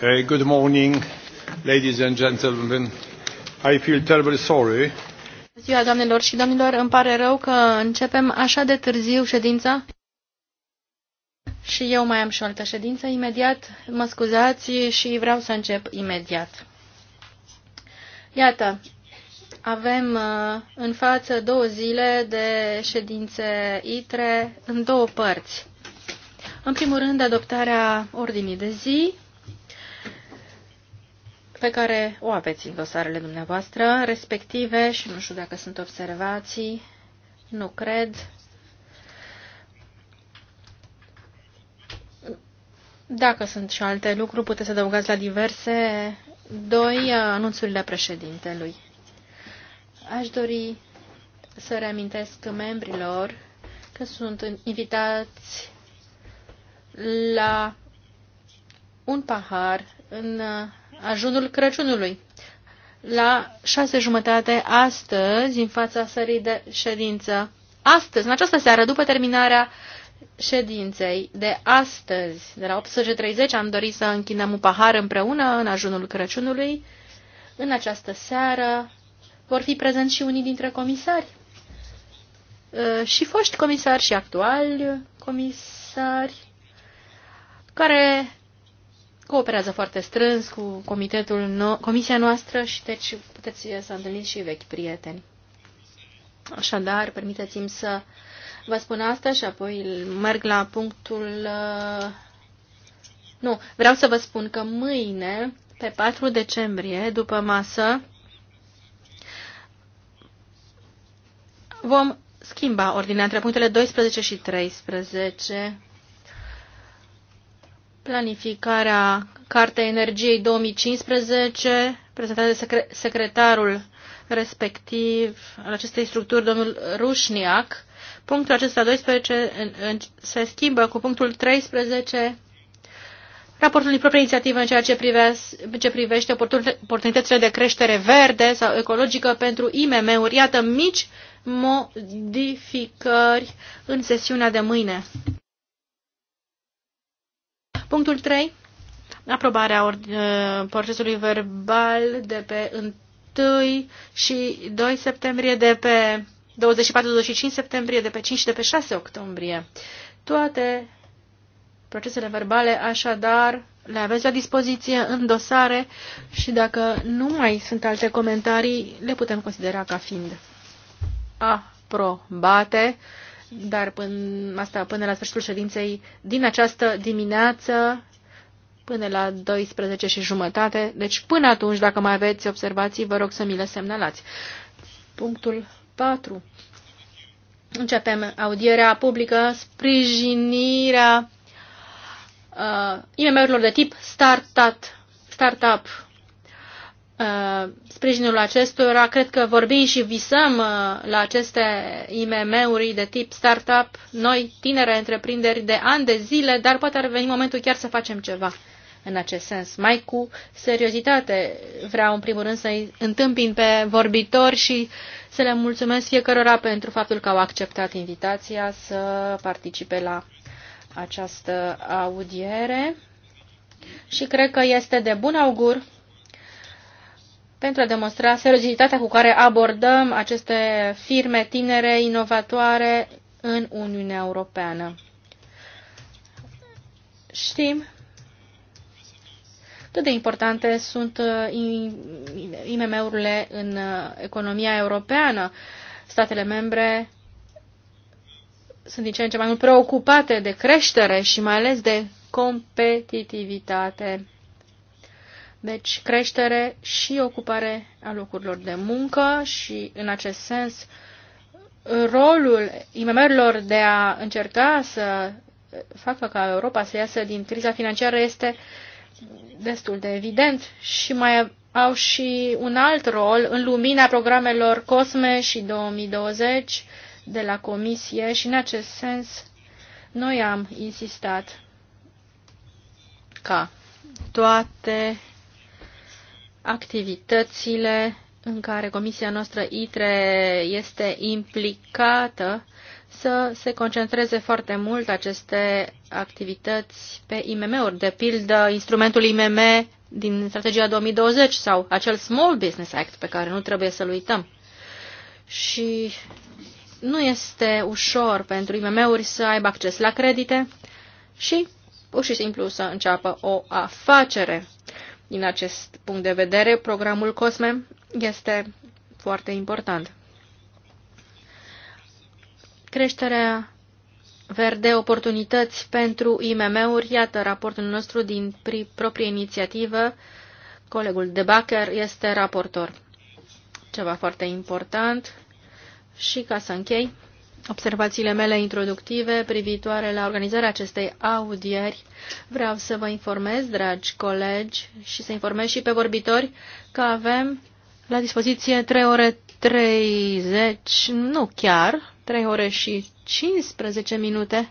good morning, ladies and gentlemen. I feel terribly sorry. Ziua, doamnelor și domnilor, îmi pare rău că începem așa de târziu ședința. Și eu mai am și o altă ședință imediat. Mă scuzați și vreau să încep imediat. Iată, avem uh, în față două zile de ședințe ITRE în două părți. În primul rând, adoptarea ordinii de zi pe care o aveți în dosarele dumneavoastră respective și nu știu dacă sunt observații, nu cred. Dacă sunt și alte lucruri, puteți să adăugați la diverse. Doi, anunțurile președintelui. Aș dori să reamintesc membrilor că sunt invitați la un pahar în ajunul Crăciunului. La șase jumătate astăzi, în fața sării de ședință. Astăzi, în această seară, după terminarea ședinței de astăzi, de la 18.30, am dorit să închinăm un pahar împreună în ajunul Crăciunului. În această seară vor fi prezenți și unii dintre comisari. Uh, și foști comisari și actuali comisari care cooperează foarte strâns cu comitetul no comisia noastră și deci puteți eh, să întâlniți și vechi prieteni. Așadar, permiteți-mi să vă spun asta și apoi merg la punctul... Eh, nu, vreau să vă spun că mâine, pe 4 decembrie, după masă, vom schimba ordinea între punctele 12 și 13 planificarea Cartei Energiei 2015, prezentată de secre secretarul respectiv al acestei structuri, domnul Rușniac. Punctul acesta 12 în, în, se schimbă cu punctul 13 raportul din proprie inițiativă în ceea ce, priveas, ce privește oportunitățile de creștere verde sau ecologică pentru IMM-uri. Iată mici modificări în sesiunea de mâine. Punctul 3. Aprobarea uh, procesului verbal de pe 1 și 2 septembrie, de pe 24-25 septembrie, de pe 5 și de pe 6 octombrie. Toate procesele verbale, așadar, le aveți la dispoziție în dosare și dacă nu mai sunt alte comentarii, le putem considera ca fiind aprobate dar până, asta până la sfârșitul ședinței din această dimineață până la 12 și jumătate. Deci până atunci, dacă mai aveți observații, vă rog să mi le semnalați. Punctul 4. Începem audierea publică, sprijinirea uh, IMM-urilor de tip startup. startup Uh, sprijinul acestora. Cred că vorbim și visăm uh, la aceste IMM-uri de tip startup, noi, tinere întreprinderi de ani de zile, dar poate ar veni momentul chiar să facem ceva în acest sens, mai cu seriozitate. Vreau în primul rând să-i întâmpin pe vorbitori și să le mulțumesc fiecărora pentru faptul că au acceptat invitația să participe la această audiere și cred că este de bun augur pentru a demonstra seriozitatea cu care abordăm aceste firme tinere, inovatoare în Uniunea Europeană. Știm cât de importante sunt uh, IMM-urile în uh, economia europeană. Statele membre sunt din ce în ce mai mult preocupate de creștere și mai ales de competitivitate. Deci creștere și ocupare a locurilor de muncă și în acest sens rolul IMM-urilor de a încerca să facă ca Europa să iasă din criza financiară este destul de evident și mai au și un alt rol în lumina programelor COSME și 2020 de la Comisie și în acest sens noi am insistat ca toate activitățile în care comisia noastră ITRE este implicată să se concentreze foarte mult aceste activități pe IMM-uri, de pildă instrumentul IMM din strategia 2020 sau acel Small Business Act pe care nu trebuie să-l uităm. Și nu este ușor pentru IMM-uri să aibă acces la credite și pur și simplu să înceapă o afacere. Din acest punct de vedere, programul COSME este foarte important. Creșterea verde, oportunități pentru IMM-uri, iată raportul nostru din proprie inițiativă. Colegul de Bacher este raportor. Ceva foarte important. Și ca să închei, observațiile mele introductive privitoare la organizarea acestei audieri, vreau să vă informez, dragi colegi, și să informez și pe vorbitori că avem la dispoziție 3 ore 30, nu chiar, 3 ore și 15 minute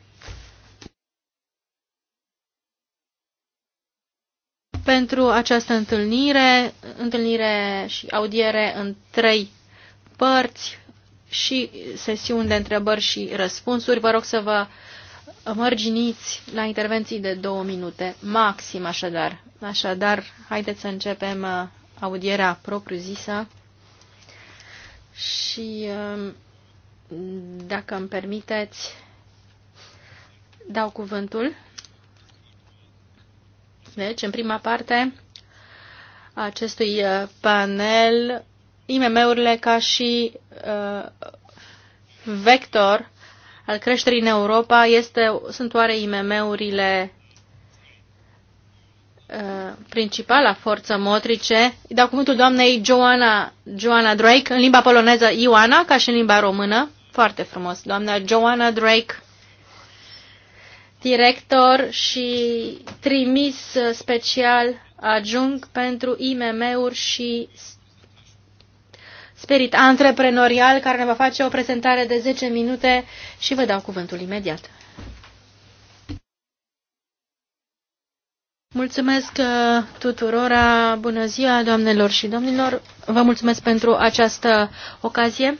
pentru această întâlnire, întâlnire și audiere în trei părți, și sesiuni de întrebări și răspunsuri. Vă rog să vă mărginiți la intervenții de două minute, maxim așadar. Așadar, haideți să începem uh, audierea propriu-zisă și, um, dacă îmi permiteți, dau cuvântul. Deci, în prima parte acestui uh, panel, IMM-urile ca și uh, vector al creșterii în Europa este, sunt oare IMM-urile uh, principala forță motrice. Îi dau cuvântul doamnei Joana, Joana Drake, în limba poloneză Ioana, ca și în limba română. Foarte frumos. Doamna Joana Drake, director și trimis uh, special adjunct pentru IMM-uri și spirit antreprenorial care ne va face o prezentare de 10 minute și vă dau cuvântul imediat. Mulțumesc uh, tuturora, bună ziua doamnelor și domnilor, vă mulțumesc pentru această ocazie.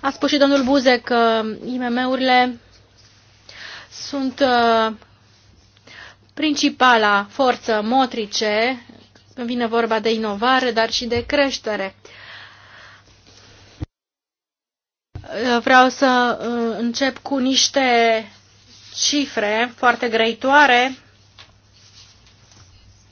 A spus și domnul Buze că IMM-urile sunt uh, principala forță motrice când vine vorba de inovare, dar și de creștere. Vreau să uh, încep cu niște cifre foarte grăitoare.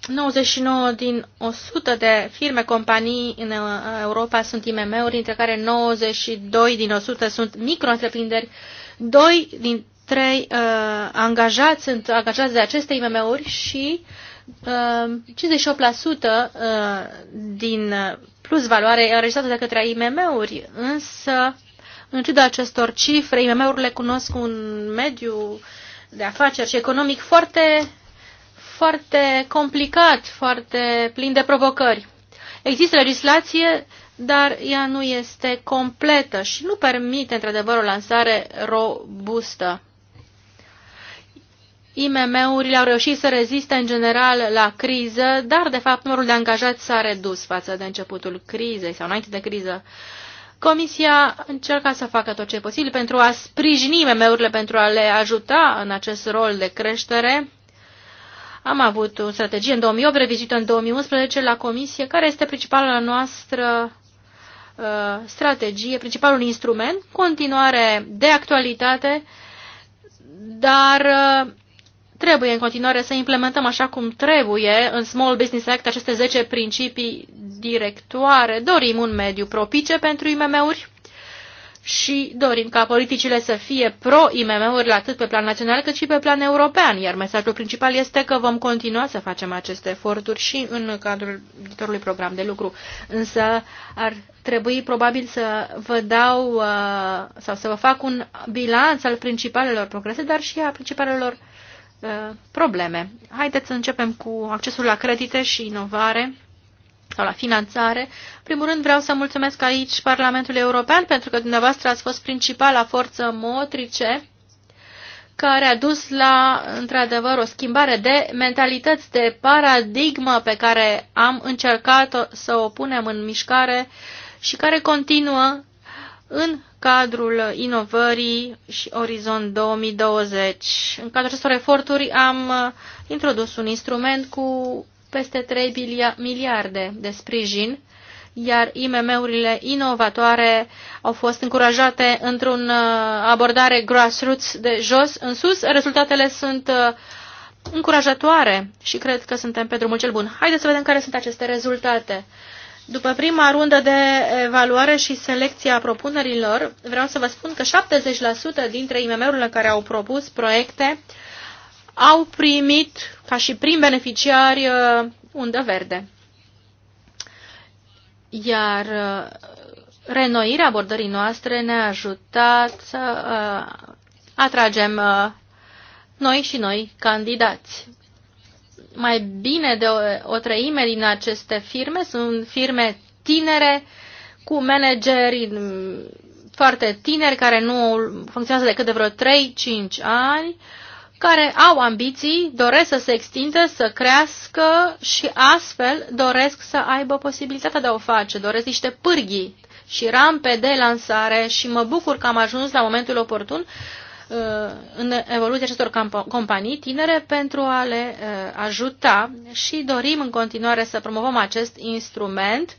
99 din 100 de firme, companii în uh, Europa sunt IMM-uri, dintre care 92 din 100 sunt micro-întreprinderi, 2 din 3 uh, angajați sunt angajați de aceste IMM-uri și uh, 58% uh, uh, din plus valoare e înregistrată de către IMM-uri, însă, în ciuda acestor cifre, IMM-urile cunosc un mediu de afaceri și economic foarte, foarte complicat, foarte plin de provocări. Există legislație, dar ea nu este completă și nu permite, într-adevăr, o lansare robustă. IMM-urile au reușit să reziste în general la criză, dar de fapt numărul de angajați s-a redus față de începutul crizei sau înainte de criză. Comisia încerca să facă tot ce e posibil pentru a sprijini IMM-urile, pentru a le ajuta în acest rol de creștere. Am avut o strategie în 2008, revizită în 2011 la Comisie, care este principala noastră uh, strategie, principalul instrument, continuare de actualitate, dar uh, Trebuie în continuare să implementăm așa cum trebuie în Small Business Act aceste 10 principii directoare. Dorim un mediu propice pentru IMM-uri și dorim ca politicile să fie pro imm uri atât pe plan național cât și pe plan european, iar mesajul principal este că vom continua să facem aceste eforturi și în cadrul viitorului program de lucru. Însă ar trebui probabil să vă dau uh, sau să vă fac un bilanț al principalelor progrese, dar și a principalelor Uh, probleme. Haideți să începem cu accesul la credite și inovare sau la finanțare. În primul rând vreau să mulțumesc aici Parlamentul European pentru că dumneavoastră ați fost principala forță motrice care a dus la, într-adevăr, o schimbare de mentalități, de paradigmă pe care am încercat să o punem în mișcare și care continuă în cadrul inovării și Orizont 2020. În cadrul acestor eforturi am uh, introdus un instrument cu peste 3 miliarde de sprijin, iar IMM-urile inovatoare au fost încurajate într-un uh, abordare grassroots de jos în sus. Rezultatele sunt uh, încurajatoare și cred că suntem pe drumul cel bun. Haideți să vedem care sunt aceste rezultate. După prima rundă de evaluare și selecție a propunerilor, vreau să vă spun că 70% dintre IMM-urile care au propus proiecte au primit, ca și prim beneficiari, uh, undă verde. Iar uh, renoirea abordării noastre ne-a ajutat să uh, atragem noi și noi candidați mai bine de o, o treime din aceste firme sunt firme tinere cu manageri foarte tineri care nu funcționează decât de vreo 3-5 ani, care au ambiții, doresc să se extindă, să crească și astfel doresc să aibă posibilitatea de a o face, doresc niște pârghii și rampe de lansare și mă bucur că am ajuns la momentul oportun Uh, în evoluția acestor companii tinere pentru a le uh, ajuta și dorim în continuare să promovăm acest instrument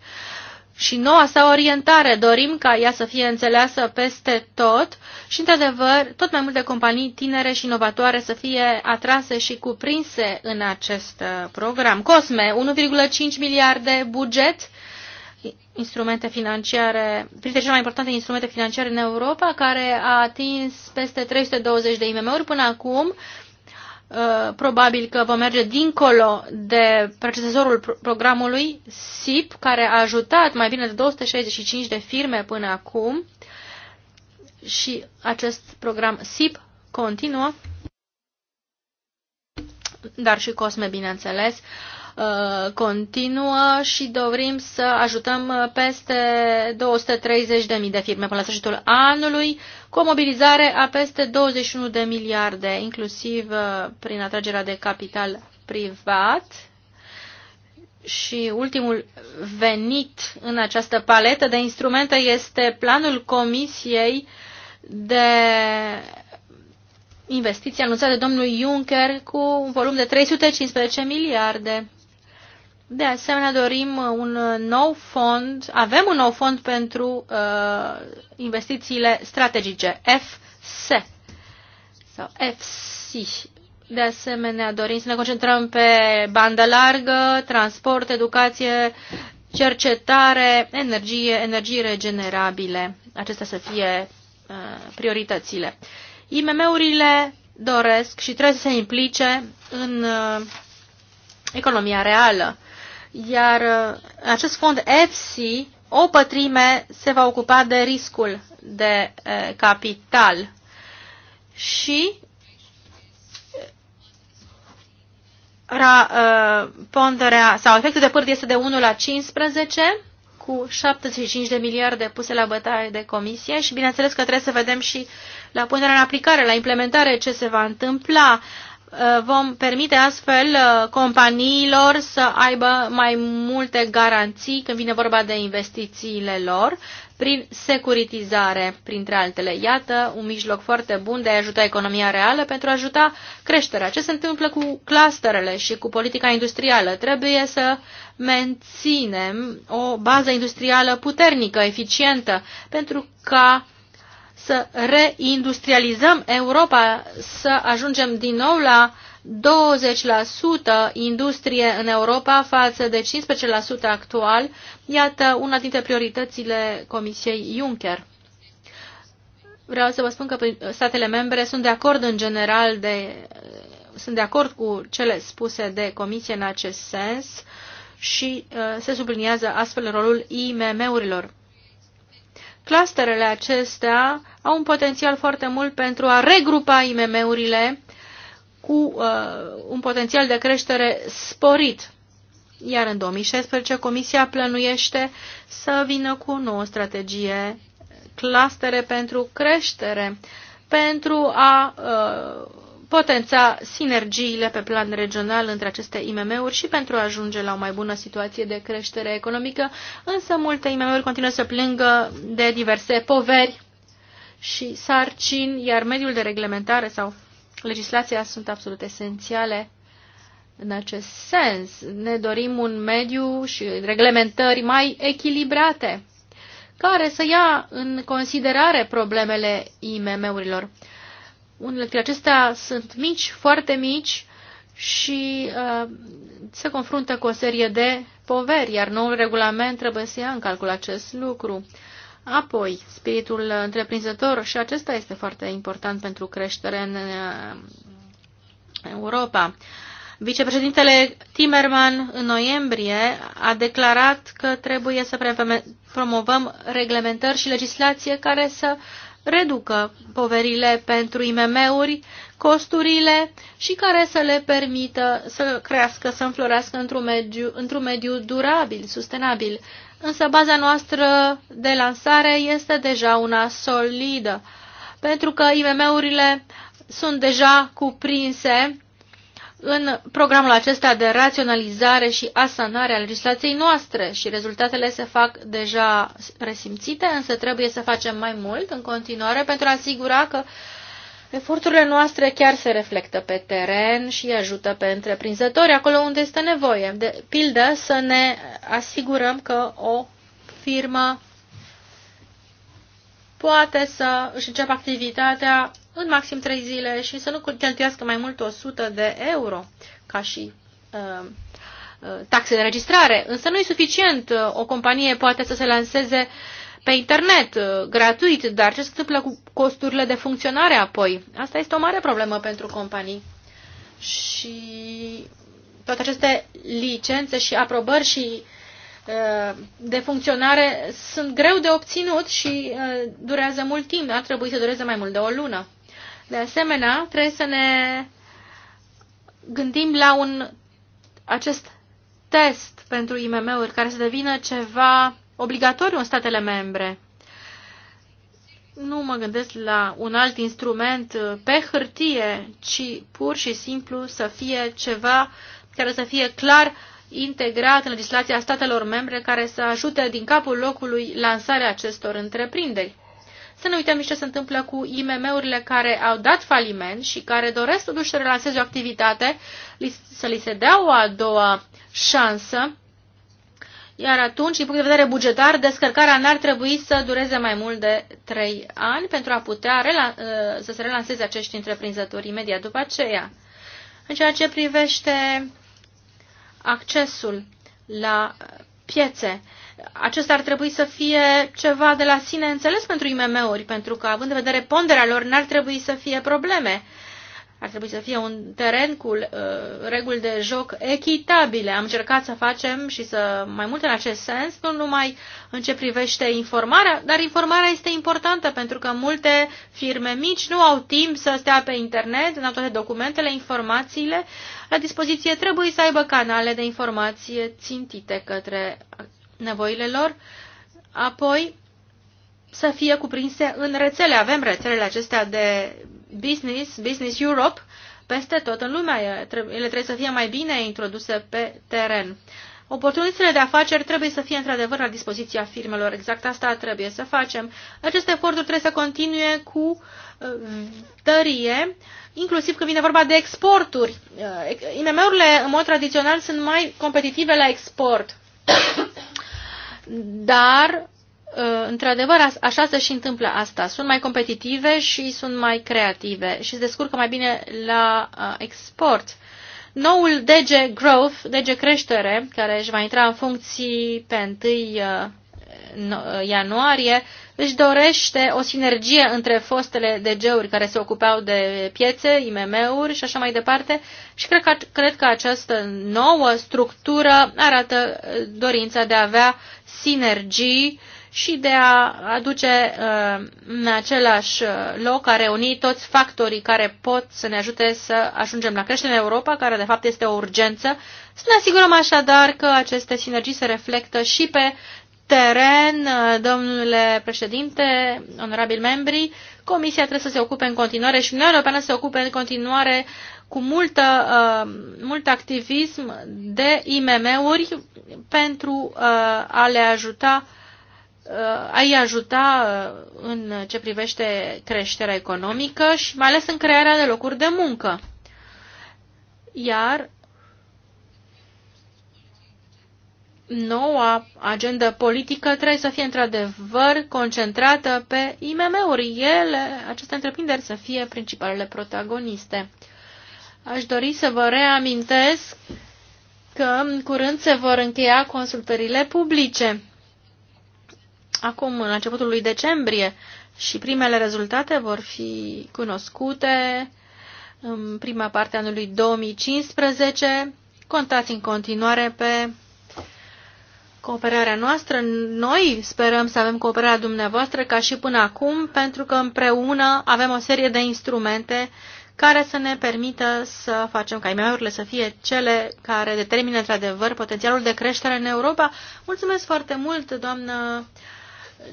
și noua sa orientare. Dorim ca ea să fie înțeleasă peste tot și, într-adevăr, tot mai multe companii tinere și inovatoare să fie atrase și cuprinse în acest uh, program. COSME, 1,5 miliarde buget instrumente financiare, printre cele mai importante instrumente financiare în Europa, care a atins peste 320 de IMM-uri până acum. Uh, probabil că vom merge dincolo de procesorul programului SIP, care a ajutat mai bine de 265 de firme până acum și acest program SIP continuă, dar și COSME, bineînțeles. Uh, Uh, continuă și dorim să ajutăm uh, peste 230.000 de firme până la sfârșitul anului, cu o mobilizare a peste 21 de miliarde, inclusiv uh, prin atragerea de capital privat. Și ultimul venit în această paletă de instrumente este planul Comisiei de investiții anunțate de domnul Juncker cu un volum de 315 miliarde. De asemenea, dorim uh, un uh, nou fond, avem un nou fond pentru uh, investițiile strategice, FC sau FC. De asemenea, dorim să ne concentrăm pe bandă largă, transport, educație, cercetare, energie, energii regenerabile. Acestea să fie uh, prioritățile. IMM-urile doresc și trebuie să se implice în uh, economia reală iar uh, acest fond EFSI, o pătrime, se va ocupa de riscul de uh, capital. Și uh, ra, ponderea sau efectul de pârd este de 1 la 15 cu 75 de miliarde puse la bătaie de comisie și bineînțeles că trebuie să vedem și la punerea în aplicare, la implementare ce se va întâmpla. Uh, vom permite astfel uh, companiilor să aibă mai multe garanții când vine vorba de investițiile lor prin securitizare, printre altele. Iată un mijloc foarte bun de a ajuta economia reală pentru a ajuta creșterea. Ce se întâmplă cu clusterele și cu politica industrială? Trebuie să menținem o bază industrială puternică, eficientă, pentru ca să reindustrializăm Europa, să ajungem din nou la 20% industrie în Europa față de 15% actual, iată una dintre prioritățile Comisiei Juncker. Vreau să vă spun că statele membre sunt de acord în general de, sunt de acord cu cele spuse de Comisie în acest sens și uh, se subliniază astfel rolul IMM-urilor. Clusterele acestea au un potențial foarte mult pentru a regrupa IMM-urile cu uh, un potențial de creștere sporit. Iar în 2016 Comisia plănuiește să vină cu o nouă strategie, clustere pentru creștere, pentru a uh, potența sinergiile pe plan regional între aceste IMM-uri și pentru a ajunge la o mai bună situație de creștere economică, însă multe IMM-uri continuă să plângă de diverse poveri și sarcini, iar mediul de reglementare sau legislația sunt absolut esențiale în acest sens. Ne dorim un mediu și reglementări mai echilibrate, care să ia în considerare problemele IMM-urilor. Unele dintre acestea sunt mici, foarte mici și uh, se confruntă cu o serie de poveri, iar noul regulament trebuie să ia în calcul acest lucru. Apoi, spiritul întreprinzător și acesta este foarte important pentru creștere în uh, Europa. Vicepreședintele Timerman în noiembrie a declarat că trebuie să promovăm reglementări și legislație care să uh, reducă poverile pentru IMM-uri, costurile și care să le permită să crească, să înflorească într-un mediu, într mediu durabil, sustenabil. Însă baza noastră de lansare este deja una solidă, pentru că IMM-urile sunt deja cuprinse în programul acesta de raționalizare și asanare a legislației noastre și rezultatele se fac deja resimțite, însă trebuie să facem mai mult în continuare pentru a asigura că eforturile noastre chiar se reflectă pe teren și ajută pe întreprinzători acolo unde este nevoie. De pildă să ne asigurăm că o firmă poate să își înceapă activitatea în maxim 3 zile și să nu cheltuiască mai mult 100 de euro ca și uh, uh taxe de registrare. Însă nu e suficient. O companie poate să se lanseze pe internet, uh, gratuit, dar ce se întâmplă cu costurile de funcționare apoi? Asta este o mare problemă pentru companii. Și toate aceste licențe și aprobări și uh, de funcționare sunt greu de obținut și durează mult timp. Ar trebui să dureze mai mult de o lună. De asemenea, trebuie să ne gândim la un, acest test pentru IMM-uri care să devină ceva obligatoriu în statele membre. Nu mă gândesc la un alt instrument pe hârtie, ci pur și simplu să fie ceva care să fie clar integrat în legislația statelor membre care să ajute din capul locului lansarea acestor întreprinderi să ne uităm și ce se întâmplă cu IMM-urile care au dat faliment și care doresc totuși să relanseze o activitate, să li se dea o a doua șansă, iar atunci, din punct de vedere bugetar, descărcarea n-ar trebui să dureze mai mult de 3 ani pentru a putea uh, să se relanseze acești întreprinzători imediat după aceea. În ceea ce privește accesul la piețe, acesta ar trebui să fie ceva de la sine înțeles pentru IMM-uri, pentru că, având în vedere ponderea lor, n-ar trebui să fie probleme. Ar trebui să fie un teren cu uh, reguli de joc echitabile. Am încercat să facem și să mai mult în acest sens, nu numai în ce privește informarea, dar informarea este importantă pentru că multe firme mici nu au timp să stea pe internet, nu au toate documentele, informațiile la dispoziție. Trebuie să aibă canale de informație țintite către nevoile lor, apoi să fie cuprinse în rețele. Avem rețelele acestea de business, Business Europe, peste tot în lumea. Ele trebuie să fie mai bine introduse pe teren. Oportunitățile de afaceri trebuie să fie într-adevăr la dispoziția firmelor. Exact asta trebuie să facem. Aceste eforturi trebuie să continue cu uh, tărie, inclusiv când vine vorba de exporturi. Uh, IMM-urile, în mod tradițional, sunt mai competitive la export. Dar, uh, într-adevăr, așa se și întâmplă asta. Sunt mai competitive și sunt mai creative și se descurcă mai bine la uh, export. Noul DG Growth, DG Creștere, care își va intra în funcții pe 1 uh, ianuarie, își dorește o sinergie între fostele DG-uri care se ocupau de piețe, IMM-uri și așa mai departe și cred că, cred că această nouă structură arată uh, dorința de a avea sinergii și de a aduce uh, în același uh, loc, a reuni toți factorii care pot să ne ajute să ajungem la creștere în Europa, care de fapt este o urgență, să ne asigurăm așadar că aceste sinergii se reflectă și pe teren, domnule președinte, onorabili membri, Comisia trebuie să se ocupe în continuare și Uniunea Europeană se ocupe în continuare cu multă, uh, mult activism de IMM-uri pentru uh, a le ajuta uh, a-i ajuta uh, în ce privește creșterea economică și mai ales în crearea de locuri de muncă. Iar noua agendă politică trebuie să fie într-adevăr concentrată pe IMM-uri. Ele, aceste întreprinderi, să fie principalele protagoniste. Aș dori să vă reamintesc că în curând se vor încheia consultările publice. Acum, în începutul lui decembrie, și primele rezultate vor fi cunoscute în prima parte a anului 2015. Contați în continuare pe cooperarea noastră. Noi sperăm să avem cooperarea dumneavoastră ca și până acum, pentru că împreună avem o serie de instrumente care să ne permită să facem ca imm să fie cele care determină într-adevăr potențialul de creștere în Europa. Mulțumesc foarte mult, doamnă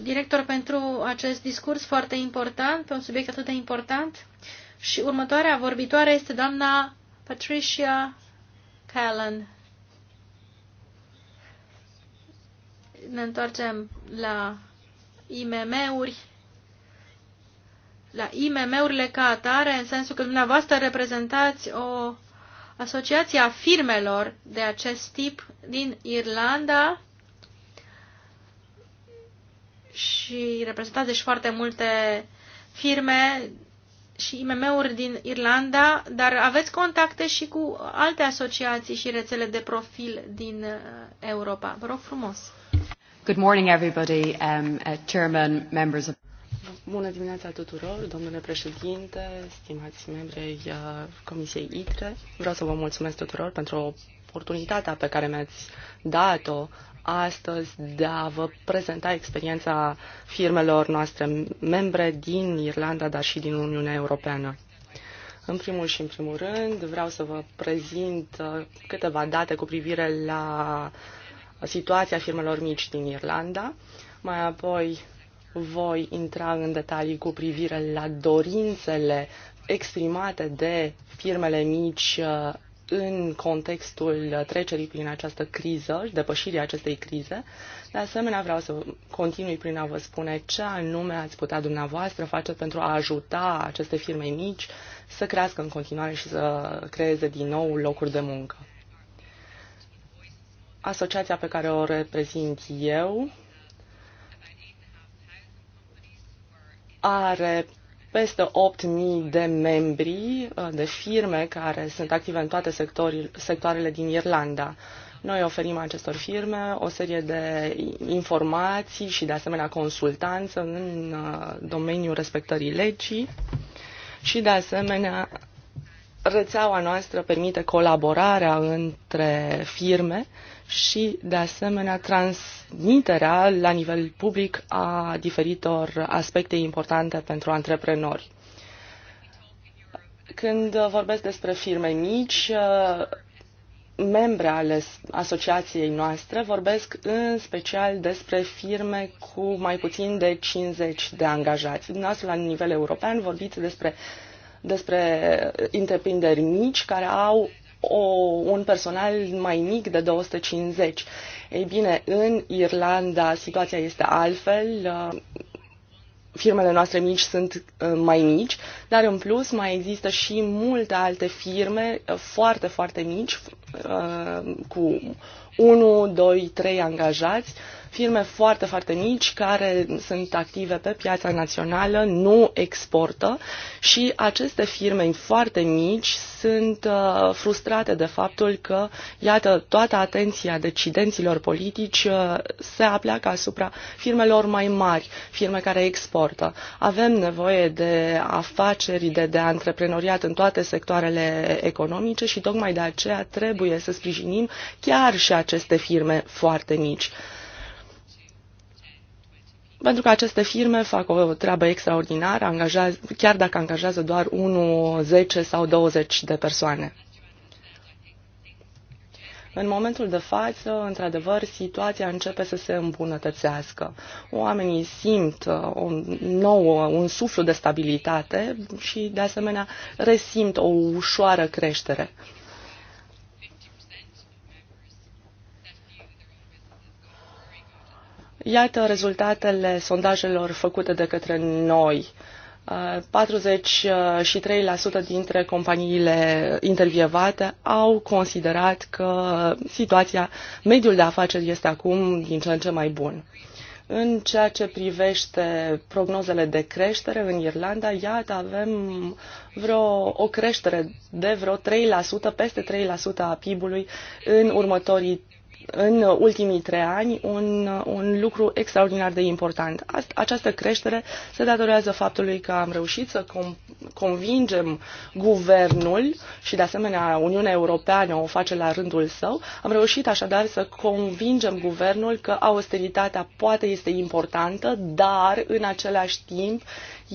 director, pentru acest discurs foarte important, pe un subiect atât de important. Și următoarea vorbitoare este doamna Patricia Callan. ne întoarcem la IMM-uri, la IMM-urile ca atare, în sensul că dumneavoastră reprezentați o asociație a firmelor de acest tip din Irlanda și reprezentați deci foarte multe firme și IMM-uri din Irlanda, dar aveți contacte și cu alte asociații și rețele de profil din uh, Europa. Vă rog frumos! Good morning, everybody, um, uh, Chairman, members of. Bună dimineața tuturor, domnule președinte, stimați membri ai uh, Comisiei ITRE. Vreau să vă mulțumesc tuturor pentru oportunitatea pe care mi-ați dat-o astăzi de a vă prezenta experiența firmelor noastre membre din Irlanda, dar și din Uniunea Europeană. În primul și în primul rând vreau să vă prezint uh, câteva date cu privire la uh, situația firmelor mici din Irlanda. Mai apoi voi intra în detalii cu privire la dorințele exprimate de firmele mici uh, în contextul trecerii prin această criză și depășirii acestei crize. De asemenea, vreau să continui prin a vă spune ce anume ați putea dumneavoastră face pentru a ajuta aceste firme mici să crească în continuare și să creeze din nou locuri de muncă asociația pe care o reprezint eu are peste 8.000 de membri, uh, de firme care sunt active în toate sectoarele din Irlanda. Noi oferim acestor firme o serie de informații și de asemenea consultanță în uh, domeniul respectării legii și de asemenea rețeaua noastră permite colaborarea între firme și, de asemenea, transmiterea la nivel public a diferitor aspecte importante pentru antreprenori. Când vorbesc despre firme mici, membre ale asociației noastre vorbesc în special despre firme cu mai puțin de 50 de angajați. Dumneavoastră, la nivel european, vorbiți despre despre întreprinderi mici care au o, un personal mai mic de 250. Ei bine, în Irlanda situația este altfel. Uh, firmele noastre mici sunt uh, mai mici, dar în plus mai există și multe alte firme uh, foarte, foarte mici, cu 1, 2, 3 angajați, firme foarte, foarte mici care sunt active pe piața națională, nu exportă și aceste firme foarte mici sunt uh, frustrate de faptul că, iată, toată atenția decidenților politici uh, se apleacă asupra firmelor mai mari, firme care exportă. Avem nevoie de afaceri, de, de antreprenoriat în toate sectoarele economice și tocmai de aceea trebuie să sprijinim chiar și aceste firme foarte mici pentru că aceste firme fac o treabă extraordinară, chiar dacă angajează doar 1, 10 sau 20 de persoane. În momentul de față, într-adevăr, situația începe să se îmbunătățească. Oamenii simt o uh, nouă, uh, un suflu de stabilitate și, de asemenea, resimt o ușoară creștere. Iată rezultatele sondajelor făcute de către noi. 43% dintre companiile intervievate au considerat că situația, mediul de afaceri este acum din ce în ce mai bun. În ceea ce privește prognozele de creștere în Irlanda, iată, avem vreo, o creștere de vreo 3%, peste 3% a PIB-ului în următorii în ultimii trei ani un, un lucru extraordinar de important. Această creștere se datorează faptului că am reușit să com- convingem guvernul și, de asemenea, Uniunea Europeană o face la rândul său. Am reușit așadar să convingem guvernul că austeritatea poate este importantă, dar, în același timp,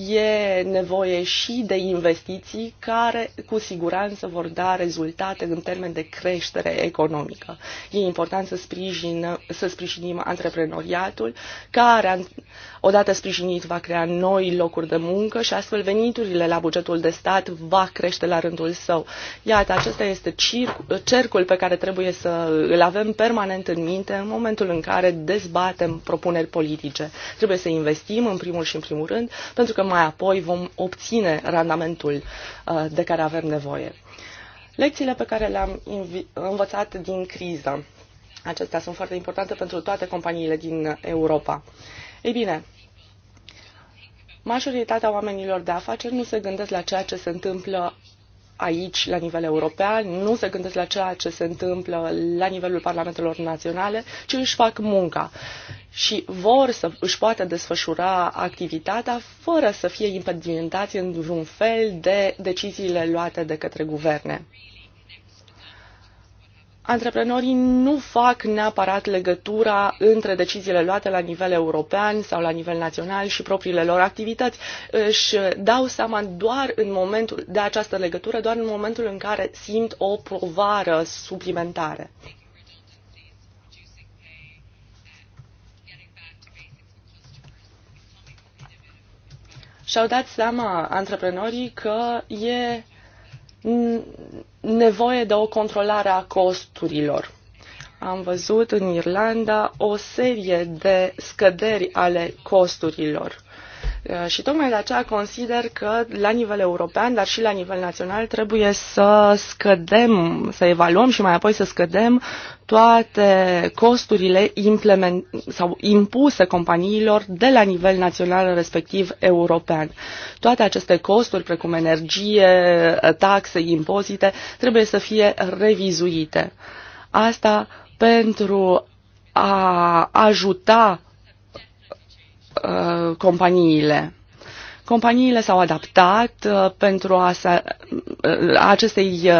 e nevoie și de investiții care cu siguranță vor da rezultate în termen de creștere economică. E important să, sprijin, să sprijinim antreprenoriatul care odată sprijinit, va crea noi locuri de muncă și astfel veniturile la bugetul de stat va crește la rândul său. Iată, acesta este cercul pe care trebuie să îl avem permanent în minte în momentul în care dezbatem propuneri politice. Trebuie să investim în primul și în primul rând, pentru că mai apoi vom obține randamentul uh, de care avem nevoie. Lecțiile pe care le-am învățat din criză. Acestea sunt foarte importante pentru toate companiile din Europa. Ei bine, majoritatea oamenilor de afaceri nu se gândesc la ceea ce se întâmplă aici, la nivel european, nu se gândesc la ceea ce se întâmplă la nivelul parlamentelor naționale, ci își fac munca și vor să își poată desfășura activitatea fără să fie impedimentați în vreun fel de deciziile luate de către guverne antreprenorii nu fac neapărat legătura între deciziile luate la nivel european sau la nivel național și propriile lor activități. Își dau seama doar în momentul de această legătură, doar în momentul în care simt o provară suplimentare. Și-au dat seama antreprenorii că e nevoie de o controlare a costurilor. Am văzut în Irlanda o serie de scăderi ale costurilor. Uh, și tocmai de aceea consider că la nivel european, dar și la nivel național, trebuie să scădem, să evaluăm și mai apoi să scădem toate costurile implement, sau impuse companiilor de la nivel național, respectiv european. Toate aceste costuri, precum energie, taxe, impozite, trebuie să fie revizuite. Asta pentru a ajuta Uh, companiile. Companiile s-au adaptat uh, pentru a se, uh, acestei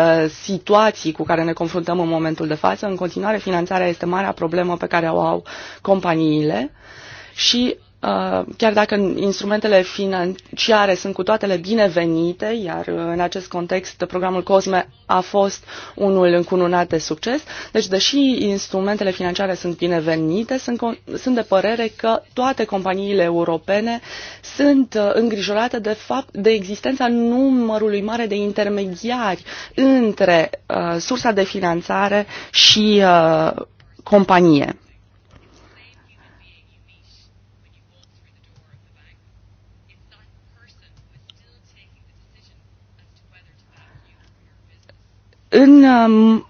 situații cu care ne confruntăm în momentul de față. În continuare, finanțarea este marea problemă pe care o au companiile și Uh, chiar dacă instrumentele financiare sunt cu toatele binevenite, iar uh, în acest context programul COSME a fost unul încununat de succes, deci deși instrumentele financiare sunt binevenite, sunt, sunt de părere că toate companiile europene sunt uh, îngrijorate de fapt de existența numărului mare de intermediari între uh, sursa de finanțare și uh, companie. În um,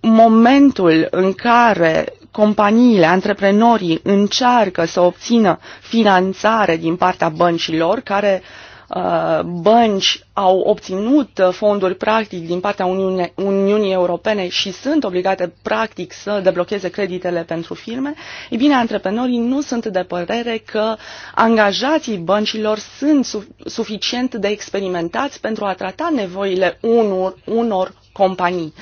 momentul în care companiile, antreprenorii încearcă să obțină finanțare din partea băncilor, care uh, bănci au obținut uh, fonduri practic din partea Uniunii Europene și sunt obligate practic să deblocheze creditele pentru firme, e bine, antreprenorii nu sunt de părere că angajații băncilor sunt suficient de experimentați pentru a trata nevoile unor, unor companii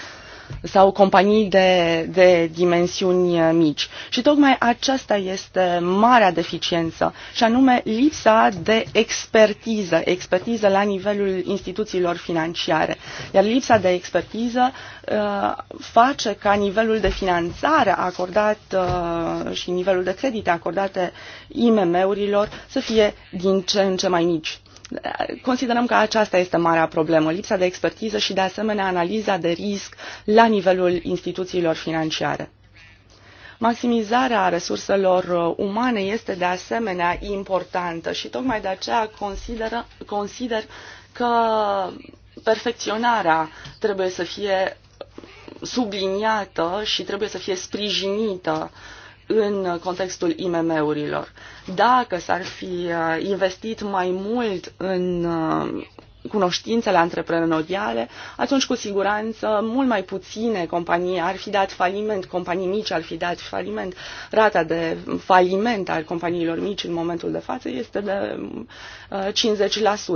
sau companii de, de dimensiuni uh, mici. Și tocmai aceasta este marea deficiență, și anume lipsa de expertiză, expertiză la nivelul instituțiilor financiare. Iar lipsa de expertiză uh, face ca nivelul de finanțare acordat uh, și nivelul de credite acordate IMM-urilor să fie din ce în ce mai mici. Considerăm că aceasta este marea problemă, lipsa de expertiză și de asemenea analiza de risc la nivelul instituțiilor financiare. Maximizarea resurselor uh, umane este de asemenea importantă și tocmai de aceea consideră, consider că perfecționarea trebuie să fie subliniată și trebuie să fie sprijinită uh, în contextul IMM-urilor. Dacă s-ar fi uh, investit mai mult în uh, cunoștințele antreprenoriale, atunci cu siguranță mult mai puține companii ar fi dat faliment, companii mici ar fi dat faliment. Rata de faliment al companiilor mici în momentul de față este de 50%.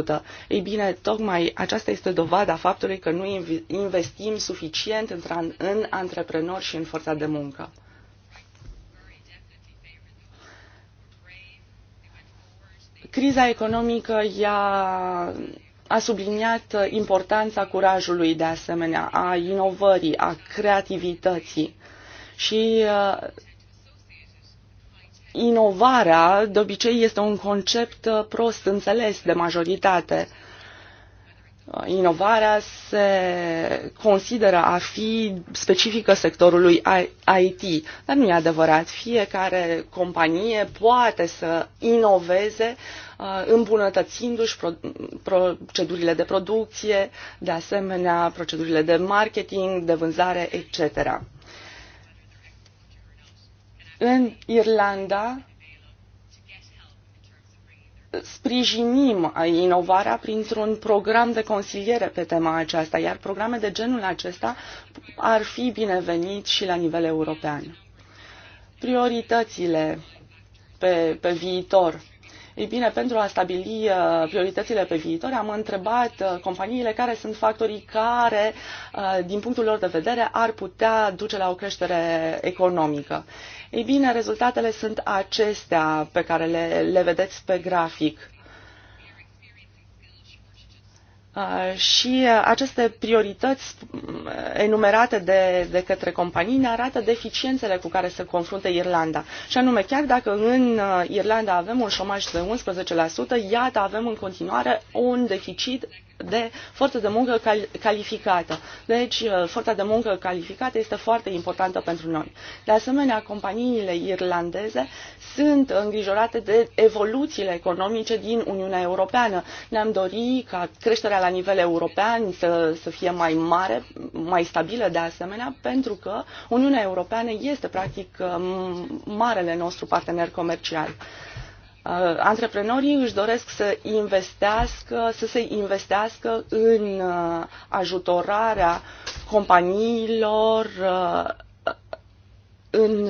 Uh, Ei bine, tocmai aceasta este dovada faptului că nu investim suficient în antreprenori și în forța de muncă. Criza economică i-a a subliniat importanța curajului de asemenea, a inovării, a creativității și uh, inovarea de obicei este un concept uh, prost înțeles de majoritate. Inovarea se consideră a fi specifică sectorului IT, dar nu e adevărat. Fiecare companie poate să inoveze uh, îmbunătățindu-și procedurile de producție, de asemenea procedurile de marketing, de vânzare, etc. În Irlanda, sprijinim inovarea printr-un program de consiliere pe tema aceasta, iar programe de genul acesta ar fi binevenit și la nivel european. Prioritățile pe, pe viitor ei bine, pentru a stabili uh, prioritățile pe viitor, am întrebat uh, companiile care sunt factorii care, uh, din punctul lor de vedere, ar putea duce la o creștere economică. Ei bine, rezultatele sunt acestea pe care le, le vedeți pe grafic. Uh, și uh, aceste priorități uh, enumerate de, de către companii ne arată deficiențele cu care se confruntă Irlanda. Și anume, chiar dacă în Irlanda avem un șomaj de 11%, iată, avem în continuare un deficit de forță de muncă cal- calificată. Deci, uh, forța de muncă calificată este foarte importantă pentru noi. De asemenea, companiile irlandeze sunt îngrijorate de evoluțiile economice din Uniunea Europeană. Ne-am dorit ca creșterea la nivel european să, să fie mai mare, mai stabilă de asemenea, pentru că Uniunea Europeană este practic uh, marele nostru partener comercial. Uh, antreprenorii își doresc să investească, să se investească în uh, ajutorarea companiilor uh, în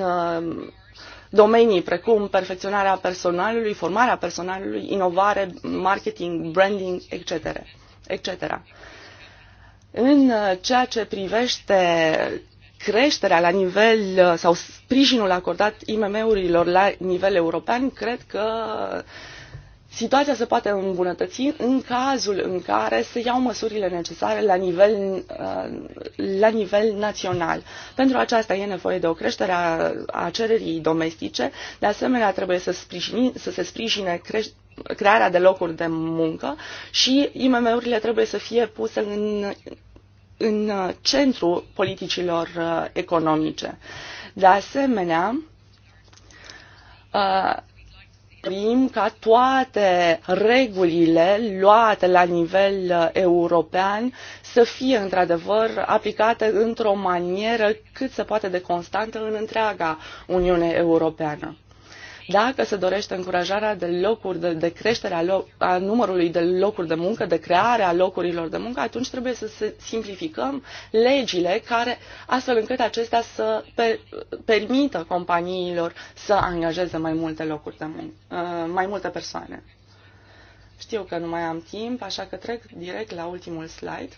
domenii precum perfecționarea personalului, formarea personalului, inovare, marketing, branding, etc. etc. În ceea ce privește creșterea la nivel uh, sau sprijinul acordat IMM-urilor la nivel european, cred că situația se poate îmbunătăți în cazul în care se iau măsurile necesare la nivel, uh, la nivel național. Pentru aceasta e nevoie de o creștere a, a cererii domestice, de asemenea trebuie să, sprijini, să se sprijine creș- crearea de locuri de muncă și IMM-urile trebuie să fie puse în în uh, centrul politicilor uh, economice. De asemenea, uh, prim ca toate regulile luate la nivel european să fie într-adevăr aplicate într-o manieră cât se poate de constantă în întreaga Uniune Europeană dacă se dorește încurajarea de locuri, de, de creșterea lo- a numărului de locuri de muncă, de crearea locurilor de muncă, atunci trebuie să simplificăm legile care, astfel încât acestea să per, permită companiilor să angajeze mai multe locuri de muncă, uh, mai multe persoane. Știu că nu mai am timp, așa că trec direct la ultimul slide.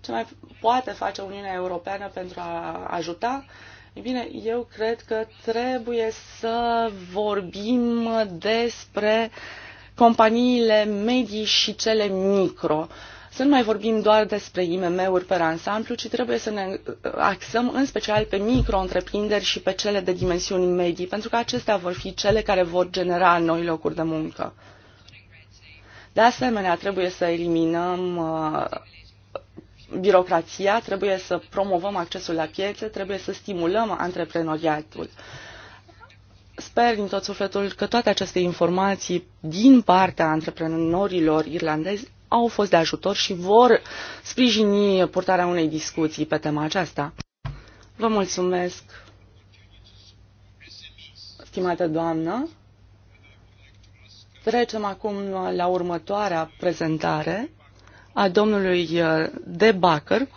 Ce mai poate face Uniunea Europeană pentru a ajuta uh, ei bine, eu cred că trebuie să vorbim despre companiile medii și cele micro. Să nu mai vorbim doar despre IMM-uri pe ansamblu, ci trebuie să ne uh, axăm în special pe micro-întreprinderi și pe cele de dimensiuni medii, pentru că acestea vor fi cele care vor genera noi locuri de muncă. De asemenea, trebuie să eliminăm uh, birocrația, trebuie să promovăm accesul la piețe, trebuie să stimulăm antreprenoriatul. Sper din tot sufletul că toate aceste informații din partea antreprenorilor irlandezi au fost de ajutor și vor sprijini purtarea unei discuții pe tema aceasta. Vă mulțumesc, stimată doamnă. Trecem acum la următoarea prezentare a domnului uh, De backer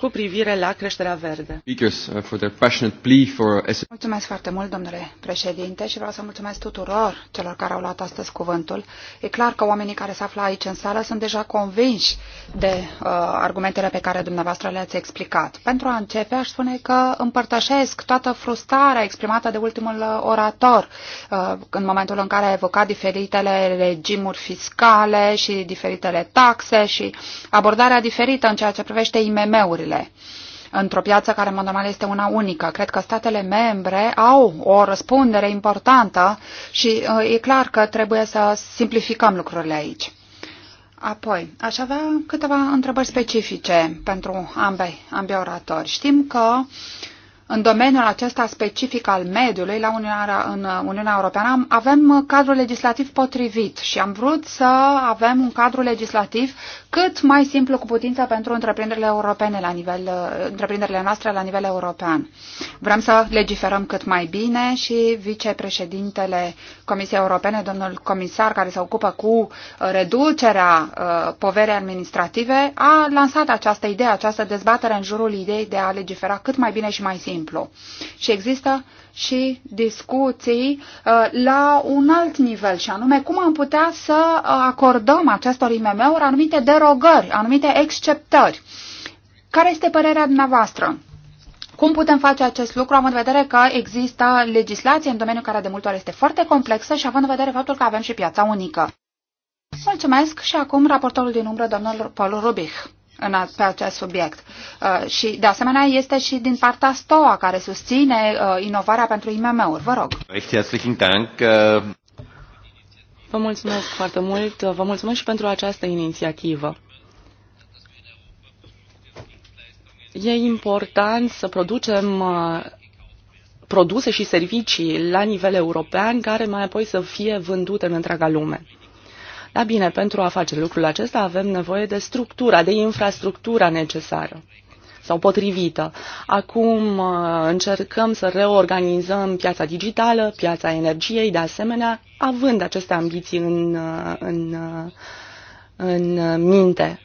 cu privire la creșterea verde. Uh, uh, mulțumesc foarte mult, domnule președinte, și vreau să mulțumesc tuturor celor care au luat astăzi cuvântul. E clar că oamenii care se află aici în sală sunt deja convinși de uh, argumentele pe care dumneavoastră le-ați explicat. Pentru a începe, aș spune că împărtășesc toată frustrarea exprimată de ultimul uh, orator uh, în momentul în care a evocat diferitele regimuri fiscale și diferitele taxe și abordarea diferită în ceea ce privește imm uri lucrurile. într-o piață care, în mod normal, este una unică. Cred că statele membre au o răspundere importantă și uh, e clar că trebuie să simplificăm lucrurile aici. Apoi, aș avea câteva întrebări specifice pentru ambei, ambii oratori. Știm că în domeniul acesta specific al mediului, la Uniunea, în Uniunea Europeană, avem cadrul legislativ potrivit și am vrut să avem un cadru legislativ cât mai simplu cu putința pentru întreprinderile europene la nivel, uh, întreprinderile noastre la nivel european. Vrem să legiferăm cât mai bine și vicepreședintele Comisiei Europene, domnul comisar care se ocupă cu uh, reducerea uh, poverii administrative, a lansat această idee, această dezbatere în jurul ideii de a legifera cât mai bine și mai simplu. Și există și discuții uh, la un alt nivel și anume cum am putea să uh, acordăm acestor IMM-uri anumite derogări, anumite exceptări. Care este părerea dumneavoastră? Cum putem face acest lucru, având în vedere că există legislație în domeniul care de multe ori este foarte complexă și având în vedere faptul că avem și piața unică? Mulțumesc și acum raportorul din umbră, domnul Paul Rubich în a, pe acest subiect. Uh, și, de asemenea, este și din partea STOA, care susține uh, inovarea pentru IMM-uri. Vă rog. Uh. Vă mulțumesc foarte mult. Vă mulțumesc și pentru această inițiativă. E important să producem uh, produse și servicii la nivel european care mai apoi să fie vândute în întreaga lume. Da, bine, pentru a face lucrul acesta avem nevoie de structura, de infrastructura necesară sau potrivită. Acum uh, încercăm să reorganizăm piața digitală, piața energiei, de asemenea, având aceste ambiții în, uh, în, uh, în minte.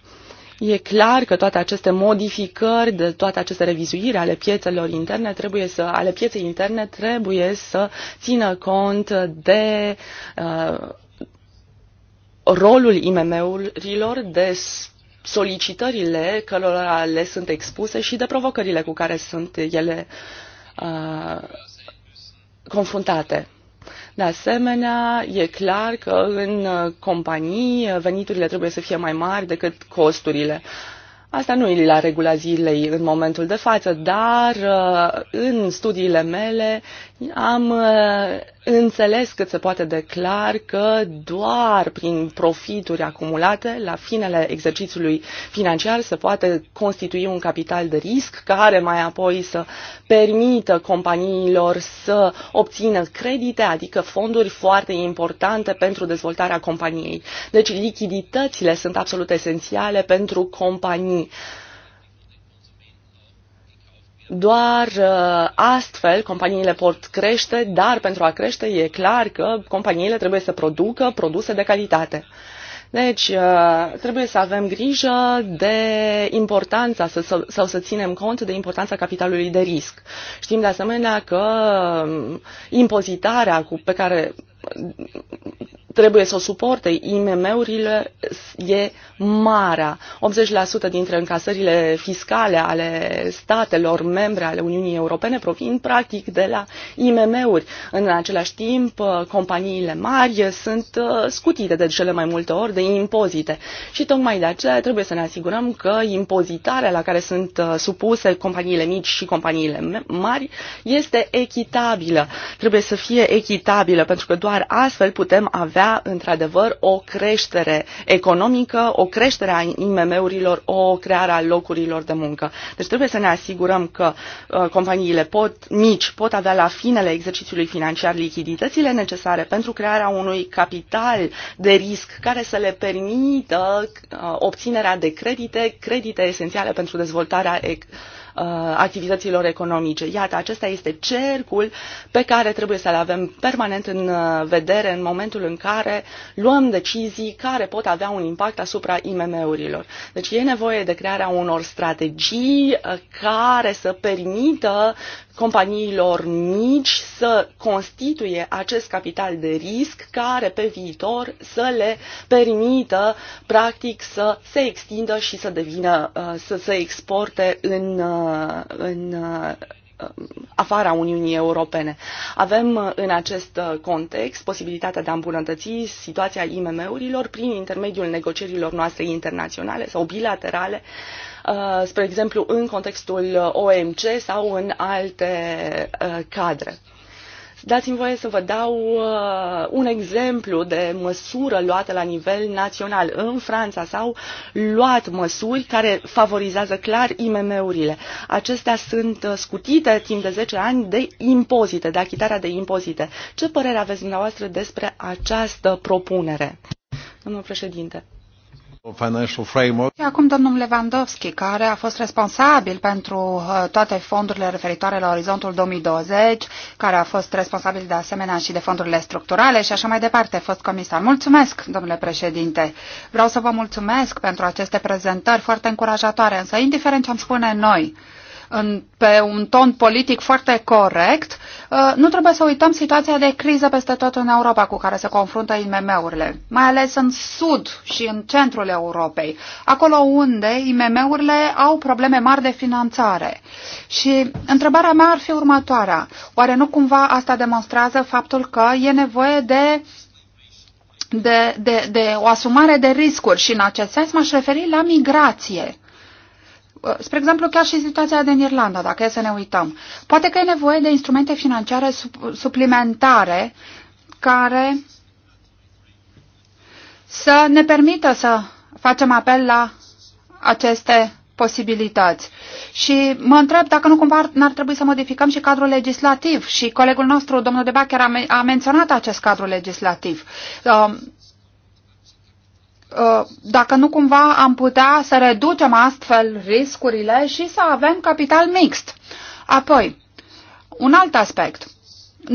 E clar că toate aceste modificări, de toate aceste revizuiri ale piețelor interne trebuie să, ale pieței interne trebuie să țină cont de uh, rolul IMM-urilor, de solicitările cărora le sunt expuse și de provocările cu care sunt ele uh, confruntate. De asemenea, e clar că în companii veniturile trebuie să fie mai mari decât costurile. Asta nu e la regula zilei în momentul de față, dar în studiile mele am uh, înțeles cât se poate de clar că doar prin profituri acumulate la finele exercițiului financiar se poate constitui un capital de risc care mai apoi să permită companiilor să obțină credite, adică fonduri foarte importante pentru dezvoltarea companiei. Deci lichiditățile sunt absolut esențiale pentru companii. Uh, doar uh, astfel companiile pot crește, dar pentru a crește e clar că companiile trebuie să producă produse de calitate. Deci, uh, trebuie să avem grijă de importanța să, sau să ținem cont de importanța capitalului de risc. Știm de asemenea că um, impozitarea cu, pe care trebuie să o suporte IMM-urile e marea. 80% dintre încasările fiscale ale statelor membre ale Uniunii Europene provin practic de la IMM-uri. În același timp, uh, companiile mari sunt uh, scutite de cele mai multe ori de impozite și tocmai de aceea trebuie să ne asigurăm că impozitarea la care sunt uh, supuse companiile mici și companiile mari este echitabilă. Trebuie să fie echitabilă pentru că doar astfel putem avea vedea într-adevăr o creștere economică, o creștere a IMM-urilor, o creare a locurilor de muncă. Deci trebuie să ne asigurăm că uh, companiile pot, mici pot avea la finele exercițiului financiar lichiditățile necesare pentru crearea unui capital de risc care să le permită uh, obținerea de credite, credite esențiale pentru dezvoltarea economică Uh, activităților economice. Iată, acesta este cercul pe care trebuie să-l avem permanent în uh, vedere în momentul în care luăm decizii care pot avea un impact asupra IMM-urilor. Deci e nevoie de crearea unor strategii uh, care să permită companiilor mici să constituie acest capital de risc care pe viitor să le permită practic să se extindă și să devină să se exporte în Uh, în uh, afara Uniunii Europene. Avem uh, în acest context posibilitatea de a îmbunătăți situația IMM-urilor prin intermediul negocierilor noastre internaționale sau bilaterale, spre exemplu în contextul OMC sau în alte cadre. Dați-mi voie să vă dau uh, un exemplu de măsură luată la nivel național. În Franța s-au luat măsuri care favorizează clar IMM-urile. Acestea sunt uh, scutite timp de 10 ani de impozite, de achitarea de impozite. Ce părere aveți dumneavoastră despre această propunere? Domnul președinte acum domnul Lewandowski, care a fost responsabil pentru uh, toate fondurile referitoare la orizontul 2020, care a fost responsabil de asemenea și de fondurile structurale și așa mai departe, a fost comisar. Mulțumesc, domnule președinte. Vreau să vă mulțumesc pentru aceste prezentări foarte încurajatoare, însă indiferent ce am spune noi, în, pe un ton politic foarte corect, uh, nu trebuie să uităm situația de criză peste tot în Europa cu care se confruntă IMM-urile, mai ales în sud și în centrul Europei, acolo unde IMM-urile au probleme mari de finanțare. Și întrebarea mea ar fi următoarea. Oare nu cumva asta demonstrează faptul că e nevoie de de, de, de o asumare de riscuri și în acest sens m-aș referi la migrație. Uh, spre exemplu, chiar și situația din Irlanda, dacă e să ne uităm. Poate că e nevoie de instrumente financiare suplimentare care să ne permită să facem apel la aceste posibilități. Și mă întreb dacă nu cumva n-ar trebui să modificăm și cadrul legislativ. Și colegul nostru, domnul Debac, chiar a, men a menționat acest cadru legislativ. Uh, Uh, dacă nu cumva am putea să reducem astfel riscurile și să avem capital mixt. Apoi, un alt aspect.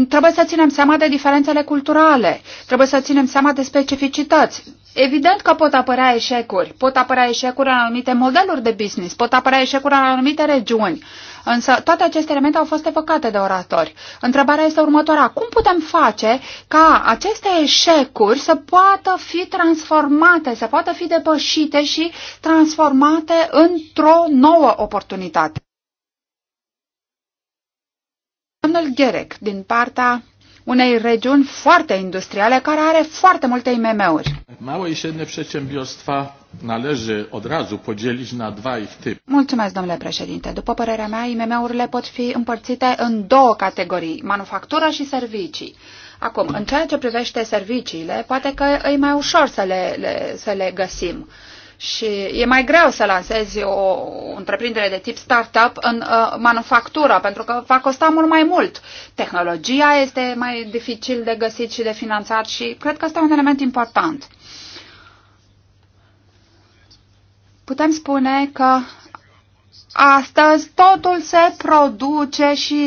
Trebuie să ținem seama de diferențele culturale, trebuie să ținem seama de specificități. Evident că pot apărea eșecuri. Pot apărea eșecuri în anumite modeluri de business, pot apărea eșecuri în anumite regiuni. Însă toate aceste elemente au fost evocate de oratori. Întrebarea este următoarea. Cum putem face ca aceste eșecuri să poată fi transformate, să poată fi depășite și transformate într-o nouă oportunitate? Domnul Gherec, din partea unei regiuni foarte industriale care are foarte multe IMM-uri. Małe i średnie przedsiębiorstwa należy od razu podzielić na dwa ich typy. Mulțumesc, domnule președinte. După părerea mea, IMM-urile pot fi împărțite în două categorii, manufactură și servicii. Acum, în ceea ce privește serviciile, poate că e mai ușor să le, le, să le găsim. Uh, și e mai greu să lansezi o întreprindere de tip startup în uh, manufactură, pentru că va costa mult mai mult. Tehnologia este mai dificil de găsit și de finanțat și cred că asta e un element important. Putem spune că astăzi totul se produce și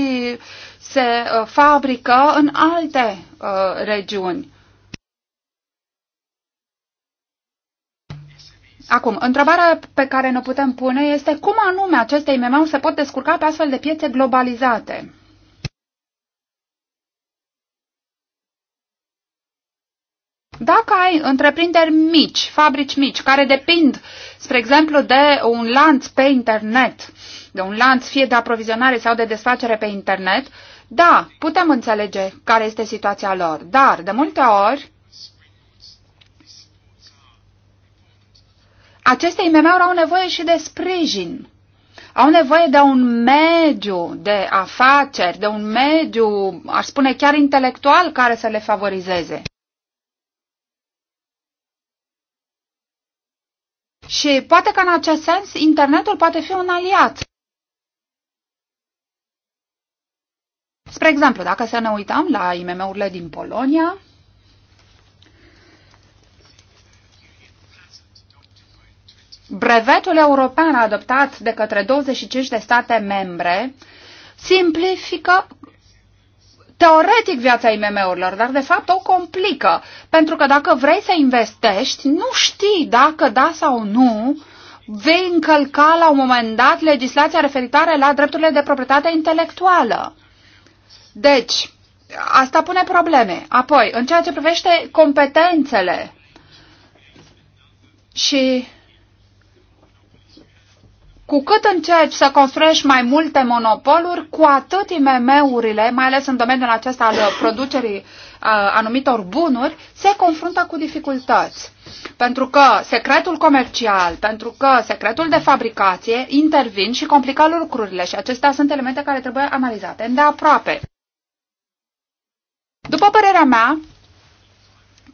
se uh, fabrică în alte uh, regiuni. Acum, întrebarea pe care ne putem pune este cum anume aceste IMM-uri se pot descurca pe astfel de piețe globalizate. Dacă ai întreprinderi mici, fabrici mici, care depind, spre exemplu, de un lanț pe internet, de un lanț fie de aprovizionare sau de desfacere pe internet, da, putem înțelege care este situația lor, dar de multe ori aceste IMM-uri au nevoie și de sprijin. Au nevoie de un mediu de afaceri, de un mediu, aș spune chiar intelectual, care să le favorizeze. Și poate că în acest sens internetul poate fi un aliat. Spre exemplu, dacă să ne uităm la IMM-urile din Polonia, brevetul european adoptat de către 25 de state membre simplifică teoretic viața IMM-urilor, dar de fapt o complică, pentru că dacă vrei să investești, nu știi dacă da sau nu vei încălca la un moment dat legislația referitoare la drepturile de proprietate intelectuală. Deci, asta pune probleme. Apoi, în ceea ce privește competențele și cu cât încerci să construiești mai multe monopoluri, cu atât IMM-urile, mai ales în domeniul acesta al uh, producerii uh, anumitor bunuri, se confruntă cu dificultăți. Pentru că secretul comercial, pentru că secretul de fabricație intervin și complică lucrurile și acestea sunt elemente care trebuie analizate îndeaproape. După părerea mea,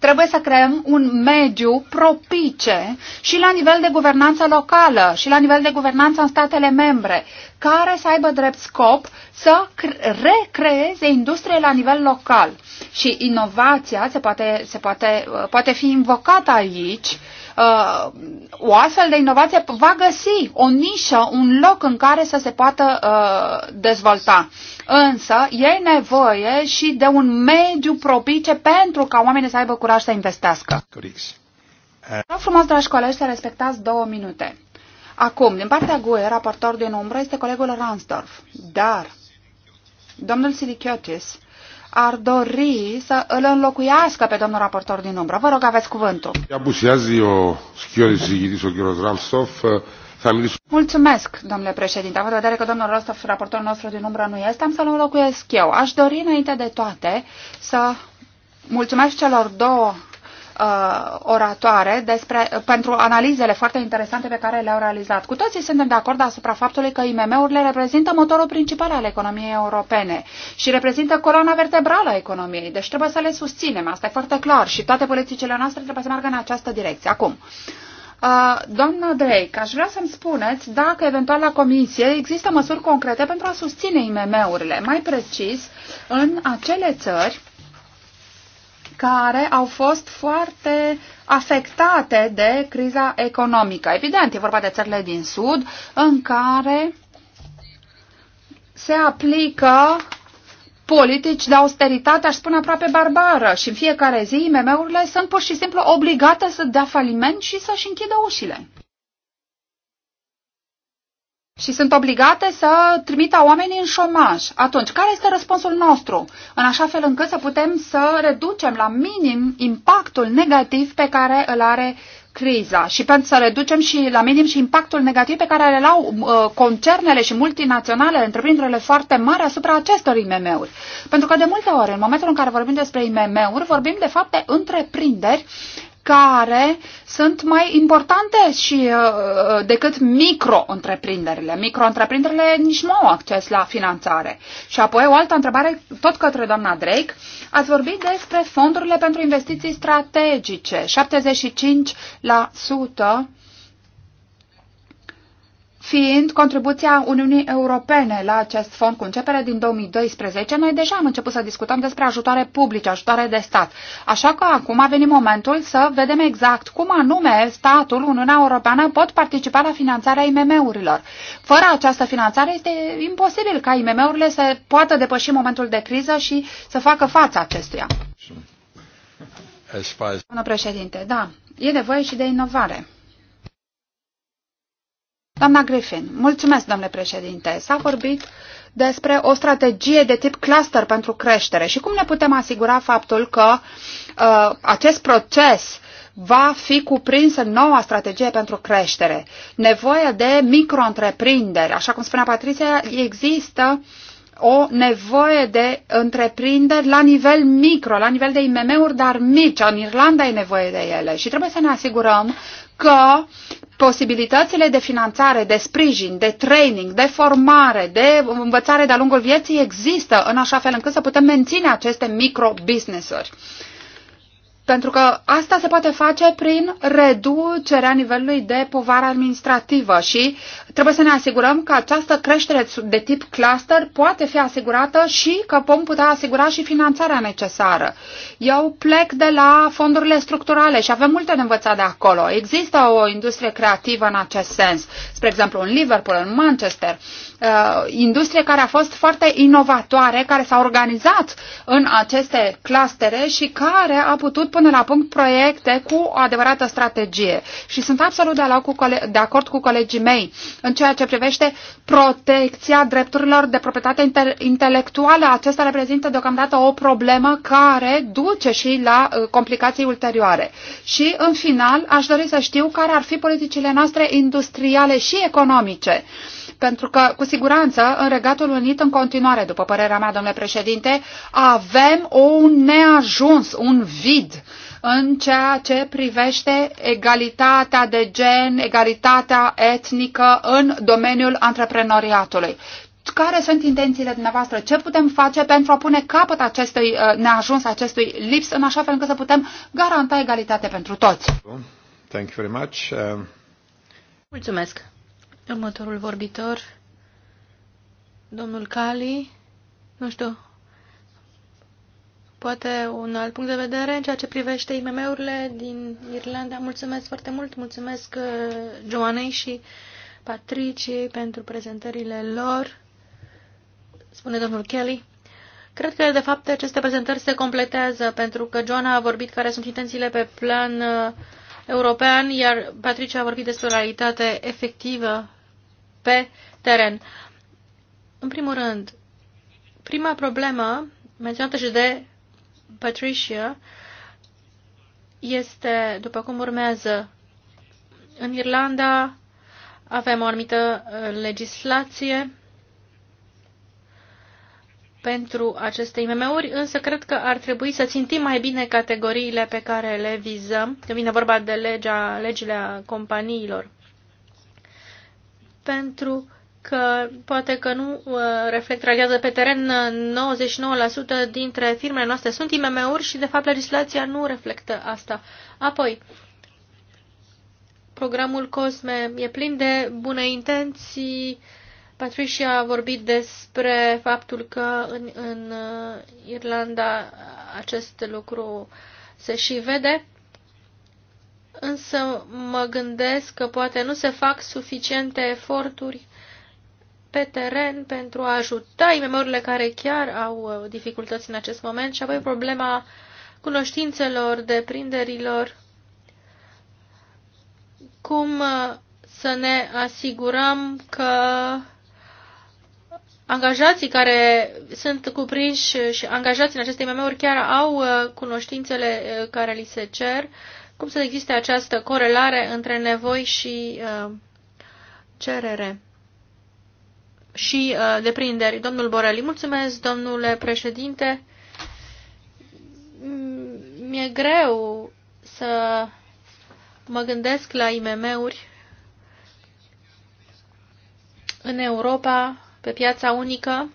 Trebuie să creăm un mediu propice și la nivel de guvernanță locală și la nivel de guvernanță în statele membre, care să aibă drept scop să recreeze industrie la nivel local. Și inovația se poate, se poate, uh, poate fi invocată aici uh, o astfel de inovație va găsi o nișă, un loc în care să se poată uh, dezvolta. Însă e nevoie și de un mediu propice pentru ca oamenii să aibă curaj să investească. Da, uh. Vreau frumos, dragi colegi, să respectați două minute. Acum, din partea GUE, raportor din umbră este colegul Ransdorf, dar domnul Silichiotis ar dori să îl înlocuiască pe domnul raportor din umbră. Vă rog, aveți cuvântul. Mulțumesc, domnule președinte. Având în vedere că domnul Rostov, raportorul nostru din umbră, nu este, am să-l înlocuiesc eu. Aș dori, înainte de toate, să mulțumesc celor două uh, oratoare despre, pentru analizele foarte interesante pe care le-au realizat. Cu toții suntem de acord asupra faptului că IMM-urile reprezintă motorul principal al economiei europene și reprezintă coloana vertebrală a economiei, deci trebuie să le susținem, asta e foarte clar și toate politicile noastre trebuie să meargă în această direcție. Acum, Uh, doamna Drake, aș vrea să-mi spuneți dacă eventual la comisie există măsuri concrete pentru a susține IMM-urile, mai precis în acele țări care au fost foarte afectate de criza economică. Evident, e vorba de țările din Sud, în care se aplică politici de austeritate, aș spune aproape barbară, și în fiecare zi IMM-urile sunt pur și simplu obligate să dea faliment și să-și închidă ușile și sunt obligate să trimită oamenii în șomaj. Atunci, care este răspunsul nostru? În așa fel încât să putem să reducem la minim impactul negativ pe care îl are criza și pentru să reducem și la minim și impactul negativ pe care le au uh, concernele și multinaționale, întreprinderile foarte mari asupra acestor IMM-uri. Pentru că de multe ori, în momentul în care vorbim despre IMM-uri, vorbim de fapt de întreprinderi care sunt mai importante și uh, uh, decât micro-întreprinderile. Micro-întreprinderile nici nu au acces la finanțare. Și apoi o altă întrebare, tot către doamna Drake. Ați vorbit despre fondurile pentru investiții strategice. 75% fiind contribuția Uniunii Europene la acest fond cu începere din 2012, noi deja am început să discutăm despre ajutoare publice, ajutoare de stat. Așa că acum a venit momentul să vedem exact cum anume statul, Uniunea Europeană pot participa la finanțarea IMM-urilor. Fără această finanțare este imposibil ca IMM-urile să poată depăși momentul de criză și să facă fața acestuia. Doamnă președinte, da, e nevoie și de inovare. Doamna Griffin, mulțumesc, domnule președinte. S-a vorbit despre o strategie de tip cluster pentru creștere și cum ne putem asigura faptul că uh, acest proces va fi cuprins în noua strategie pentru creștere. Nevoia de micro-întreprinderi, așa cum spunea Patricia, există uh, o nevoie de întreprinderi la nivel micro, la nivel de IMM-uri, dar mici. În Irlanda e nevoie de ele și trebuie să ne asigurăm că posibilitățile de finanțare, de sprijin, de training, de formare, de învățare de-a lungul vieții există în așa fel încât să putem menține aceste micro-business-uri. Pentru că asta se poate face prin reducerea nivelului de povară administrativă și Trebuie să ne asigurăm că această creștere de tip cluster poate fi asigurată și că vom putea asigura și finanțarea necesară. Eu plec de la fondurile structurale și avem multe de învățat de acolo. Există o industrie creativă în acest sens, spre exemplu în Liverpool, în Manchester, uh, industrie care a fost foarte inovatoare, care s-a organizat în aceste clastere și care a putut pune la punct proiecte cu o adevărată strategie. Și sunt absolut de, cu de acord cu colegii mei în ceea ce privește protecția drepturilor de proprietate intelectuală. Acesta reprezintă deocamdată o problemă care duce și la uh, complicații ulterioare. Și, în final, aș dori să știu care ar fi politicile noastre industriale și economice. Pentru că, cu siguranță, în Regatul Unit, în continuare, după părerea mea, domnule președinte, avem un neajuns, un vid în ceea ce privește egalitatea de gen, egalitatea etnică în domeniul antreprenoriatului. Care sunt intențiile dumneavoastră? Ce putem face pentru a pune capăt acestui uh, neajuns, acestui lips, în așa fel încât să putem garanta egalitate pentru toți? Thank you very much. Um, Mulțumesc. Următorul vorbitor, domnul Cali, nu știu, poate un alt punct de vedere în ceea ce privește IMM-urile din Irlanda. Mulțumesc foarte mult, mulțumesc uh, Joanei și Patricii pentru prezentările lor, spune domnul Kelly. Cred că, de fapt, aceste prezentări se completează, pentru că Joana a vorbit care sunt intențiile pe plan uh, european, iar Patricia a vorbit despre realitate efectivă pe teren. În primul rând, prima problemă menționată și de Patricia este după cum urmează. În Irlanda avem o anumită uh, legislație pentru aceste IMM-uri, însă cred că ar trebui să țintim mai bine categoriile pe care le vizăm, când vine vorba de legea, legile companiilor. Pentru că poate că nu uh, reflectează pe teren 99% dintre firmele noastre sunt IMM-uri și de fapt legislația nu reflectă asta. Apoi, programul COSME e plin de bune intenții. Patricia a vorbit despre faptul că în, în uh, Irlanda acest lucru se și vede, însă mă gândesc că poate nu se fac suficiente eforturi pe teren pentru a ajuta imemorile care chiar au uh, dificultăți în acest moment și apoi problema cunoștințelor, deprinderilor, cum uh, să ne asigurăm că angajații care sunt cuprinși și angajații în aceste IMM-uri chiar au uh, cunoștințele care li se cer, cum să existe această corelare între nevoi și cerere și uh, deprinderi. Domnul Borelli, mulțumesc, domnule președinte. Mm, mi-e greu să mă gândesc la IMM-uri în Europa, pe piața unică,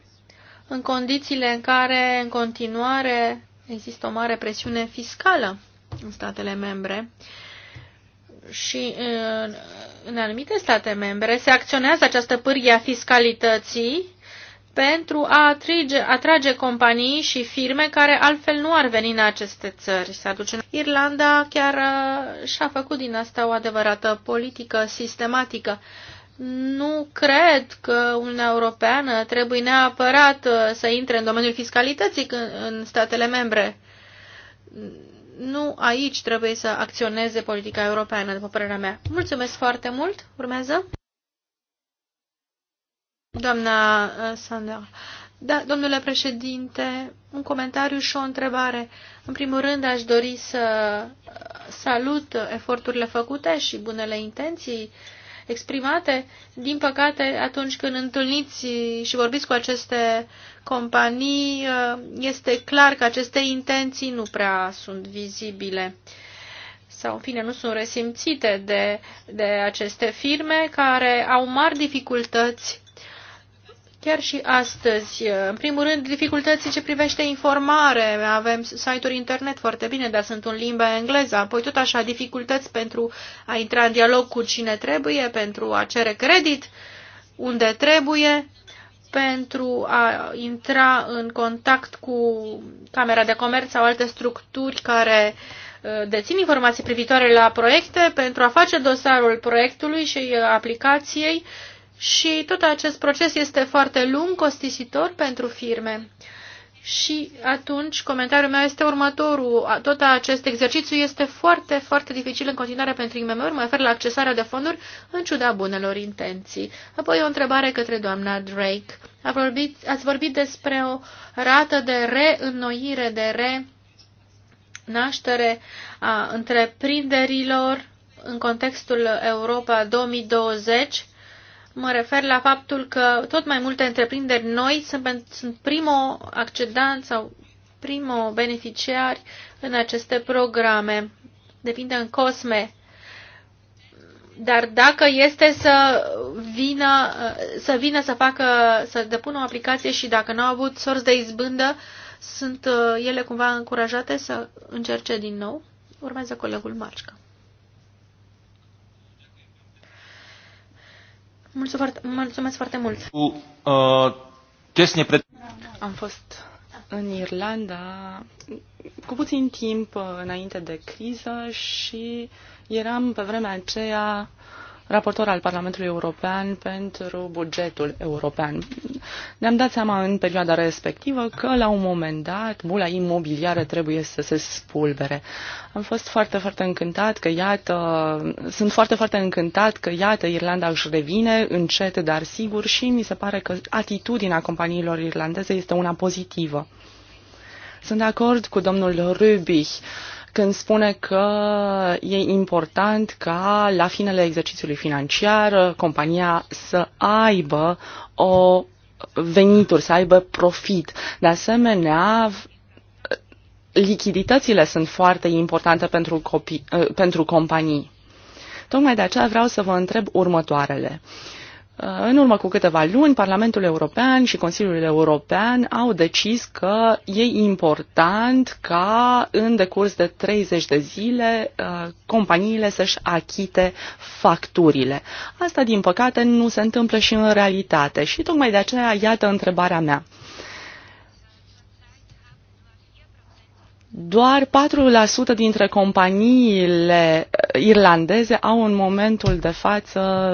în condițiile în care, în continuare, există o mare presiune fiscală în statele membre. Uh, și în, uh, în anumite state membre se acționează această pârghie a fiscalității pentru a atrige, atrage companii și firme care altfel nu ar veni în aceste țări. Se aduce în Irlanda chiar uh, și-a făcut din asta o adevărată politică sistematică. Nu cred că Uniunea Europeană trebuie neapărat uh, să intre în domeniul fiscalității în statele membre nu aici trebuie să acționeze politica europeană, după părerea mea. Mulțumesc foarte mult. Urmează. Doamna uh, Sander. Da, domnule președinte, un comentariu și o întrebare. În primul rând, aș dori să uh, salut eforturile făcute și bunele intenții uh, exprimate, din păcate, atunci când întâlniți și vorbiți cu aceste companii, uh, este clar că aceste intenții nu prea sunt vizibile sau, în fine, nu sunt resimțite de, de aceste firme care au mari dificultăți chiar și astăzi. Uh, în primul rând, dificultății ce privește informare. Avem site-uri internet foarte bine, dar sunt în limba engleză. Apoi tot așa, dificultăți pentru a intra în dialog cu cine trebuie, pentru a cere credit unde trebuie, pentru a intra în contact cu Camera de Comerț sau alte structuri care uh, dețin informații privitoare la proiecte, pentru a face dosarul proiectului și uh, aplicației și tot acest proces este foarte lung, costisitor pentru firme. Și atunci, comentariul meu este următorul. Tot acest exercițiu este foarte, foarte dificil în continuare pentru IMM-uri, mă refer la accesarea de fonduri, în ciuda bunelor intenții. Apoi o întrebare către doamna Drake. A vorbit, ați vorbit despre o rată de reînnoire, de renaștere a întreprinderilor în contextul Europa 2020 Mă refer la faptul că tot mai multe întreprinderi noi sunt, sunt primo accedant sau primo beneficiari în aceste programe. Depinde în COSME. Dar dacă este să vină să, vină să facă, să depună o aplicație și dacă nu au avut sorți de izbândă, sunt uh, ele cumva încurajate să încerce din nou? Urmează colegul Marșca. Mulțumesc, mulțumesc foarte mult. Cu, uh, pre... Am fost în Irlanda cu puțin timp înainte de criză și eram pe vremea aceea uh, raportor al Parlamentului European pentru bugetul european. Ne-am dat seama în perioada respectivă că la un moment dat bula imobiliară trebuie să se spulbere. Am fost foarte, foarte încântat că iată, sunt foarte, foarte încântat că iată Irlanda își revine încet, dar sigur și mi se pare că atitudinea companiilor irlandeze este una pozitivă. Sunt de acord cu domnul Rübich când spune că e important ca la finele exercițiului financiar compania să aibă o venituri, să aibă profit. De asemenea, lichiditățile sunt foarte importante pentru, copii, pentru companii. Tocmai de aceea vreau să vă întreb următoarele. Uh, Uh, în urmă cu câteva luni, Parlamentul European și Consiliul European au decis că e important ca în decurs de 30 de zile uh, companiile să-și achite facturile. Asta, din păcate, nu se întâmplă și în realitate și tocmai de aceea, iată întrebarea mea. Doar 4% dintre companiile uh, irlandeze au în momentul de față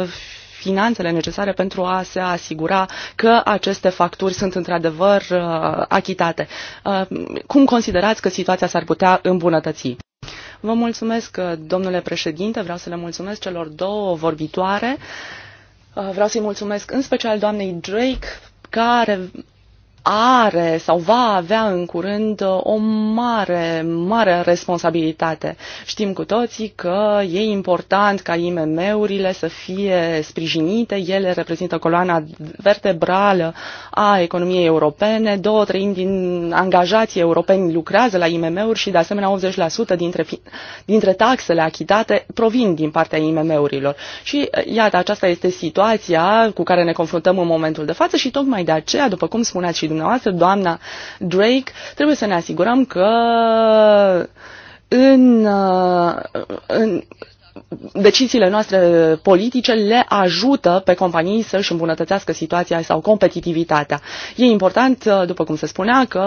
finanțele necesare pentru a se asigura că aceste facturi sunt într-adevăr uh, achitate. Uh, cum considerați că situația s-ar putea îmbunătăți? Vă mulțumesc, uh, domnule președinte, vreau să le mulțumesc celor două vorbitoare. Vreau să-i mulțumesc în special doamnei Drake, care are sau va avea în curând uh, o mare, mare responsabilitate. Știm cu toții că e important ca IMM-urile să fie sprijinite, ele reprezintă coloana vertebrală a economiei europene, două treimi din angajații europeni lucrează la IMM-uri și de asemenea 80% dintre, dintre taxele achitate provin din partea IMM-urilor. Și uh, iată, aceasta este situația cu care ne confruntăm în momentul de față și tocmai de aceea, după cum spuneați și dumneavoastră, dumneavoastră, doamna Drake, trebuie să ne asigurăm că în, în deciziile noastre politice le ajută pe companii să-și îmbunătățească situația sau competitivitatea. E important, după cum se spunea, că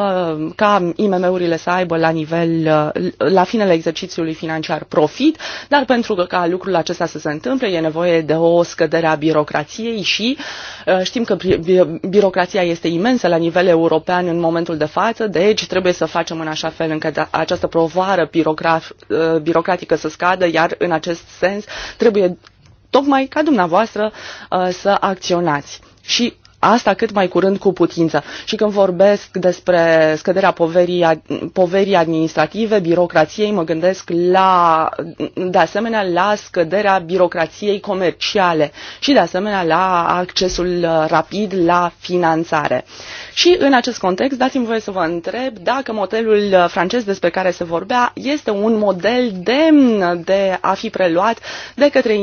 ca IMM-urile să aibă la nivel, la finele exercițiului financiar profit, dar pentru că ca lucrul acesta să se întâmple e nevoie de o scădere a birocrației și uh, știm că birocrația este imensă la nivel european în momentul de față, deci trebuie să facem în așa fel încât această provoară uh, birocratică să scadă, iar în acest acest sens, trebuie tocmai ca dumneavoastră uh, să acționați. Și asta cât mai curând cu putință. Și când vorbesc despre scăderea poverii, poverii administrative, birocrației, mă gândesc la, de asemenea la scăderea birocrației comerciale și de asemenea la accesul rapid la finanțare. Și în acest context, dați-mi voie să vă întreb dacă modelul francez despre care se vorbea este un model demn de a fi preluat de către,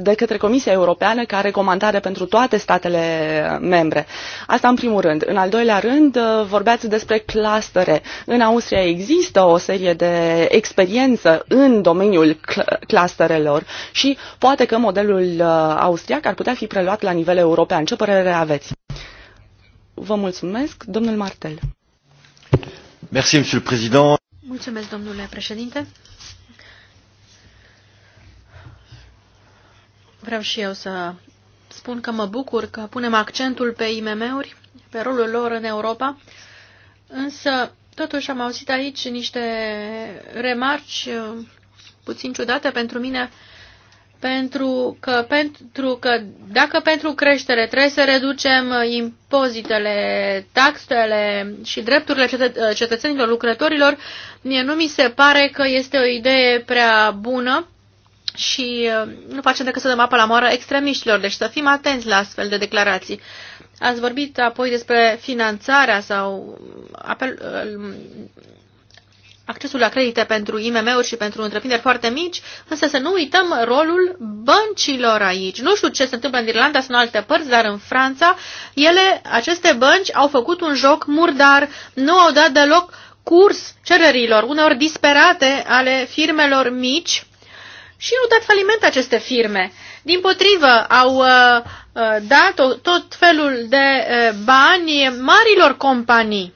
de către Comisia Europeană ca recomandare pentru toate statele membre. Asta în primul rând. În al doilea rând, uh, vorbeați despre clustere. În Austria există o serie de experiență în domeniul clusterelor și poate că modelul uh, austriac ar putea fi preluat la nivel european. Ce părere aveți? Vă mulțumesc, domnul Martel. Merci, monsieur le président. Mulțumesc, domnule președinte. Vreau și eu să spun că mă bucur că punem accentul pe IMM-uri, pe rolul lor în Europa, însă totuși am auzit aici niște remarci uh, puțin ciudate pentru mine, pentru că, pentru că dacă pentru creștere trebuie să reducem uh, impozitele, taxele și drepturile uh, cetățenilor, lucrătorilor, mie nu mi se pare că este o idee prea bună și uh, nu facem decât să dăm apă la moară extremiștilor, deci să fim atenți la astfel de declarații. Ați vorbit apoi despre finanțarea sau apel, uh, accesul la credite pentru IMM-uri și pentru întreprinderi foarte mici, însă să nu uităm rolul băncilor aici. Nu știu ce se întâmplă în Irlanda sau în alte părți, dar în Franța, ele, aceste bănci au făcut un joc murdar, nu au dat deloc curs cererilor, uneori disperate ale firmelor mici, și au dat faliment aceste firme. Din potrivă, au uh, uh dat tot felul de uh, bani marilor companii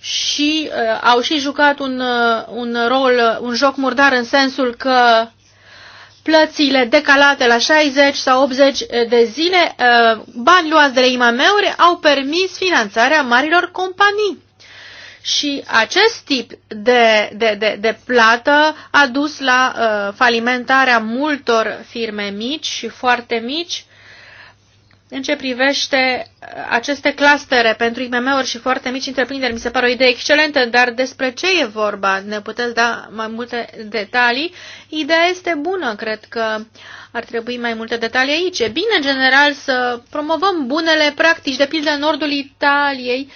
și uh, au și jucat un, uh, un rol, uh, un joc murdar în sensul că plățile decalate la 60 sau 80 de zile, uh, bani luați de la imameuri, au permis finanțarea marilor companii și acest tip de, de, de, de plată a dus la uh, falimentarea multor firme mici și foarte mici în ce privește uh, aceste clustere pentru IMM-uri și foarte mici întreprinderi, mi se pare o idee excelentă, dar despre ce e vorba? Ne puteți da mai multe detalii? Ideea este bună, cred că ar trebui mai multe detalii aici. E bine, în general, să promovăm bunele practici. De pildă, în nordul Italiei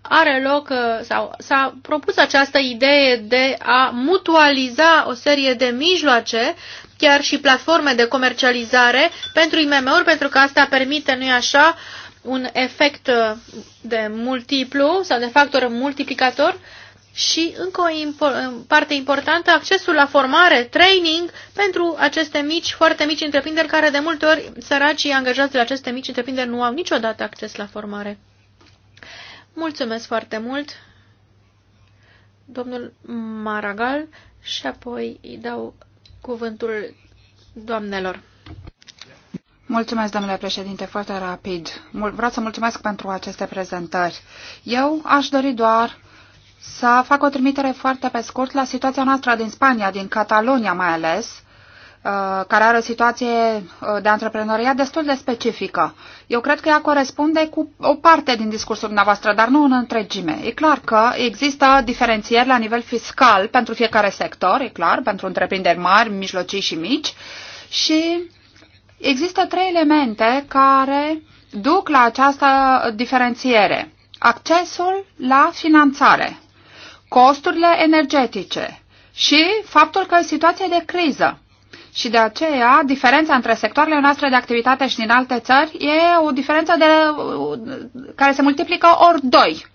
are loc uh, sau s-a propus această idee de a mutualiza o serie de mijloace chiar și platforme de comercializare pentru IMM-uri, pentru că asta permite, nu-i așa, un efect uh, de multiplu sau de factor multiplicator și încă o impo uh, parte importantă, accesul la formare, training pentru aceste mici, foarte mici întreprinderi care de multe ori săracii angajați la aceste mici întreprinderi nu au niciodată acces la formare. Mulțumesc foarte mult, domnul Maragal, și apoi îi dau cuvântul doamnelor. Mulțumesc, domnule președinte, foarte rapid. Vreau să mulțumesc pentru aceste prezentări. Eu aș dori doar să fac o trimitere foarte pe scurt la situația noastră din Spania, din Catalonia mai ales, Uh, care are o situație uh, de antreprenoriat destul de specifică. Eu cred că ea corespunde cu o parte din discursul dumneavoastră, dar nu în întregime. E clar că există diferențieri la nivel fiscal pentru fiecare sector, e clar, pentru întreprinderi mari, mijlocii și mici. Și există trei elemente care duc la această diferențiere. Accesul la finanțare, costurile energetice și faptul că e situație de criză. Și de aceea, diferența între sectoarele noastre de activitate și din alte țări e o diferență de, care se multiplică ori doi.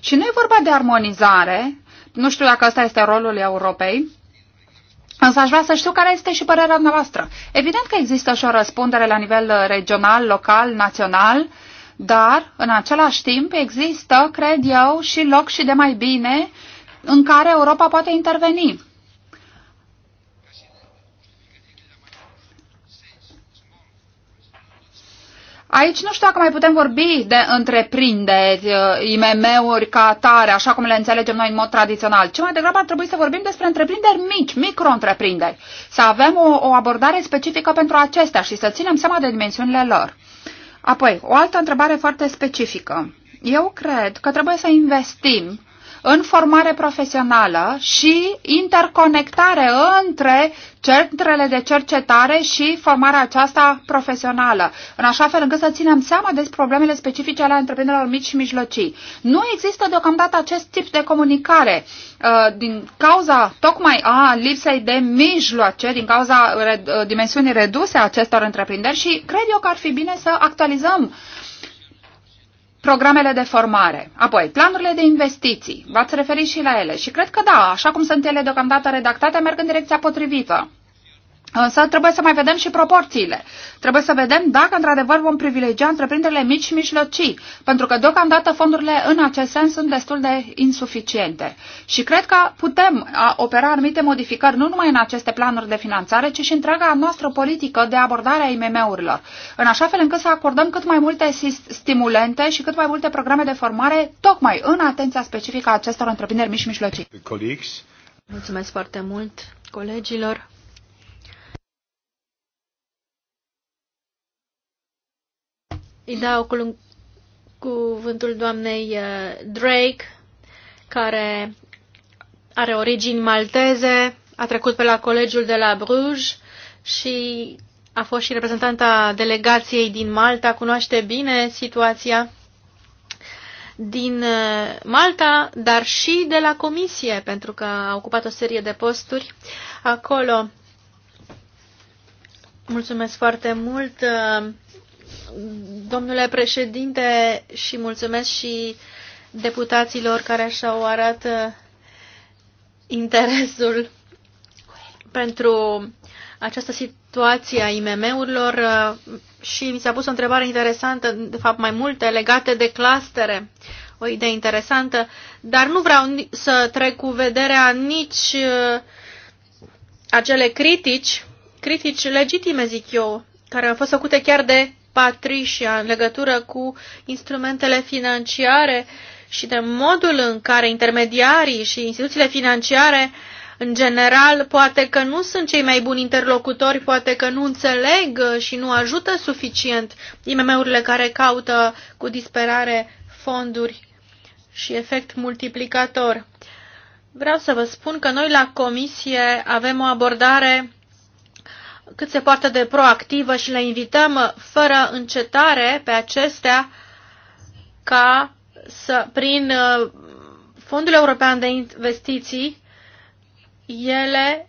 Și nu e vorba de armonizare, nu știu dacă ăsta este rolul Europei, Însă aș vrea să știu care este și părerea noastră. Evident că există și o răspundere la nivel regional, local, național, dar în același timp există, cred eu, și loc și de mai bine în care Europa poate interveni. Aici nu știu dacă mai putem vorbi de întreprinderi, uh, IMM-uri ca atare, așa cum le înțelegem noi în mod tradițional, ci mai degrabă ar trebui să vorbim despre întreprinderi mici, micro-întreprinderi, să avem o, o abordare specifică pentru acestea și să ținem seama de dimensiunile lor. Apoi, o altă întrebare foarte specifică. Eu cred că trebuie să investim în formare profesională și interconectare între centrele de cercetare și formarea aceasta profesională, în așa fel încât să ținem seama de problemele specifice ale întreprinderilor mici și mijlocii. Nu există deocamdată acest tip de comunicare uh, din cauza tocmai a lipsei de mijloace, din cauza uh, dimensiunii reduse a acestor întreprinderi și cred eu că ar fi bine să actualizăm uh, programele de formare, apoi planurile de investiții, v-ați referit și la ele și cred că da, așa cum sunt ele deocamdată redactate, merg în direcția potrivită. Însă trebuie să mai vedem și proporțiile. Trebuie să vedem dacă într-adevăr vom privilegia întreprinderile mici și mijlocii, pentru că deocamdată fondurile în acest sens sunt destul de insuficiente. Și cred că putem opera anumite modificări nu numai în aceste planuri de finanțare, ci și întreaga noastră politică de abordare a IMM-urilor, în așa fel încât să acordăm cât mai multe stimulente și cât mai multe programe de formare, tocmai în atenția specifică a acestor întreprinderi mici și mijlocii. Mulțumesc foarte mult colegilor. Îi dau cuvântul doamnei uh, Drake, care are origini malteze, a trecut pe la colegiul de la Bruges și a fost și reprezentanta delegației din Malta, cunoaște bine situația din uh, Malta, dar și de la Comisie, pentru că a ocupat o serie de posturi acolo. Mulțumesc foarte mult uh, domnule președinte, și mulțumesc și deputaților care și-au arat uh, interesul pentru această situație a IMM-urilor uh, și mi s-a pus o întrebare interesantă, de fapt mai multe, legate de clastere, o idee interesantă, dar nu vreau să trec cu vederea nici uh, acele critici, critici legitime, zic eu, care au fost făcute chiar de Patricia în legătură cu instrumentele financiare și de modul în care intermediarii și instituțiile financiare în general, poate că nu sunt cei mai buni interlocutori, poate că nu înțeleg și nu ajută suficient IMM-urile care caută cu disperare fonduri și efect multiplicator. Vreau să vă spun că noi la comisie avem o abordare cât se poate de proactivă și le invităm uh, fără încetare pe acestea ca să, prin uh, Fondul European de Investiții, ele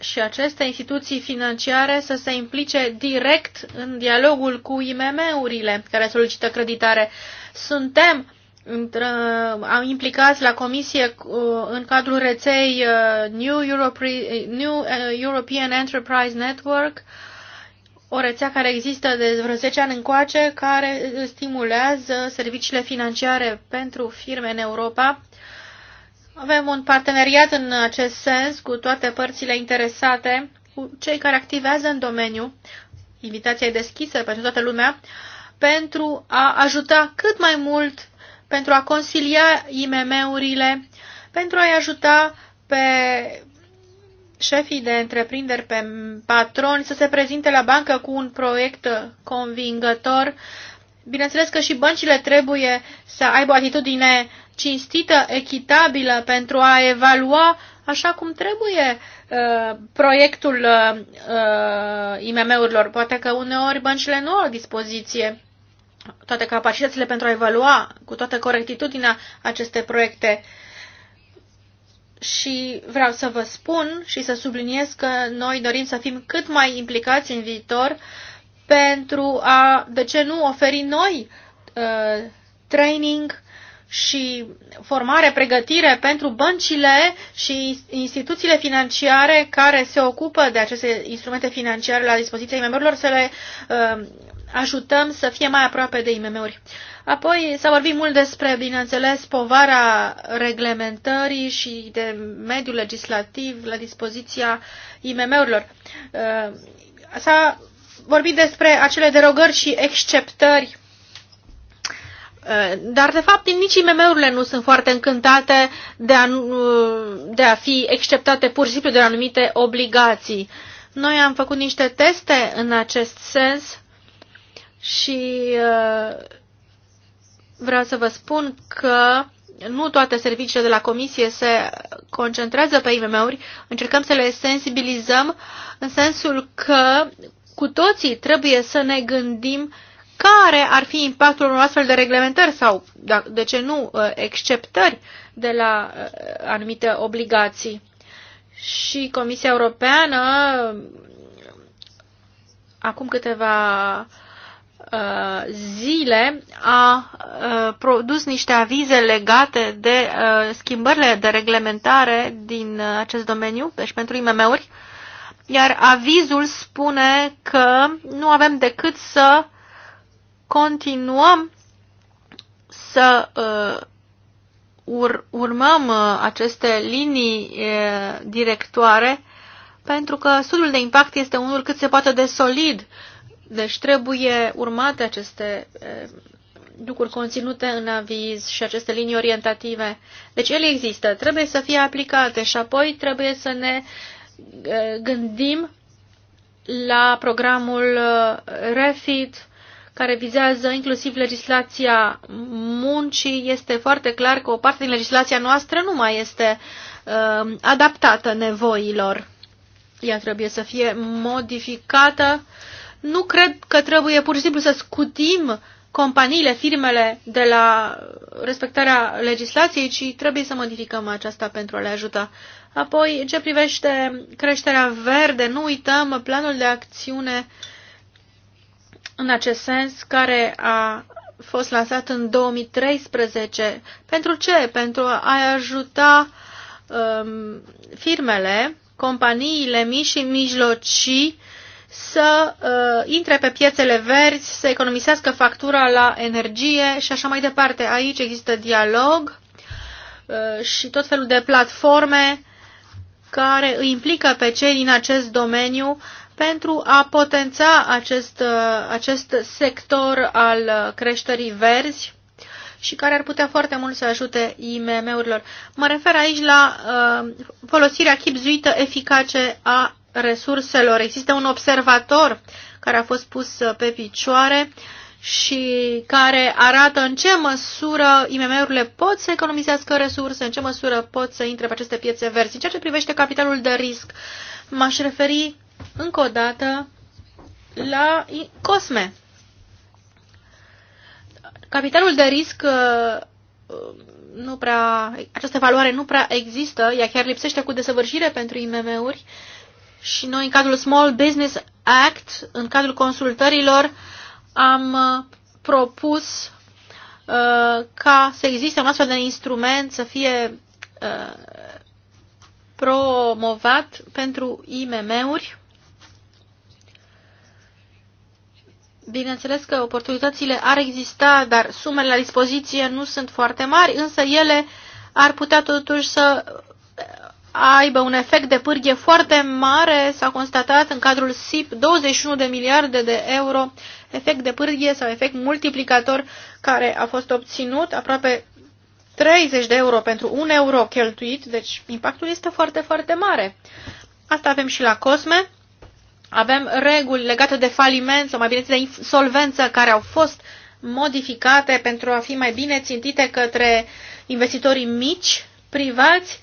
și aceste instituții financiare să se implice direct în dialogul cu IMM-urile care solicită creditare. Suntem am implicat la comisie uh, în cadrul reței uh, New, Europe, New uh, European Enterprise Network, o rețea care există de vreo 10 ani încoace, care stimulează serviciile financiare pentru firme în Europa. Avem un parteneriat în acest sens cu toate părțile interesate, cu cei care activează în domeniu. Invitația e deschisă pentru toată lumea pentru a ajuta cât mai mult pentru a consilia IMM-urile, pentru a-i ajuta pe șefii de întreprinderi, pe patroni să se prezinte la bancă cu un proiect convingător. Bineînțeles că și băncile trebuie să aibă o atitudine cinstită, echitabilă pentru a evalua așa cum trebuie uh, proiectul uh, uh IMM-urilor. Poate că uneori băncile nu au dispoziție toate capacitățile pentru a evalua cu toată corectitudinea aceste proiecte. Și vreau să vă spun și să subliniez că noi dorim să fim cât mai implicați în viitor pentru a, de ce nu, oferi noi uh, training și formare, pregătire pentru băncile și instituțiile financiare care se ocupă de aceste instrumente financiare la dispoziția membrilor să le uh, ajutăm să fie mai aproape de IMM-uri. Apoi s-a vorbit mult despre, bineînțeles, povara reglementării și de mediul legislativ la dispoziția IMM-urilor. Uh, s-a vorbit despre acele derogări și exceptări uh, dar, de fapt, nici IMM-urile nu sunt foarte încântate de a, de a fi exceptate pur și simplu de anumite obligații. Noi am făcut niște teste în acest sens și uh, vreau să vă spun că nu toate serviciile de la comisie se concentrează pe IMM-uri, încercăm să le sensibilizăm în sensul că cu toții trebuie să ne gândim care ar fi impactul unor astfel de reglementări sau, da, de ce nu, uh, exceptări de la uh, anumite obligații. Și Comisia Europeană acum câteva Uh, zile a uh, produs niște avize legate de uh, schimbările de reglementare din acest domeniu, deci pentru IMM-uri, iar avizul spune că nu avem decât să continuăm să urmăm aceste linii directoare pentru că studiul de impact este unul cât se poate de solid deci trebuie urmate aceste eh, lucruri conținute în aviz și aceste linii orientative. Deci ele există, trebuie să fie aplicate și apoi trebuie să ne eh, gândim la programul eh, REFIT, care vizează inclusiv legislația muncii, este foarte clar că o parte din legislația noastră nu mai este uh, adaptată nevoilor. Ea trebuie să fie modificată uh, nu cred că trebuie pur și simplu să scutim companiile, firmele de la respectarea legislației, ci trebuie să modificăm aceasta pentru a le ajuta. Apoi, în ce privește creșterea verde, nu uităm planul de acțiune în acest sens care a fost lansat în 2013. Pentru ce? Pentru a ajuta um, firmele, companiile mici și mijlocii să uh, intre pe piețele verzi, să economisească factura la energie și așa mai departe. Aici există dialog uh, și tot felul de platforme care îi implică pe cei din acest domeniu pentru a potența acest, uh, acest sector al uh, creșterii verzi și care ar putea foarte mult să ajute IMM-urilor. Mă refer aici la uh, folosirea chipzuită eficace a resurselor. Există un observator care a fost pus uh, pe picioare și care arată în ce măsură IMM-urile pot să economisească resurse, în ce măsură pot să intre pe aceste piețe verzi. În ceea ce privește capitalul de risc, m-aș referi încă o dată la COSME. Capitalul de risc uh, uh, nu prea, această valoare nu prea există, ea chiar lipsește cu desăvârșire pentru IMM-uri și noi în cadrul Small Business Act, în cadrul consultărilor, am uh, propus uh, ca să existe un astfel de instrument să fie uh, promovat pentru IMM-uri. Bineînțeles că oportunitățile ar exista, dar sumele la dispoziție nu sunt foarte mari, însă ele ar putea totuși să aibă un efect de pârghie foarte mare, s-a constatat în cadrul SIP 21 de miliarde de euro, efect de pârghie sau efect multiplicator care a fost obținut, aproape 30 de euro pentru un euro cheltuit, deci impactul este foarte, foarte mare. Asta avem și la Cosme. Avem reguli legate de faliment sau mai bine de insolvență care au fost modificate pentru a fi mai bine țintite către investitorii mici, privați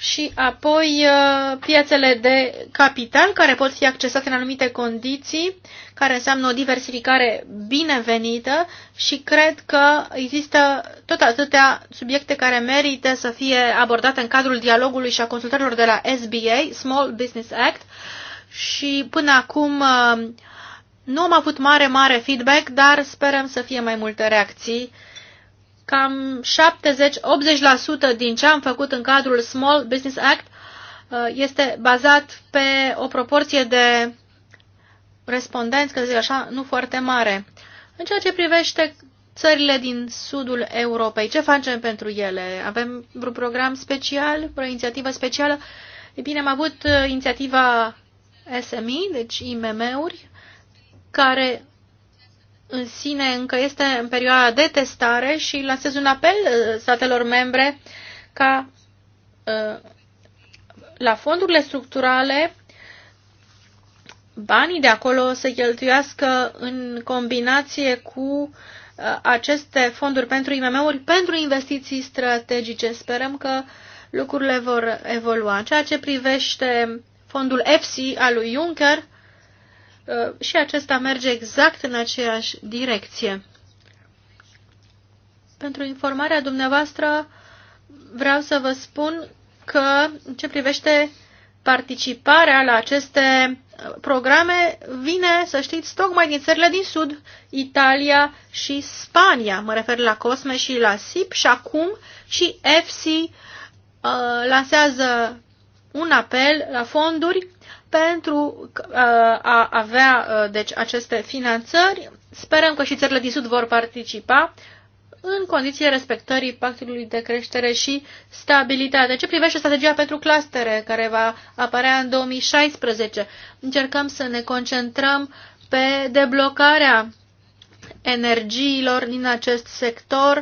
și apoi uh, piețele de capital care pot fi accesate în anumite condiții, care înseamnă o diversificare binevenită și cred că există tot atâtea subiecte care merită să fie abordate în cadrul dialogului și a consultărilor de la SBA, Small Business Act, și până acum uh, nu am avut mare, mare feedback, dar sperăm să fie mai multe reacții Cam 70-80% din ce am făcut în cadrul Small Business Act uh, este bazat pe o proporție de respondenți, că zic așa, nu foarte mare. În ceea ce privește țările din sudul Europei, ce facem pentru ele? Avem vreun program special, vreo inițiativă specială? E bine, am avut uh, inițiativa SME, deci IMM-uri, care în sine încă este în perioada de testare și lansez un apel uh, statelor membre ca uh, la fondurile structurale banii de acolo se cheltuiască în combinație cu uh, aceste fonduri pentru IMM-uri, pentru investiții strategice. Sperăm că lucrurile vor evolua. Ceea ce privește fondul EFSI al lui Juncker, Uh, și acesta merge exact în aceeași direcție. Pentru informarea dumneavoastră vreau să vă spun că în ce privește participarea la aceste uh, programe vine, să știți, tocmai din țările din Sud, Italia și Spania. Mă refer la COSME și la SIP și acum și EFSI uh, lansează un apel la fonduri pentru uh, a avea uh, deci, aceste finanțări. Sperăm că și țările din Sud vor participa în condiție respectării pactului de creștere și stabilitate. Ce privește strategia pentru clustere care va apărea în 2016, încercăm să ne concentrăm pe deblocarea energiilor din acest sector,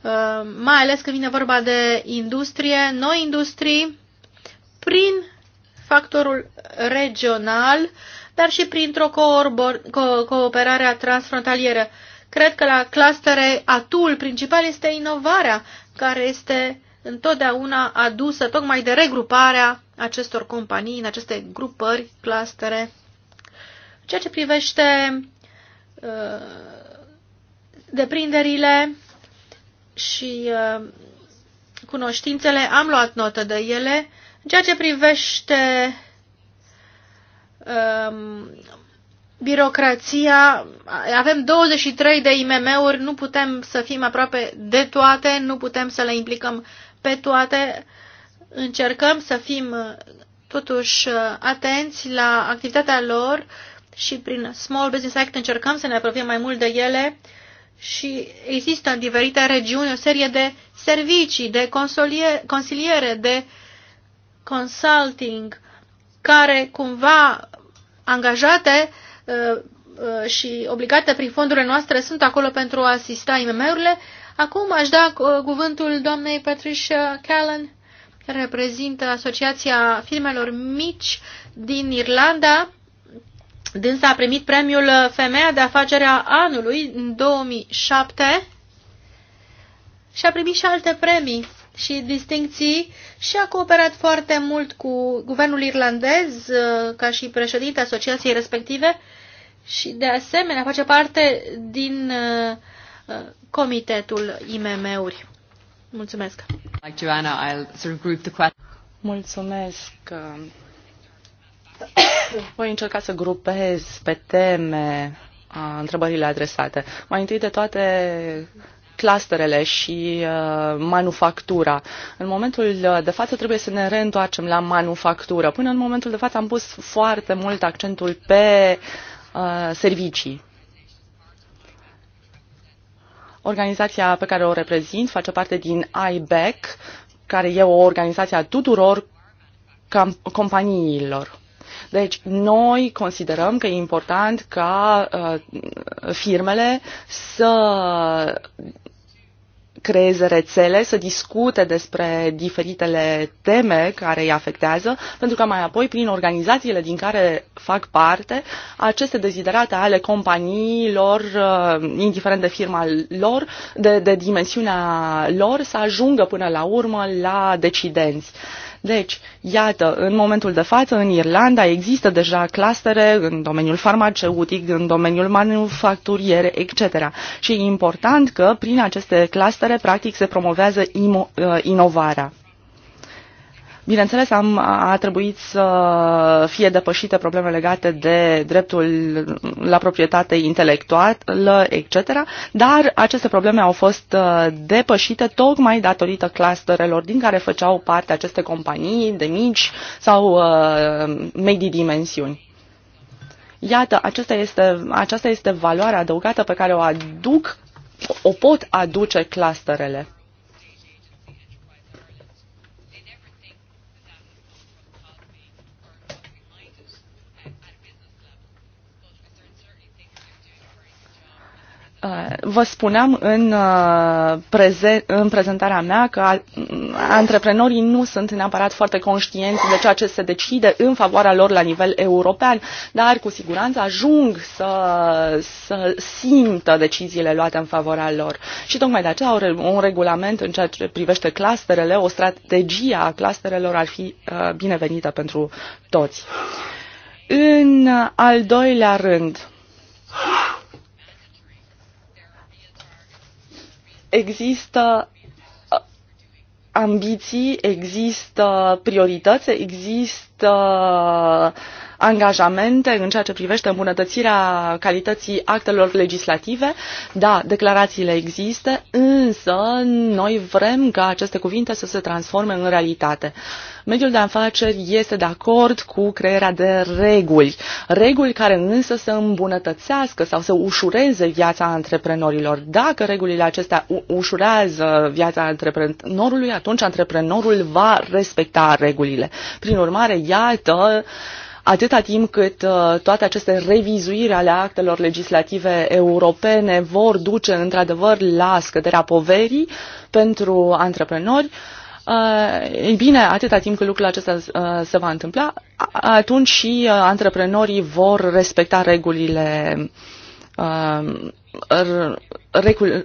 uh, mai ales când vine vorba de industrie, noi industrii, prin factorul regional, dar și printr-o cooperare transfrontalieră. Cred că la clustere atul principal este inovarea, care este întotdeauna adusă tocmai de regruparea acestor companii în aceste grupări, clustere. Ceea ce privește uh, deprinderile și uh, cunoștințele, am luat notă de ele în ceea ce privește um, birocrația, avem 23 de IMM-uri, nu putem să fim aproape de toate, nu putem să le implicăm pe toate. Încercăm să fim uh, totuși uh, atenți la activitatea lor și prin Small Business Act încercăm să ne apropiem mai mult de ele și există în diferite regiuni o serie de servicii, de consiliere, de uh, consulting care cumva angajate uh, uh, și obligate prin fondurile noastre sunt acolo pentru a asista IMM-urile. Acum aș da uh, cuvântul doamnei Patricia Callan, care reprezintă Asociația Filmelor Mici din Irlanda. Dânsa a primit premiul Femeia de Afacerea Anului în 2007 și a primit și alte premii și distincții și a cooperat foarte mult cu guvernul irlandez uh, ca și președinte asociației respective și de asemenea face parte din uh, uh, comitetul IMM-uri. Mulțumesc. Like Joanna, I'll sort of group the Mulțumesc. Voi încerca să grupez pe teme întrebările adresate. Mai întâi de toate, clusterele și uh, manufactura. În momentul uh, de față trebuie să ne reîntoarcem la manufactură. Până în momentul de față am pus foarte mult accentul pe uh, servicii. Organizația pe care o reprezint face parte din IBEC, care e o organizație a tuturor companiilor. Deci, noi considerăm că e important ca uh, firmele să creeze rețele, să discute despre diferitele teme care îi afectează, pentru că mai apoi, prin organizațiile din care fac parte, aceste deziderate ale companiilor, uh, indiferent de firma lor, de, de dimensiunea lor, să ajungă până la urmă la decidenți. Uh, deci, iată, în momentul de față, în Irlanda există deja clustere în domeniul farmaceutic, în domeniul manufacturier, etc. Și e important că prin aceste clustere, practic, se promovează uh, inovarea. Bineînțeles, am, a trebuit să fie depășite probleme legate de dreptul la proprietate intelectuală, etc., dar aceste probleme au fost uh, depășite tocmai datorită clusterelor din care făceau parte aceste companii de mici sau uh, medii dimensiuni. Iată, aceasta este, aceasta este valoarea adăugată pe care o aduc, o pot aduce clusterele. Uh, vă spuneam în, uh, prezen, în prezentarea mea că antreprenorii nu sunt neapărat foarte conștienți de ceea ce se decide în favoarea lor la nivel european, dar cu siguranță ajung să, să simtă deciziile luate în favoarea lor. Și tocmai de aceea un regulament în ceea ce privește clusterele, o strategie a clusterelor ar fi uh, binevenită pentru toți. În al doilea rând, există uh, ambiții, există priorități, există angajamente în ceea ce privește îmbunătățirea calității actelor legislative. Da, declarațiile există, însă noi vrem ca aceste cuvinte să se transforme în realitate. Mediul de afaceri este de acord cu crearea de reguli, reguli care însă să îmbunătățească sau să ușureze viața antreprenorilor. Dacă regulile acestea ușurează viața antreprenorului, atunci antreprenorul va respecta regulile. Prin urmare, iată, atâta timp cât uh, toate aceste revizuiri ale actelor legislative europene vor duce într-adevăr la scăderea poverii pentru antreprenori, uh, ei bine, atâta timp cât lucrul acesta uh, se va întâmpla, atunci și antreprenorii vor respecta regulile Uh,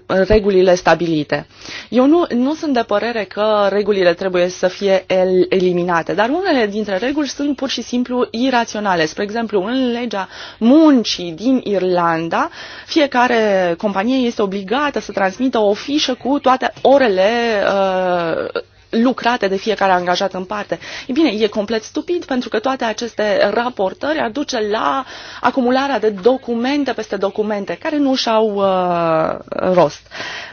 regulile stabilite. Eu nu, nu sunt de părere că regulile trebuie să fie el, eliminate, dar unele dintre reguli sunt pur și simplu iraționale. Spre exemplu, în legea muncii din Irlanda, fiecare companie este obligată să transmită o fișă cu toate orele uh, lucrate de fiecare angajat în parte. E bine, e complet stupid pentru că toate aceste raportări ar duce la acumularea de documente peste documente care nu și-au uh, rost.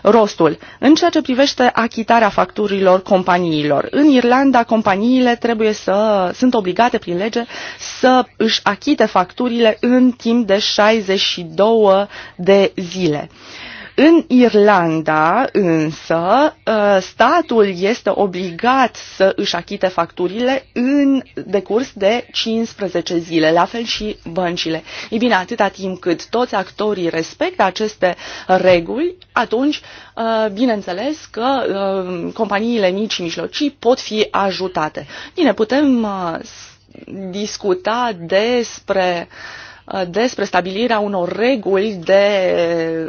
rostul. În ceea ce privește achitarea facturilor companiilor, în Irlanda companiile trebuie să sunt obligate prin lege să își achite facturile în timp de 62 de zile. Uh, în Irlanda, însă, ă, statul este obligat să își achite facturile în decurs de 15 zile, la fel și băncile. Ei bine, atâta timp cât toți actorii respectă aceste reguli, atunci, ă, bineînțeles că ă, companiile mici și mijlocii pot fi ajutate. Bine, putem discuta despre uh, Uh, despre stabilirea unor reguli de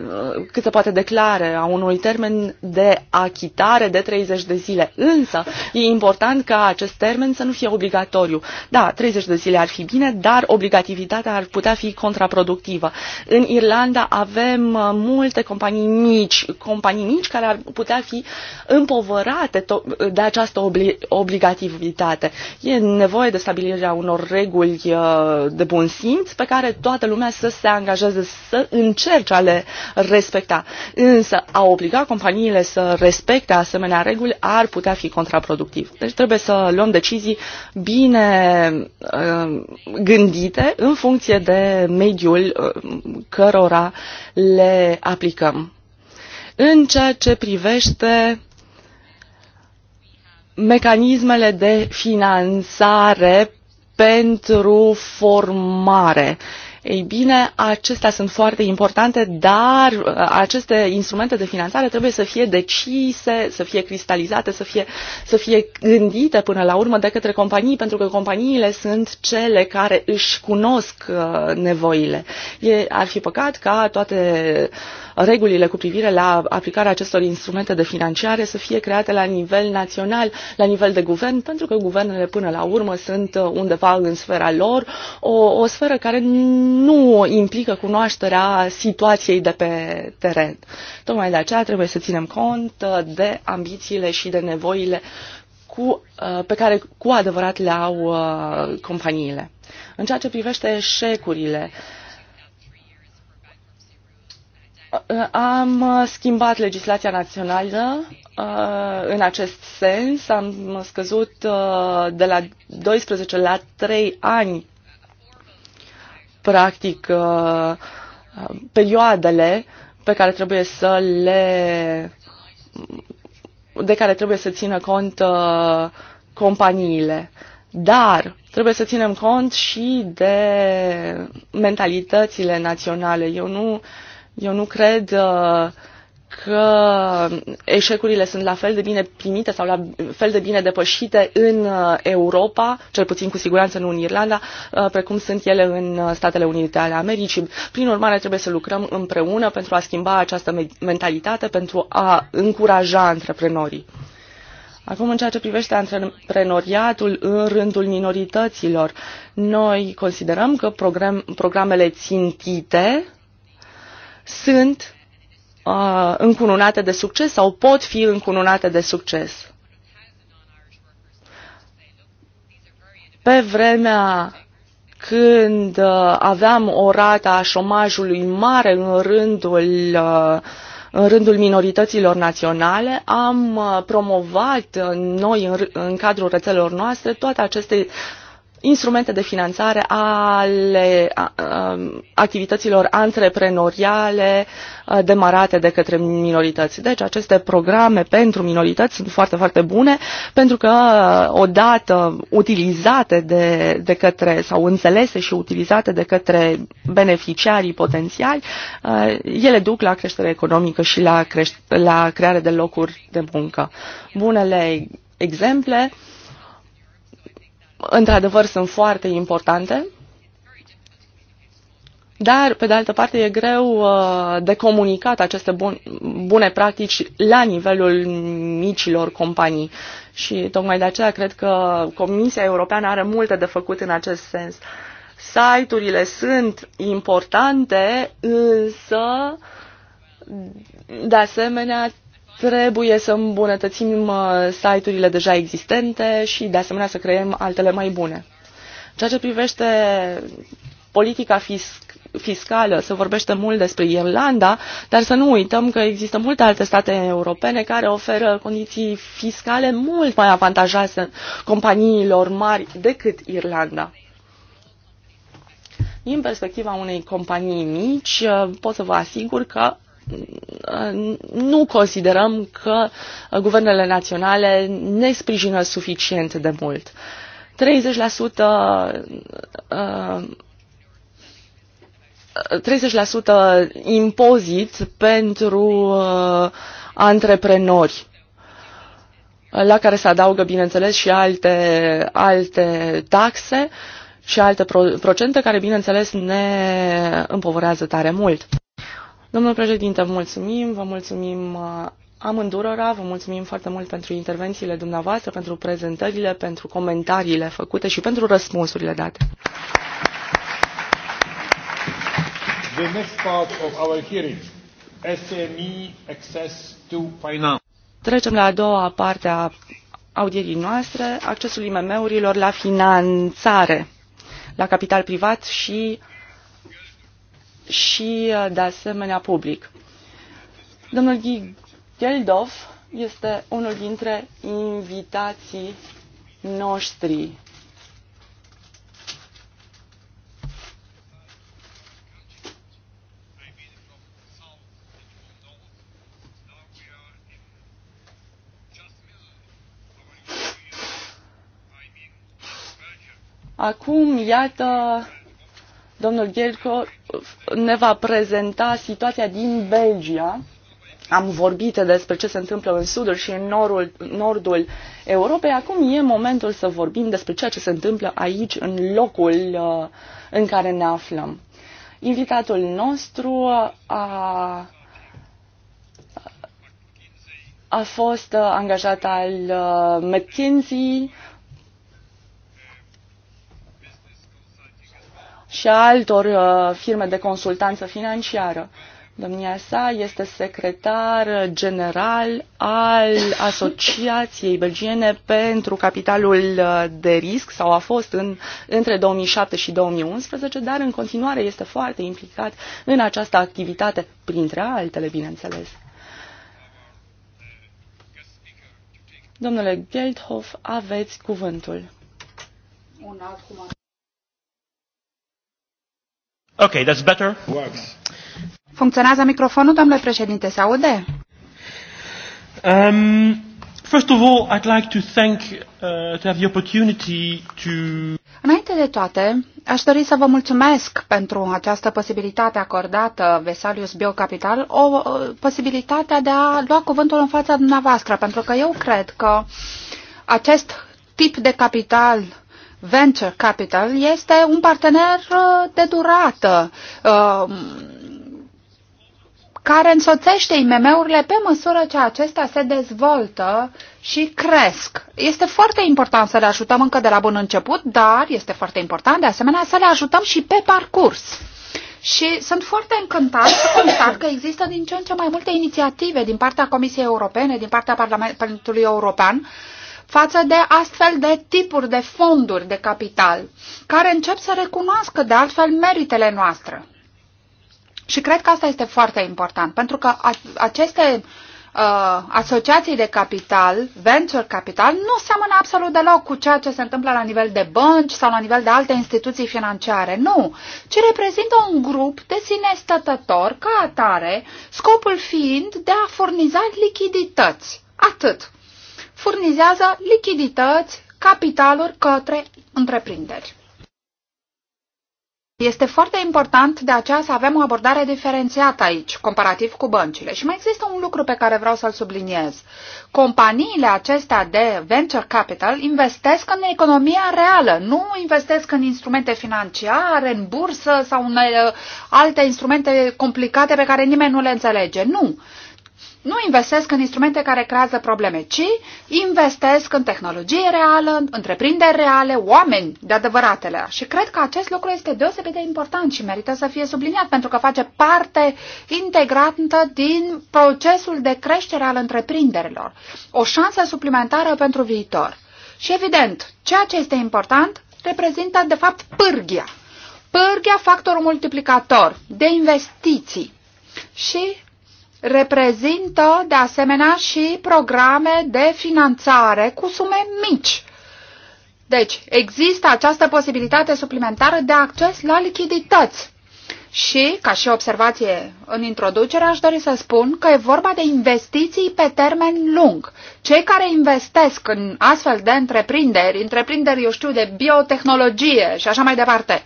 uh, cât se poate declare, a unui termen de achitare de 30 de zile. Însă, e important ca acest termen să nu fie obligatoriu. Da, 30 de zile ar fi bine, dar obligativitatea ar putea fi contraproductivă. În Irlanda avem uh, multe companii mici, companii mici care ar putea fi împovărate de această obli obligativitate. E nevoie de stabilirea unor reguli de bun simț pe care toată lumea să se angajeze, să încerce a le respecta. Însă a obliga companiile să respecte asemenea reguli ar putea fi contraproductiv. Deci trebuie să luăm decizii bine uh, gândite în funcție de mediul uh, cărora le aplicăm. În ceea ce privește mecanismele de finanțare pentru formare. Ei bine, acestea sunt foarte importante, dar uh, aceste instrumente de finanțare trebuie să fie decise, să fie cristalizate, să fie, să fie gândite până la urmă de către companii, pentru că companiile sunt cele care își cunosc uh, nevoile. E, ar fi păcat ca toate uh, regulile cu privire la aplicarea acestor instrumente de finanțare să fie create la nivel național, la nivel de guvern, pentru că guvernele până la urmă sunt uh, undeva în sfera lor, o, o sferă care nu implică cunoașterea situației de pe teren. Tocmai de aceea trebuie să ținem cont uh, de ambițiile și de nevoile cu, uh, pe care cu adevărat le au companiile. În ceea ce privește eșecurile, uh, am uh, schimbat legislația națională uh, în acest sens. Am scăzut uh, de la 12 la 3 ani, practic, perioadele pe care trebuie să le de care trebuie să țină cont companiile. Dar trebuie să ținem cont și de mentalitățile naționale. Eu nu uh, eu nu cred uh, că eșecurile sunt la fel de bine primite sau la fel de bine depășite în uh, Europa, cel puțin cu siguranță nu în Irlanda, uh, precum sunt ele în Statele Unite ale Americii. Prin urmare, trebuie să lucrăm împreună pentru a schimba această mentalitate, pentru a încuraja antreprenorii. Acum, în ceea ce privește antreprenoriatul în rândul minorităților, noi considerăm că program, programele țintite sunt uh, încununate de succes sau pot fi încununate de succes. Pe vremea când uh, aveam o rată a șomajului mare în rândul, uh, în rândul minorităților naționale, am uh, promovat noi în, în cadrul rețelelor noastre toate aceste uh, instrumente de finanțare ale activităților antreprenoriale demarate de către minorități. Deci aceste programe pentru minorități sunt foarte, foarte bune pentru că odată utilizate de, de către sau înțelese și utilizate de către beneficiarii potențiali, ele duc la creștere economică și la, creș- la creare de locuri de muncă. Bunele exemple uh, într-adevăr, sunt foarte importante, dar, pe de altă parte, e greu uh, de comunicat aceste bun, bune practici la nivelul micilor companii. Și tocmai de aceea cred că Comisia Europeană are multe de făcut în acest sens. Site-urile sunt importante, însă, de asemenea, Trebuie să îmbunătățim uh, site-urile deja existente și, de asemenea, să creăm altele mai bune. Ceea ce privește politica fiscală, fiscală, se vorbește mult despre Irlanda, dar să nu uităm că există multe alte state europene care oferă condiții fiscale mult mai avantajoase companiilor mari decât Irlanda. Din perspectiva unei companii mici, uh, pot să vă asigur că nu considerăm că guvernele naționale ne sprijină suficient de mult. 30% 30% uh, impozit pentru uh, antreprenori la care se adaugă, bineînțeles, și alte, alte taxe și alte procente care, bineînțeles, ne împovorează tare mult. Domnul președinte, mulțumim, vă mulțumim uh, amândurora, vă mulțumim foarte mult pentru intervențiile dumneavoastră, pentru prezentările, pentru comentariile făcute și pentru răspunsurile date. The next part of our hearing, SME access to finance. Trecem la a doua parte a audierii noastre, accesul IMM-urilor la finanțare, la capital privat și și, uh, de asemenea, public. Domnul Ghi este unul dintre invitații noștri Acum, iată, Domnul Gherco ne va prezenta situația din Belgia. Am vorbit despre ce se întâmplă în sudul și în nordul, nordul Europei. Acum e momentul să vorbim despre ceea ce se întâmplă aici, în locul uh, în care ne aflăm. Invitatul nostru a a fost angajat al uh, McKinsey, și a altor uh, firme de consultanță financiară. Domnia sa este secretar general al Asociației Belgiene pentru Capitalul uh, de Risc sau a fost în, între 2007 și 2011, dar în continuare este foarte implicat în această activitate, printre altele, bineînțeles. Domnule Geldhof, aveți cuvântul. Un alt Ok, that's better. Works. Funcționează microfonul, domnule președinte, se aude? Um, first of all, I'd like to thank uh, to have the opportunity to Înainte de toate, aș dori să vă mulțumesc pentru această posibilitate acordată Vesalius Biocapital, o uh, posibilitate de a lua cuvântul în fața dumneavoastră, pentru că eu cred că acest tip de capital venture capital este un partener uh, de durată uh, care însoțește IMM-urile pe măsură ce acestea se dezvoltă și cresc. Este foarte important să le ajutăm încă de la bun început, dar este foarte important de asemenea să le ajutăm și pe parcurs. Și sunt foarte încântat să constat că există din ce în ce mai multe inițiative din partea Comisiei Europene, din partea Parlamentului European, uh, față de astfel de tipuri de fonduri de capital, care încep să recunoască de altfel meritele noastre. Și cred că asta este foarte important, pentru că aceste uh, asociații de capital, venture capital, nu seamănă absolut deloc cu ceea ce se întâmplă la nivel de bănci sau la nivel de alte instituții financiare. Nu, ci reprezintă un grup de sine stătător ca atare, scopul fiind de a furniza lichidități. Atât furnizează lichidități, capitaluri către întreprinderi. Este foarte important de aceea să avem o abordare diferențiată aici, comparativ cu băncile. Și mai există un lucru pe care vreau să-l subliniez. Companiile acestea de venture capital investesc în economia reală, nu investesc în instrumente financiare, în bursă sau în uh, alte instrumente complicate pe care nimeni nu le înțelege. Nu nu investesc în instrumente care creează probleme, ci investesc în tehnologie reală, întreprinderi reale, oameni de adevăratele. Și cred că acest lucru este deosebit de important și merită să fie subliniat, pentru că face parte integrantă din procesul de creștere al întreprinderilor. O șansă suplimentară pentru viitor. Și evident, ceea ce este important reprezintă, de fapt, pârghia. Pârghia, factorul multiplicator de investiții. Și reprezintă de asemenea și programe de finanțare cu sume mici. Deci, există această posibilitate suplimentară de acces la lichidități. Și, ca și observație în introducere, aș dori să spun că e vorba de investiții pe termen lung. Cei care investesc în astfel de întreprinderi, întreprinderi, eu știu, de biotehnologie și așa mai departe,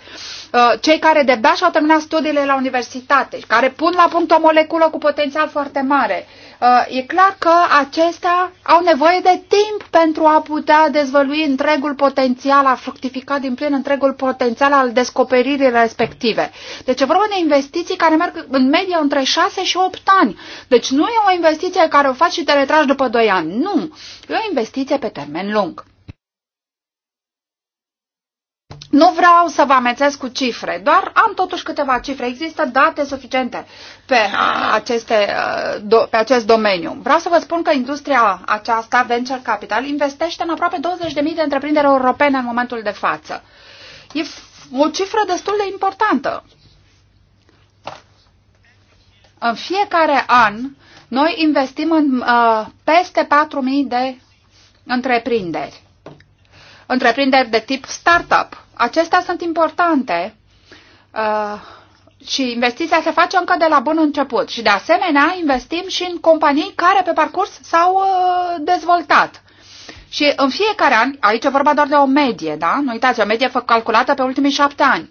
uh, cei care de-abia și-au terminat studiile la universitate, care pun la punct o moleculă cu potențial foarte mare, Uh, e clar că acestea au nevoie de timp pentru a putea dezvălui întregul potențial, a fructifica din plin întregul potențial al descoperirii respective. Deci e vorba de investiții care merg în medie între 6 și 8 ani. Deci nu e o investiție care o faci și te retragi după 2 ani. Nu. E o investiție pe termen lung. Nu vreau să vă amețesc cu cifre, doar am totuși câteva cifre. Există date suficiente pe, aceste, pe acest domeniu. Vreau să vă spun că industria aceasta, venture capital, investește în aproape 20.000 de întreprinderi europene în momentul de față. E o cifră destul de importantă. În fiecare an, noi investim în uh, peste 4.000 de întreprinderi întreprinderi de tip startup. Acestea sunt importante uh, și investiția se face încă de la bun început. Și de asemenea investim și în companii care pe parcurs s-au uh, dezvoltat. Și în fiecare an, aici e vorba doar de o medie, da? Nu uitați, o medie calculată pe ultimii șapte ani.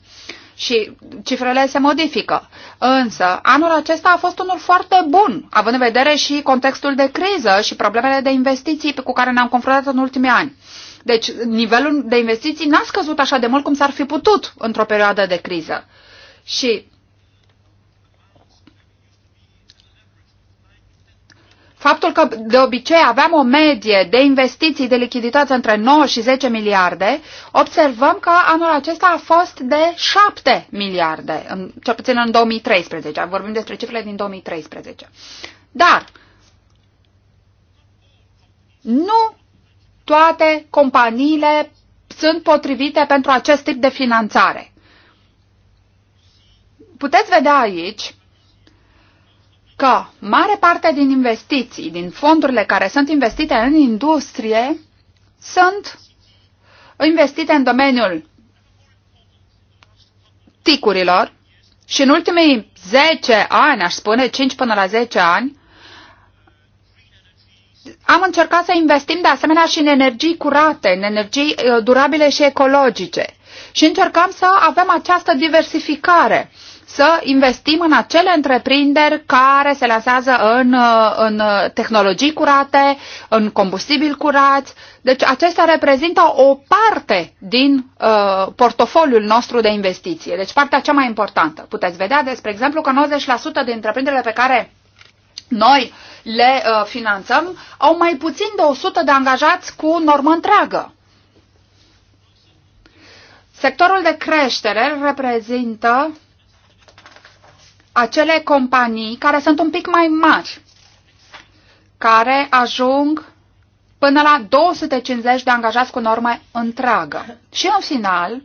Și cifrele se modifică. Însă, anul acesta a fost unul foarte bun, având în vedere și contextul de criză și problemele de investiții cu care ne-am confruntat în ultimii ani. Deci nivelul de investiții n-a scăzut așa de mult cum s-ar fi putut într-o perioadă de criză. Și faptul că de obicei aveam o medie de investiții de lichiditate între 9 și 10 miliarde, observăm că anul acesta a fost de 7 miliarde, în, cel puțin în 2013. Vorbim despre cifrele din 2013. Dar nu toate companiile sunt potrivite pentru acest tip de finanțare. Puteți vedea aici că mare parte din investiții, din fondurile care sunt investite în industrie, sunt investite în domeniul ticurilor și în ultimii 10 ani, aș spune 5 până la 10 ani, am încercat să investim de asemenea și în energii curate, în energii uh, durabile și ecologice. Și încercăm să avem această diversificare, să investim în acele întreprinderi care se lasează în, uh, în uh, tehnologii curate, în combustibili curați. Deci acestea reprezintă o parte din uh, portofoliul nostru de investiție, deci partea cea mai importantă. Puteți vedea, despre exemplu, că 90% din întreprinderile pe care noi le uh, finanțăm, au mai puțin de 100 de angajați cu normă întreagă. Sectorul de creștere reprezintă acele companii care sunt un pic mai mari, care ajung până la 250 de angajați cu normă întreagă. Și în final,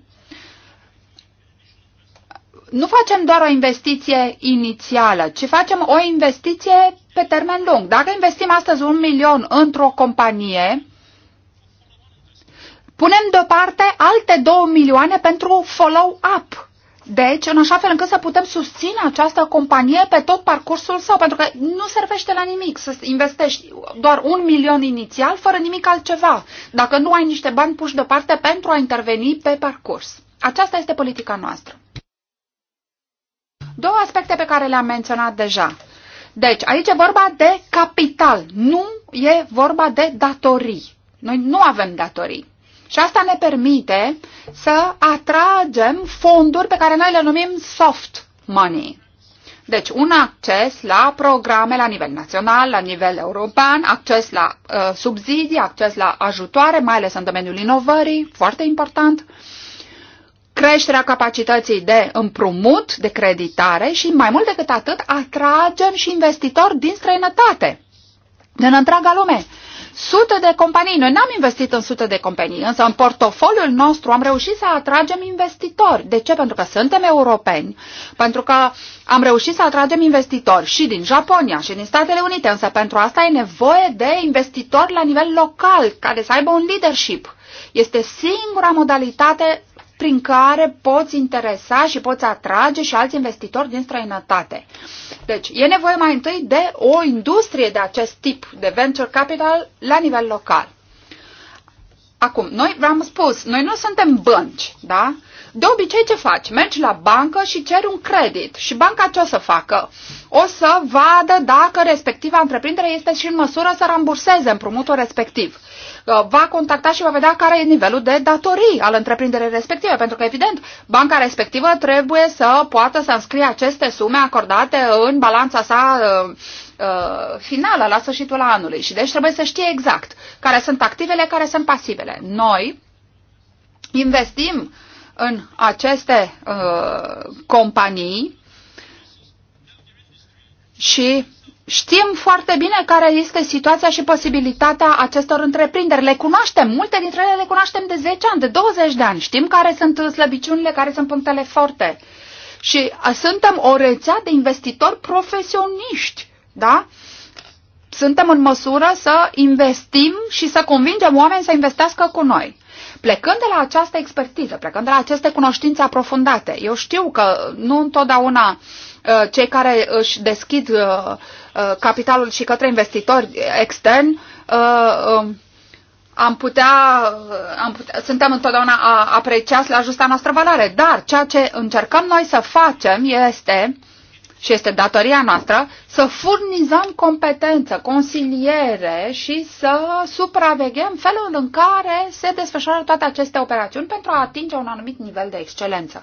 nu facem doar o investiție inițială, ci facem o investiție pe termen lung. Dacă investim astăzi un milion într-o companie, punem deoparte alte două milioane pentru follow-up. Deci, în așa fel încât să putem susține această companie pe tot parcursul său, pentru că nu servește la nimic să investești doar un milion inițial fără nimic altceva, dacă nu ai niște bani puși deoparte pentru a interveni pe parcurs. Aceasta este politica noastră. Două aspecte pe care le-am menționat deja. Deci, aici e vorba de capital, nu e vorba de datorii. Noi nu avem datorii. Și asta ne permite să atragem fonduri pe care noi le numim soft money. Deci un acces la programe la nivel național, la nivel european, acces la uh, subzidii, acces la ajutoare, mai ales în domeniul inovării, foarte important. Uh, creșterea capacității de împrumut, de creditare și, mai mult decât atât, atragem și investitori din străinătate, din întreaga lume. Sute de companii, noi n-am investit în sute de companii, însă în portofoliul nostru am reușit să atragem investitori. De ce? Pentru că suntem europeni, pentru că am reușit să atragem investitori și din Japonia și din Statele Unite, însă pentru asta e nevoie de investitori la nivel local, care să aibă un leadership. Este singura modalitate prin care poți interesa și poți atrage și alți investitori din străinătate. Deci e nevoie mai întâi de o industrie de acest tip de venture capital la nivel local. Acum, noi v-am spus, noi nu suntem bănci, da? De obicei ce faci? Mergi la bancă și ceri un credit. Și banca ce o să facă? O să vadă dacă respectiva întreprindere este și în măsură să ramburseze împrumutul respectiv. Uh, va contacta și va vedea care e nivelul de datorii al întreprinderii respective, pentru că, evident, banca respectivă trebuie să poată să înscrie aceste sume acordate în balanța sa uh, uh, finală la sfârșitul anului și deci trebuie să știe exact care sunt activele, care sunt pasivele. Noi investim în aceste uh, companii și Știm foarte bine care este situația și posibilitatea acestor întreprinderi. Le cunoaștem, multe dintre ele le cunoaștem de 10 ani, de 20 de ani. Știm care sunt slăbiciunile, care sunt punctele forte. Și suntem o rețea de investitori profesioniști, da? Suntem în măsură să investim și să convingem oameni să investească cu noi. Plecând de la această expertiză, plecând de la aceste cunoștințe aprofundate, eu știu că nu întotdeauna uh, Uh, cei care își deschid uh, uh, capitalul și către investitori externi, um, am putea, am putea, suntem întotdeauna apreciați la justa noastră valoare, dar ceea ce încercăm noi să facem este și este datoria noastră să furnizăm competență, consiliere și să supraveghem felul în care se desfășoară toate aceste operațiuni pentru a atinge un anumit nivel de excelență.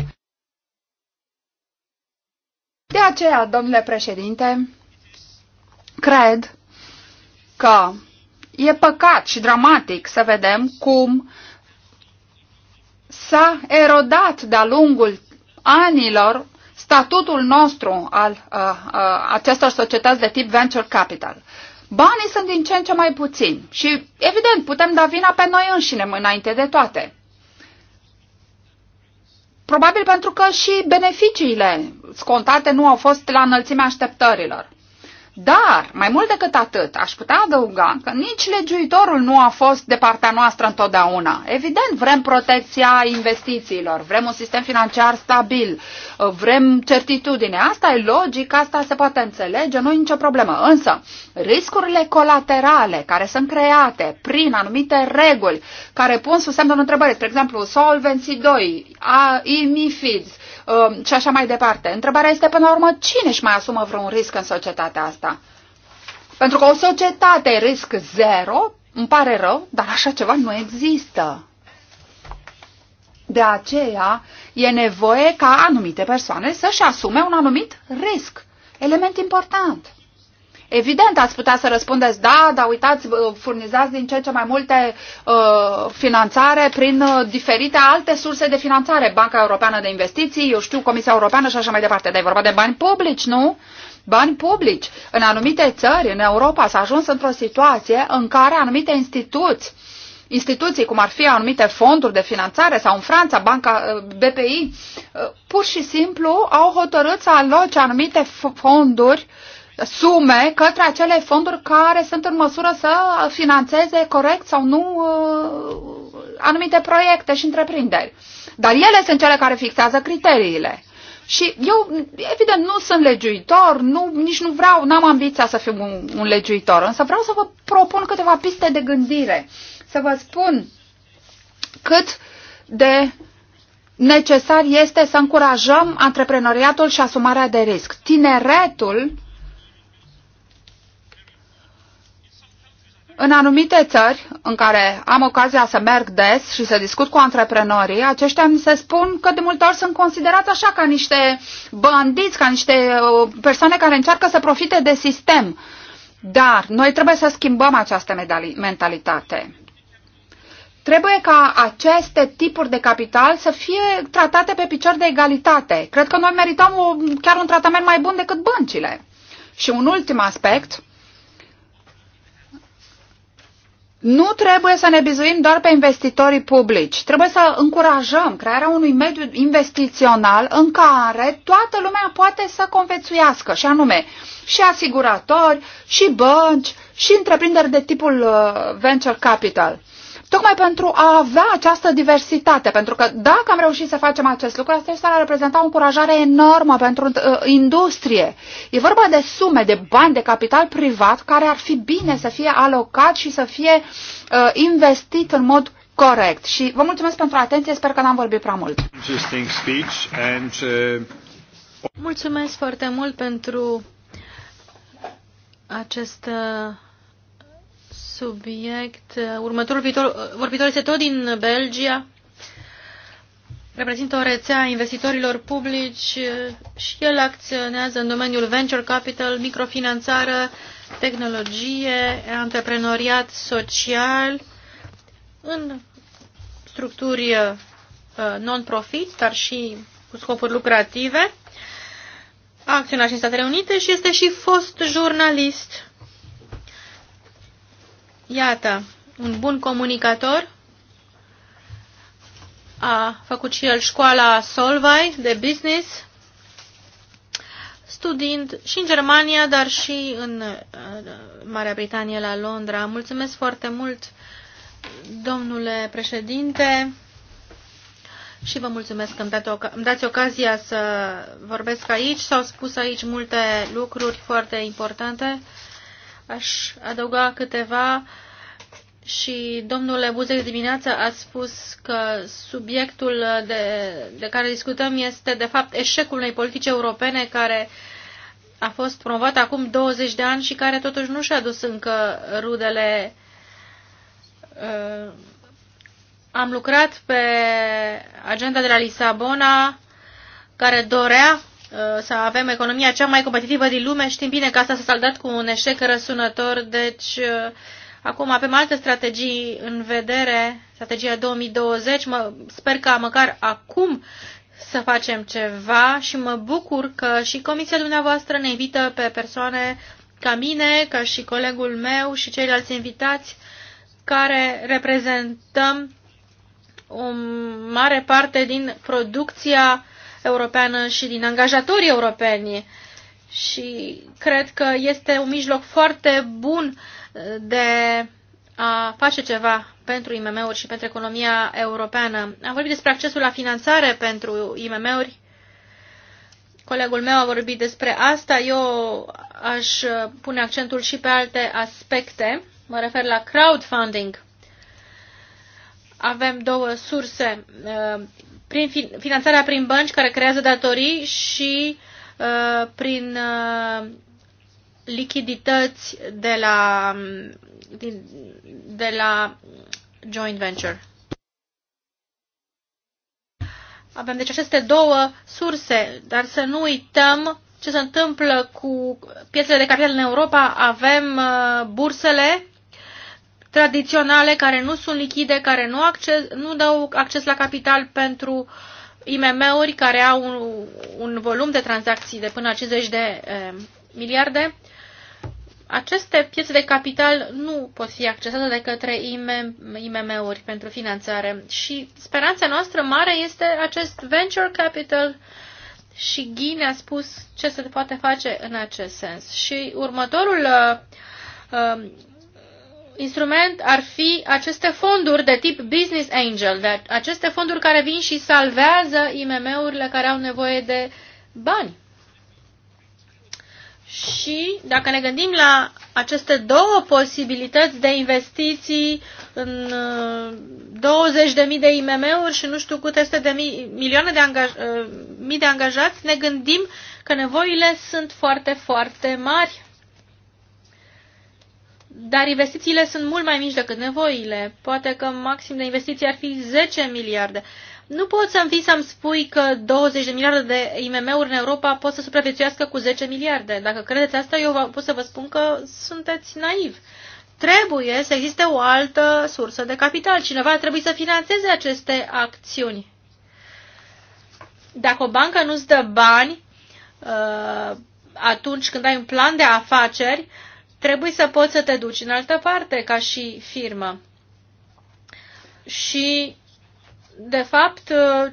De aceea, domnule președinte, cred că e păcat și dramatic să vedem cum s-a erodat de-a lungul anilor statutul nostru al uh, uh, acestor societăți de tip venture capital. Banii sunt din ce în ce mai puțini și, evident, putem da vina pe noi înșine înainte de toate. Probabil pentru că și beneficiile scontate nu au fost la înălțimea așteptărilor. Dar, mai mult decât atât, aș putea adăuga că nici legiuitorul nu a fost de partea noastră întotdeauna. Evident, vrem protecția investițiilor, vrem un sistem financiar stabil, vrem certitudine. Asta e logic, asta se poate înțelege, nu e nicio problemă. Însă, riscurile colaterale care sunt create prin anumite reguli care pun sub semnul întrebării, spre exemplu, Solvency 2, IMIFIDS, um, și așa mai departe. Întrebarea este, până la urmă, cine își mai asumă vreun risc în societatea asta? asta. Pentru că o societate risc zero, îmi pare rău, dar așa ceva nu există. De aceea e nevoie ca anumite persoane să-și asume un anumit risc. Element important. Evident, ați putea să răspundeți, da, dar uitați, furnizați din ce ce mai multe uh, finanțare prin uh, diferite alte surse de finanțare, Banca Europeană de Investiții, eu știu, Comisia Europeană și așa mai departe. Dar e vorba de bani publici, nu? bani publici. În anumite țări, în Europa, s-a ajuns într-o situație în care anumite instituții, instituții cum ar fi anumite fonduri de finanțare sau în Franța, Banca uh, BPI, uh, pur și simplu au hotărât să aloce anumite fonduri sume către acele fonduri care sunt în măsură să financeze corect sau nu uh, anumite proiecte și întreprinderi. Dar ele sunt cele care fixează criteriile. Și eu, evident, nu sunt legiuitor, nu, nici nu vreau, n-am ambiția să fiu un, un legiuitor, însă vreau să vă propun câteva piste de gândire, să vă spun cât de necesar este să încurajăm antreprenoriatul și asumarea de risc. Tineretul În anumite țări în care am ocazia să merg des și să discut cu antreprenorii, aceștia mi se spun că de multe ori sunt considerați așa ca niște bandiți, ca niște uh, persoane care încearcă să profite de sistem. Dar noi trebuie să schimbăm această mentalitate. Trebuie ca aceste tipuri de capital să fie tratate pe picior de egalitate. Cred că noi merităm chiar un tratament mai bun decât băncile. Și un ultim aspect, Nu trebuie să ne bizuim doar pe investitorii publici. Trebuie să încurajăm crearea unui mediu investițional în care toată lumea poate să convețuiască, și anume și asiguratori, și bănci, și întreprinderi de tipul uh, venture capital tocmai pentru a avea această diversitate, pentru că dacă am reușit să facem acest lucru, asta ar reprezenta o încurajare enormă pentru uh, industrie. E vorba de sume, de bani, de capital privat care ar fi bine să fie alocat și să fie uh, investit în mod corect. Și vă mulțumesc pentru atenție, sper că n-am vorbit prea mult. Uh, mulțumesc foarte mult pentru acest uh, subiect. Uh, următorul viitor, uh, vorbitor este tot din Belgia. Reprezintă o rețea investitorilor publici uh, și el acționează în domeniul venture capital, microfinanțare, tehnologie, antreprenoriat social, în structuri non-profit, dar și cu scopuri lucrative. A acționat și în Statele Unite și este și fost jurnalist Iată, un bun comunicator a făcut și el școala Solvay de business, studiind și în Germania, dar și în Marea Britanie, la Londra. Mulțumesc foarte mult, domnule președinte, și vă mulțumesc că îmi dați ocazia să vorbesc aici. S-au spus aici multe lucruri foarte importante. Aș adăuga câteva și domnule Buzec dimineața a spus că subiectul de, de care discutăm este de fapt eșecul unei politici europene care a fost promovată acum 20 de ani și care totuși nu și-a dus încă rudele. Uh, am lucrat pe agenda de la Lisabona care dorea Uh, să avem economia cea mai competitivă din lume. Știm bine că asta s-a saldat cu un eșec răsunător, deci uh, acum avem alte strategii în vedere, strategia 2020. Mă, sper că măcar acum să facem ceva și mă bucur că și comisia dumneavoastră ne invită pe persoane ca mine, ca și colegul meu și ceilalți invitați care reprezentăm o mare parte din producția europeană și din angajatorii europeni. Și cred că este un mijloc foarte bun uh, de a face ceva pentru IMM-uri și pentru economia europeană. Am vorbit despre accesul la finanțare pentru IMM-uri. Colegul meu a vorbit despre asta. Eu aș uh, pune accentul și pe alte aspecte. Mă refer la crowdfunding. Avem două surse uh, prin finanțarea prin bănci care creează datorii și uh, prin uh, lichidități de la, um, din, de la joint venture. Avem deci aceste două surse, dar să nu uităm ce se întâmplă cu piețele de capital în Europa. Avem uh, bursele tradiționale care nu sunt lichide, care nu, acces, nu dau acces la capital pentru IMM-uri care au un, un volum de tranzacții de până la 50 de e, eh, miliarde. Aceste piețe de capital nu pot fi accesate de către IMM-uri pentru finanțare și speranța noastră mare este acest venture capital și Ghi ne-a spus ce se poate face în acest sens. Și următorul uh, uh, instrument ar fi aceste fonduri de tip Business Angel, de aceste fonduri care vin și salvează IMM-urile care au nevoie de bani. Și dacă ne gândim la aceste două posibilități de investiții în 20.000 uh, de IMM-uri și nu știu câte este de mii, milioane de, angaj, uh, mii de angajați, ne gândim că nevoile sunt foarte, foarte mari dar investițiile sunt mult mai mici decât nevoile. Poate că maxim de investiții ar fi 10 miliarde. Nu poți să-mi fi să-mi spui că 20 de miliarde de IMM-uri în Europa pot să supraviețuiască cu 10 miliarde. Dacă credeți asta, eu pot să vă spun că sunteți naivi. Trebuie să existe o altă sursă de capital. Cineva trebuie să financeze aceste acțiuni. Dacă o bancă nu-ți dă bani uh, atunci când ai un plan de afaceri, trebuie să poți să te duci în altă parte ca și firmă. Și, de fapt,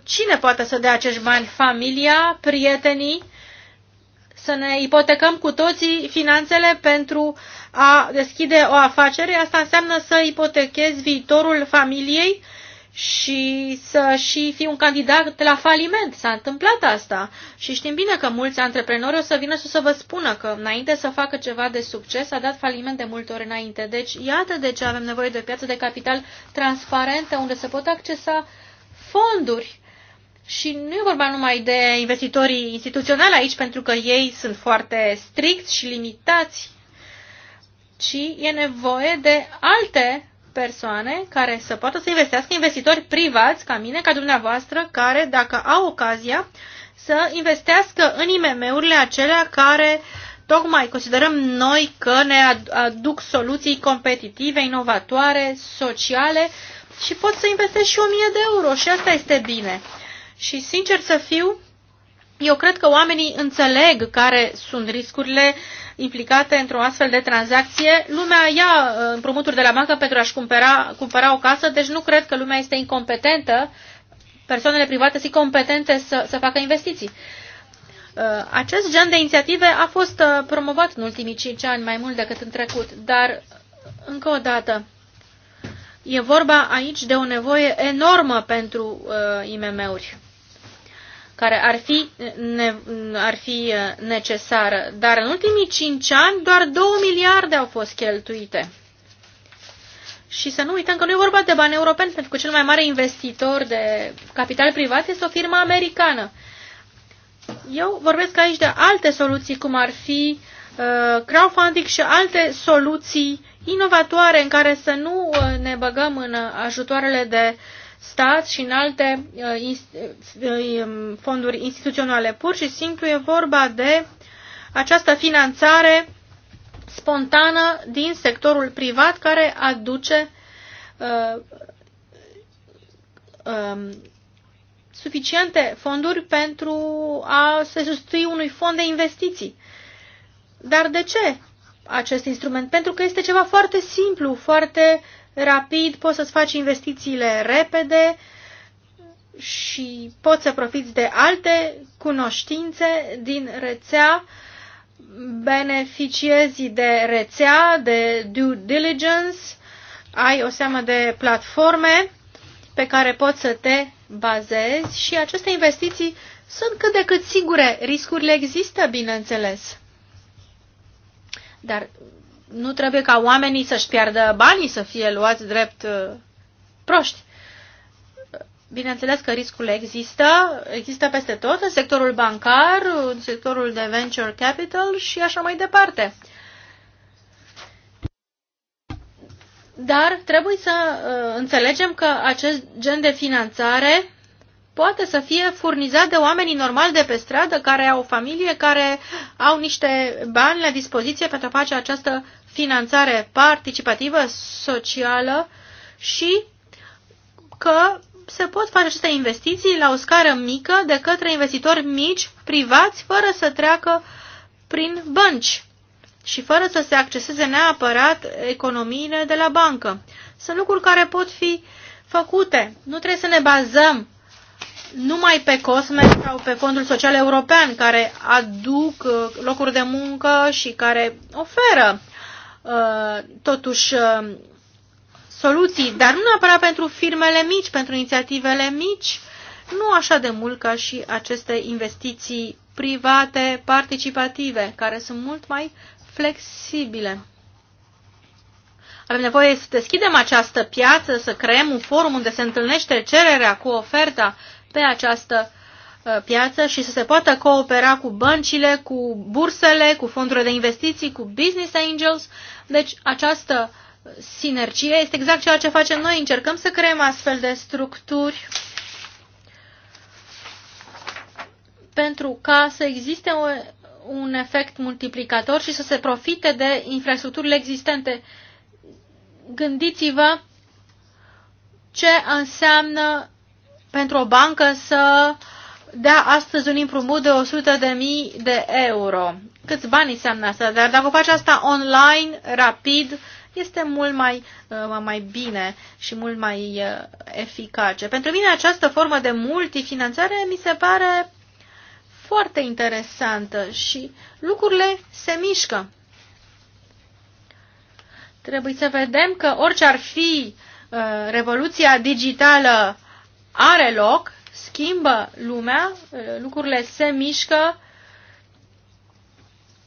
cine poate să dea acești bani? Familia, prietenii? Să ne ipotecăm cu toții finanțele pentru a deschide o afacere? Asta înseamnă să ipotechezi viitorul familiei și să și fii un candidat la faliment. S-a întâmplat asta și știm bine că mulți antreprenori o să vină și o să vă spună că înainte să facă ceva de succes a dat faliment de multe ori înainte. Deci iată de ce avem nevoie de o piață de capital transparentă unde se pot accesa fonduri. Și nu e vorba numai de investitorii instituționali aici, pentru că ei sunt foarte stricți și limitați, ci e nevoie de alte persoane care să poată să investească, investitori privați ca mine, ca dumneavoastră, care dacă au ocazia să investească în IMM-urile acelea care tocmai considerăm noi că ne aduc soluții competitive, inovatoare, sociale și pot să investesc și 1000 de euro și asta este bine. Și sincer să fiu, eu cred că oamenii înțeleg care sunt riscurile uh, implicate într-o astfel de tranzacție, lumea ia uh, împrumuturi de la bancă pentru a-și cumpăra, cumpăra o casă, deci nu cred că lumea este incompetentă, persoanele private sunt competente să, să facă investiții. Uh, acest gen de inițiative a fost uh, promovat în ultimii 5 ani mai mult decât în trecut, dar încă o dată, e vorba aici de o nevoie enormă pentru uh, IMM-uri care ar fi, ne, ar fi uh, necesară, dar în ultimii 5 ani doar 2 miliarde au fost cheltuite. Și să nu uităm că nu e vorba de bani europeni, pentru că cel mai mare investitor de capital privat este o firmă americană. Eu vorbesc aici de alte soluții, cum ar fi uh, crowdfunding și alte soluții inovatoare în care să nu uh, ne băgăm în ajutoarele de uh, stat și în alte uh, uh, um, fonduri instituționale. Pur și simplu e vorba de această finanțare spontană din sectorul privat care aduce uh, um, suficiente fonduri pentru a se susții unui fond de investiții. Dar de ce acest instrument? Pentru că este ceva foarte simplu, foarte rapid, poți să-ți faci investițiile repede și poți să profiți de alte cunoștințe din rețea, beneficiezi de rețea, de due diligence, ai o seamă de platforme pe care poți să te bazezi și aceste investiții sunt cât de cât sigure. Riscurile există, bineînțeles. Dar nu trebuie ca oamenii să-și piardă banii să fie luați drept uh, proști. Bineînțeles că riscul există, există peste tot, în sectorul bancar, în sectorul de venture capital și așa mai departe. Dar trebuie să uh, înțelegem că acest gen de finanțare poate să fie furnizat de oamenii normali de pe stradă care au o familie, care au niște bani la dispoziție pentru a face această finanțare participativă, socială și că se pot face aceste investiții la o scară mică de către investitori mici, privați, fără să treacă prin bănci și fără să se acceseze neapărat economiile de la bancă. Sunt lucruri care pot fi făcute. Nu trebuie să ne bazăm numai pe COSME sau pe Fondul Social European, care aduc uh, locuri de muncă și care oferă Uh, totuși uh, soluții, dar nu neapărat pentru firmele mici, pentru inițiativele mici, nu așa de mult ca și aceste investiții private, participative, care sunt mult mai flexibile. Avem nevoie să deschidem această piață, să creăm un forum unde se întâlnește cererea cu oferta pe această uh, piață și să se poată coopera cu băncile, cu bursele, cu fondurile de investiții, cu business angels, deci această sinergie este exact ceea ce facem noi. Încercăm să creăm astfel de structuri pentru ca să existe un efect multiplicator și să se profite de infrastructurile existente. Gândiți-vă ce înseamnă pentru o bancă să uh, dea astăzi un împrumut de 100.000 de mii de euro. Câți bani înseamnă asta? Dar dacă faci asta online, rapid, este mult mai, uh, mai bine și mult mai uh, eficace. Pentru mine această formă de multifinanțare mi se pare foarte interesantă și lucrurile se mișcă. Trebuie să vedem că orice ar fi uh, revoluția digitală are loc, schimbă lumea, lucrurile se mișcă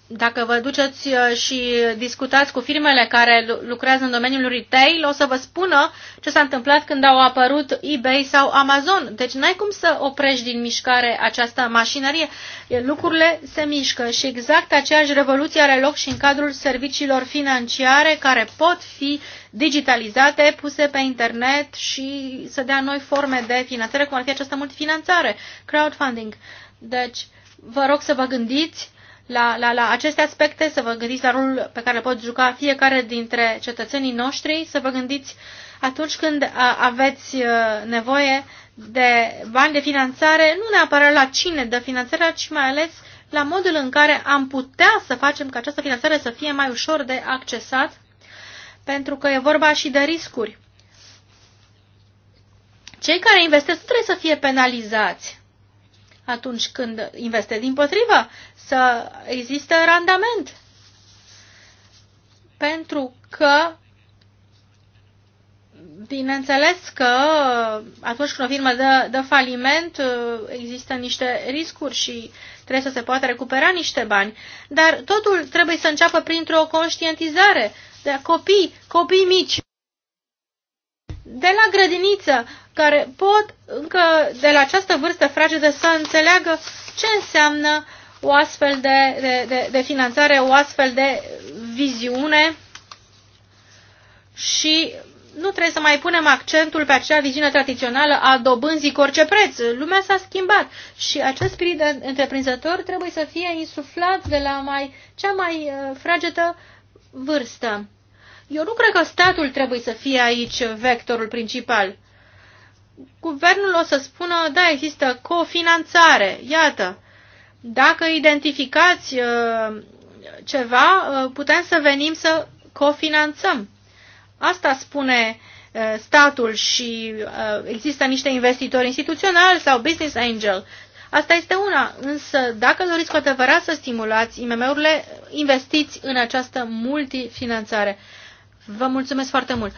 dacă vă duceți uh, și discutați cu firmele care lucrează în domeniul retail, o să vă spună ce s-a întâmplat când au apărut eBay sau Amazon. Deci n-ai cum să oprești din mișcare această mașinărie. Lucrurile se mișcă și exact aceeași revoluție are loc și în cadrul serviciilor financiare care pot fi digitalizate, puse pe internet și să dea noi forme de finanțare, cum ar fi această multifinanțare, crowdfunding. Deci, vă rog să vă gândiți la, la, la aceste aspecte, să vă gândiți la rolul pe care îl pot juca fiecare dintre cetățenii noștri, să vă gândiți atunci când aveți uh, nevoie de bani de finanțare, nu neapărat la cine dă finanțarea, ci mai ales la modul în care am putea să facem ca această finanțare să fie mai ușor de accesat, pentru că e vorba și de riscuri. Cei care investesc trebuie să fie penalizați atunci când investezi. Din potrivă, să există randament. Pentru că, bineînțeles că atunci când o firmă dă, dă faliment, există niște riscuri și trebuie să se poată recupera niște bani. Dar totul trebuie să înceapă printr-o conștientizare de copii, copii mici de la grădiniță, care pot încă de la această vârstă fragedă să înțeleagă ce înseamnă o astfel de, de, de, de finanțare, o astfel de viziune și nu trebuie să mai punem accentul pe acea viziune tradițională a dobânzii cu orice preț. Lumea s-a schimbat și acest spirit de întreprinzător trebuie să fie insuflat de la mai, cea mai uh, fragedă vârstă. Eu nu cred că statul trebuie să fie aici vectorul principal. Guvernul o să spună, da, există cofinanțare, iată. Dacă identificați uh, ceva, uh, putem să venim să cofinanțăm. Asta spune uh, statul și există niște investitori instituționali sau business angel. Asta este una, însă dacă doriți cu adevărat să stimulați IMM-urile, investiți în această multifinanțare. Vă mulțumesc foarte mult.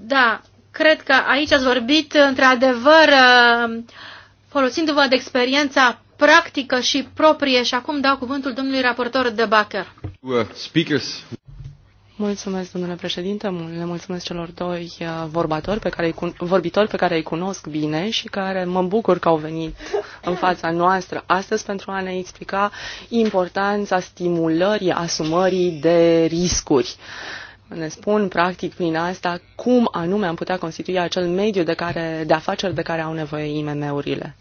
Da, cred că aici ați vorbit într-adevăr uh, folosindu-vă de experiența practică și proprie și acum dau cuvântul domnului raportor de Bacher. Uh, mulțumesc, domnule președinte, le mulțumesc celor doi uh, vorbatori pe care îi, vorbitori pe care îi cunosc bine și care mă bucur că au venit în fața noastră astăzi pentru a ne explica importanța stimulării asumării de riscuri. Uh, ne spun practic prin asta cum anume am putea constitui acel mediu de, care, de afaceri de care au nevoie IMM-urile.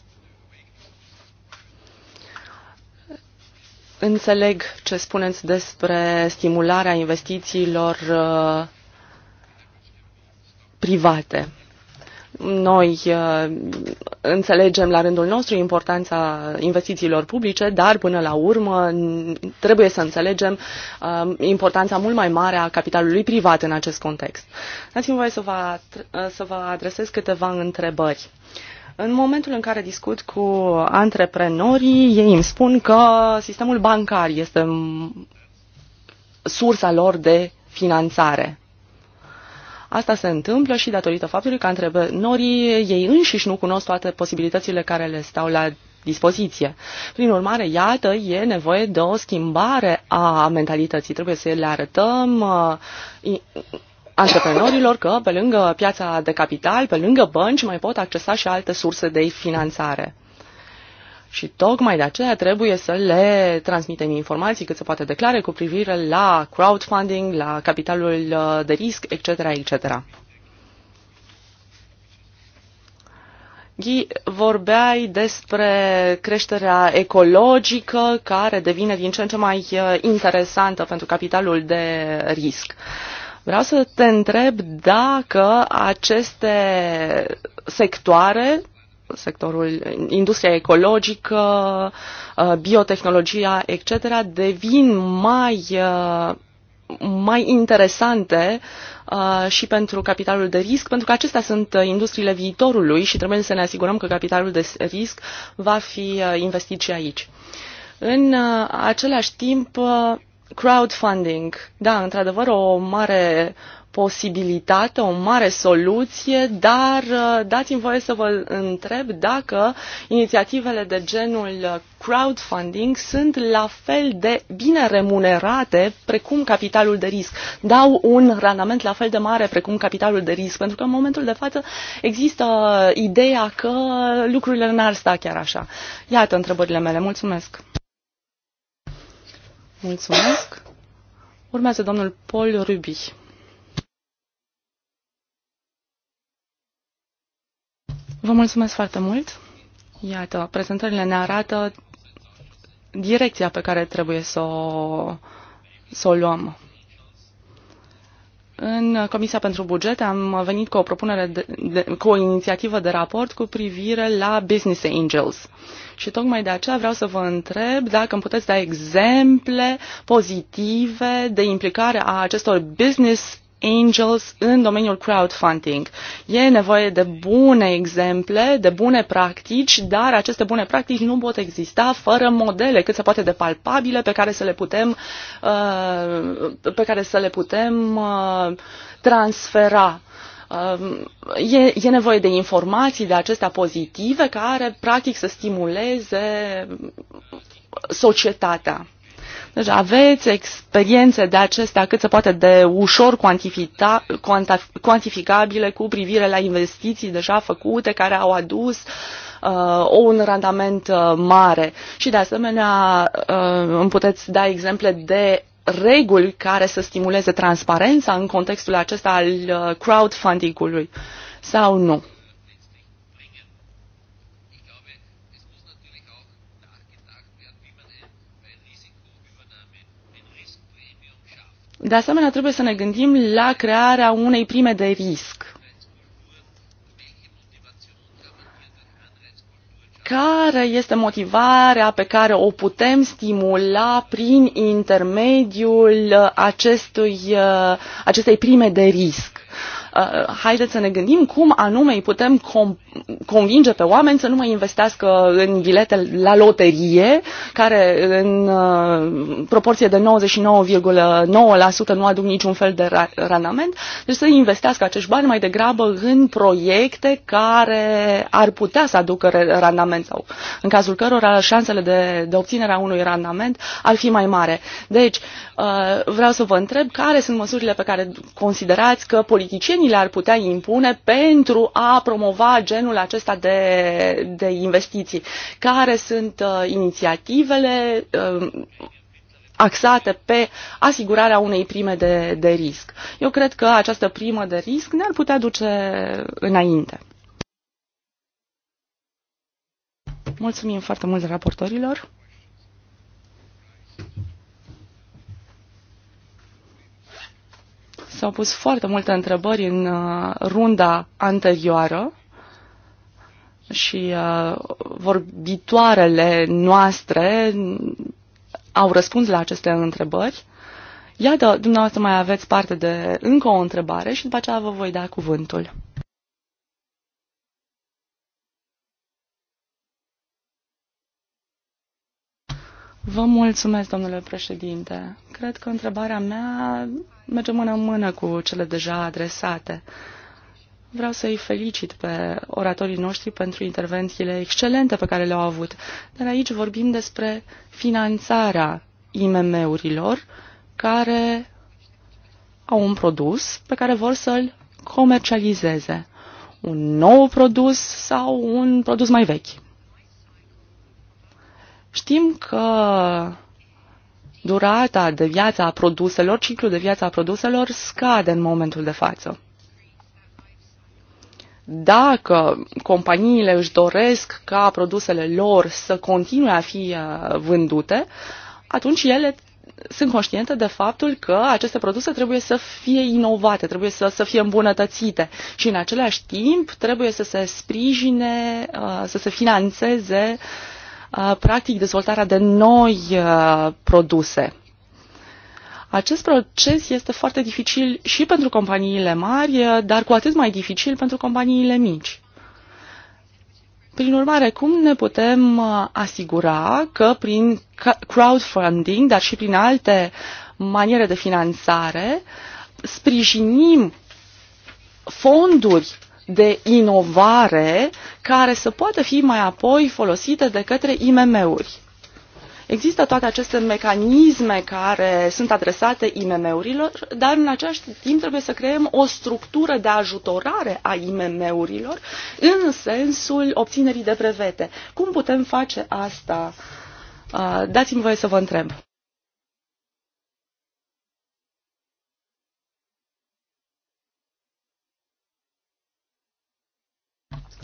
Înțeleg ce spuneți despre stimularea investițiilor uh, private. Noi uh, înțelegem la rândul nostru importanța investițiilor publice, dar până la urmă trebuie să înțelegem uh, importanța mult mai mare a capitalului privat în acest context. Dați-mi voie să vă, uh, să vă adresez câteva întrebări. În momentul în care discut cu antreprenorii, ei îmi spun că sistemul bancar este sursa lor de finanțare. Asta se întâmplă și datorită faptului că antreprenorii ei înșiși nu cunosc toate posibilitățile care le stau la dispoziție. Prin urmare, iată, e nevoie de o schimbare a mentalității. Trebuie să le arătăm uh, antreprenorilor că pe lângă piața de capital, pe lângă bănci, mai pot accesa și alte surse de finanțare. Și tocmai de aceea trebuie să le transmitem informații cât se poate declare cu privire la crowdfunding, la capitalul uh, de risc, etc. etc. Ghi, vorbeai despre creșterea ecologică care devine din ce în ce mai uh, interesantă pentru capitalul de risc. Vreau să te întreb dacă aceste sectoare sectorul, industria ecologică, uh, biotehnologia, etc., devin mai, uh, mai interesante uh, și pentru capitalul de risc, pentru că acestea sunt industriile viitorului și trebuie să ne asigurăm că capitalul de risc va fi investit și aici. În același timp, crowdfunding, da, într-adevăr, o mare posibilitate, o mare soluție, dar uh, dați-mi voie să vă întreb dacă inițiativele de genul crowdfunding sunt la fel de bine remunerate precum capitalul de risc. Dau un randament la fel de mare precum capitalul de risc, pentru că în momentul de față există ideea că lucrurile n-ar sta chiar așa. Iată întrebările mele. Mulțumesc! Mulțumesc! Urmează domnul Paul Rubi. Vă mulțumesc foarte mult. Iată, prezentările ne arată direcția pe care trebuie să o, să o luăm. În Comisia pentru Bugete am venit cu o propunere, de, de, cu o inițiativă de raport cu privire la Business Angels. Și tocmai de aceea vreau să vă întreb dacă îmi puteți da exemple pozitive de implicare a acestor business Angels în domeniul crowdfunding. E nevoie de bune exemple, de bune practici, dar aceste bune practici nu pot exista fără modele cât se poate de palpabile pe care să le putem, uh, pe care să le putem uh, transfera uh, e, e nevoie de informații de acestea pozitive care, practic, să stimuleze societatea. Deci aveți experiențe de acestea cât se poate de ușor cuantificabile cu privire la investiții deja făcute care au adus uh, un randament uh, mare. Și de asemenea uh, îmi puteți da exemple de reguli care să stimuleze transparența în contextul acesta al uh, crowdfunding-ului sau nu. De asemenea, trebuie să ne gândim la crearea unei prime de risc care este motivarea pe care o putem stimula prin intermediul acestui, acestei prime de risc. Uh, haideți să ne gândim cum anume îi putem comp convinge pe oameni să nu mai investească în bilete la loterie, care în uh, proporție de 99,9% nu aduc niciun fel de randament, deci să investească acești bani mai degrabă în proiecte care ar putea să aducă randament sau în cazul cărora șansele de, de obținerea unui randament ar fi mai mare. Deci, uh, vreau să vă întreb care sunt măsurile pe care considerați că politicienii le-ar putea impune pentru a promova gen genul acesta de, de investiții. Care sunt uh, inițiativele uh, axate pe asigurarea unei prime de, de risc? Eu cred că această primă de risc ne-ar putea duce înainte. Mulțumim foarte mult raportorilor. S-au pus foarte multe întrebări în uh, runda anterioară și uh, vorbitoarele noastre au răspuns la aceste întrebări. Iată, dumneavoastră mai aveți parte de încă o întrebare și după aceea vă voi da cuvântul. Vă mulțumesc, domnule președinte. Cred că întrebarea mea merge mână în mână cu cele deja adresate. Uh, Vreau să-i felicit pe oratorii noștri pentru intervențiile excelente pe care le-au avut. Dar aici vorbim despre finanțarea IMM-urilor care au un produs pe care vor să-l comercializeze. Un nou produs sau un produs mai vechi. Știm că durata de viață a produselor, ciclul de viață a produselor scade în momentul de față. Dacă companiile își doresc ca produsele lor să continue a fi uh, vândute, atunci ele sunt conștiente de faptul că aceste produse trebuie să fie inovate, trebuie să, să fie îmbunătățite și în același timp trebuie să se sprijine, uh, să se financeze uh, practic dezvoltarea de noi produse. Acest proces este foarte dificil și pentru companiile mari, eh, dar cu atât mai dificil pentru companiile mici. Prin urmare, cum ne putem eh, asigura că prin crowdfunding, dar și prin alte maniere de finanțare, sprijinim fonduri de inovare care să poată fi mai apoi folosite de către IMM-uri? Există toate aceste mecanisme care sunt adresate IMM-urilor, dar în același timp trebuie să creăm o structură de ajutorare a IMM-urilor în sensul obținerii de brevete. Cum putem face asta? Dați-mi voie să vă întreb.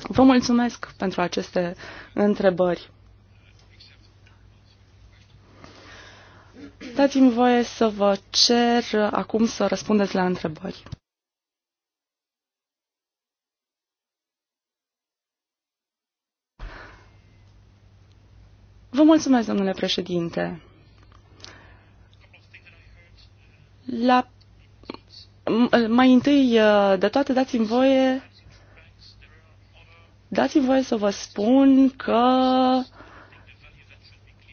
Vă mulțumesc pentru aceste întrebări. Dați-mi voie să vă cer acum să răspundeți la întrebări. Vă mulțumesc, domnule președinte. La... Mai întâi de toate, dați-mi voie dați-mi voie să vă spun că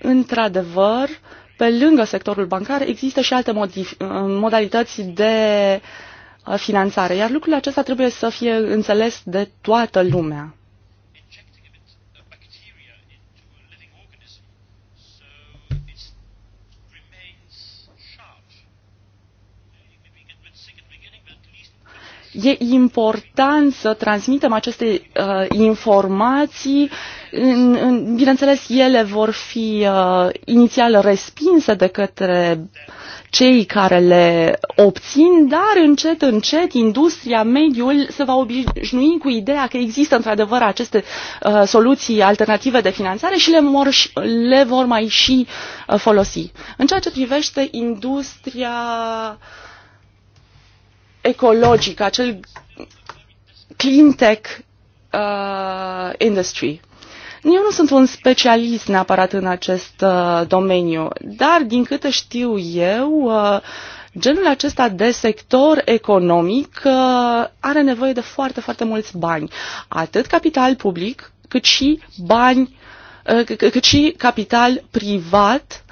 într-adevăr pe lângă sectorul bancar, există și alte uh, modalități de uh, finanțare, iar lucrul acesta trebuie să fie înțeles de toată lumea. e important să transmitem aceste uh, informații. În, în, bineînțeles, ele vor fi uh, inițial respinse de către cei care le obțin, dar încet, încet, industria, mediul se va obișnui cu ideea că există într-adevăr aceste uh, soluții alternative de finanțare și le, mor, le vor mai și uh, folosi. În ceea ce privește industria uh, ecologic, acel clean tech uh, industry. Eu nu sunt un specialist neapărat în acest uh, domeniu, dar din câte știu eu, uh, genul acesta de sector economic uh, are nevoie de foarte, foarte mulți bani, atât capital public, cât și bani, uh, cât și capital privat,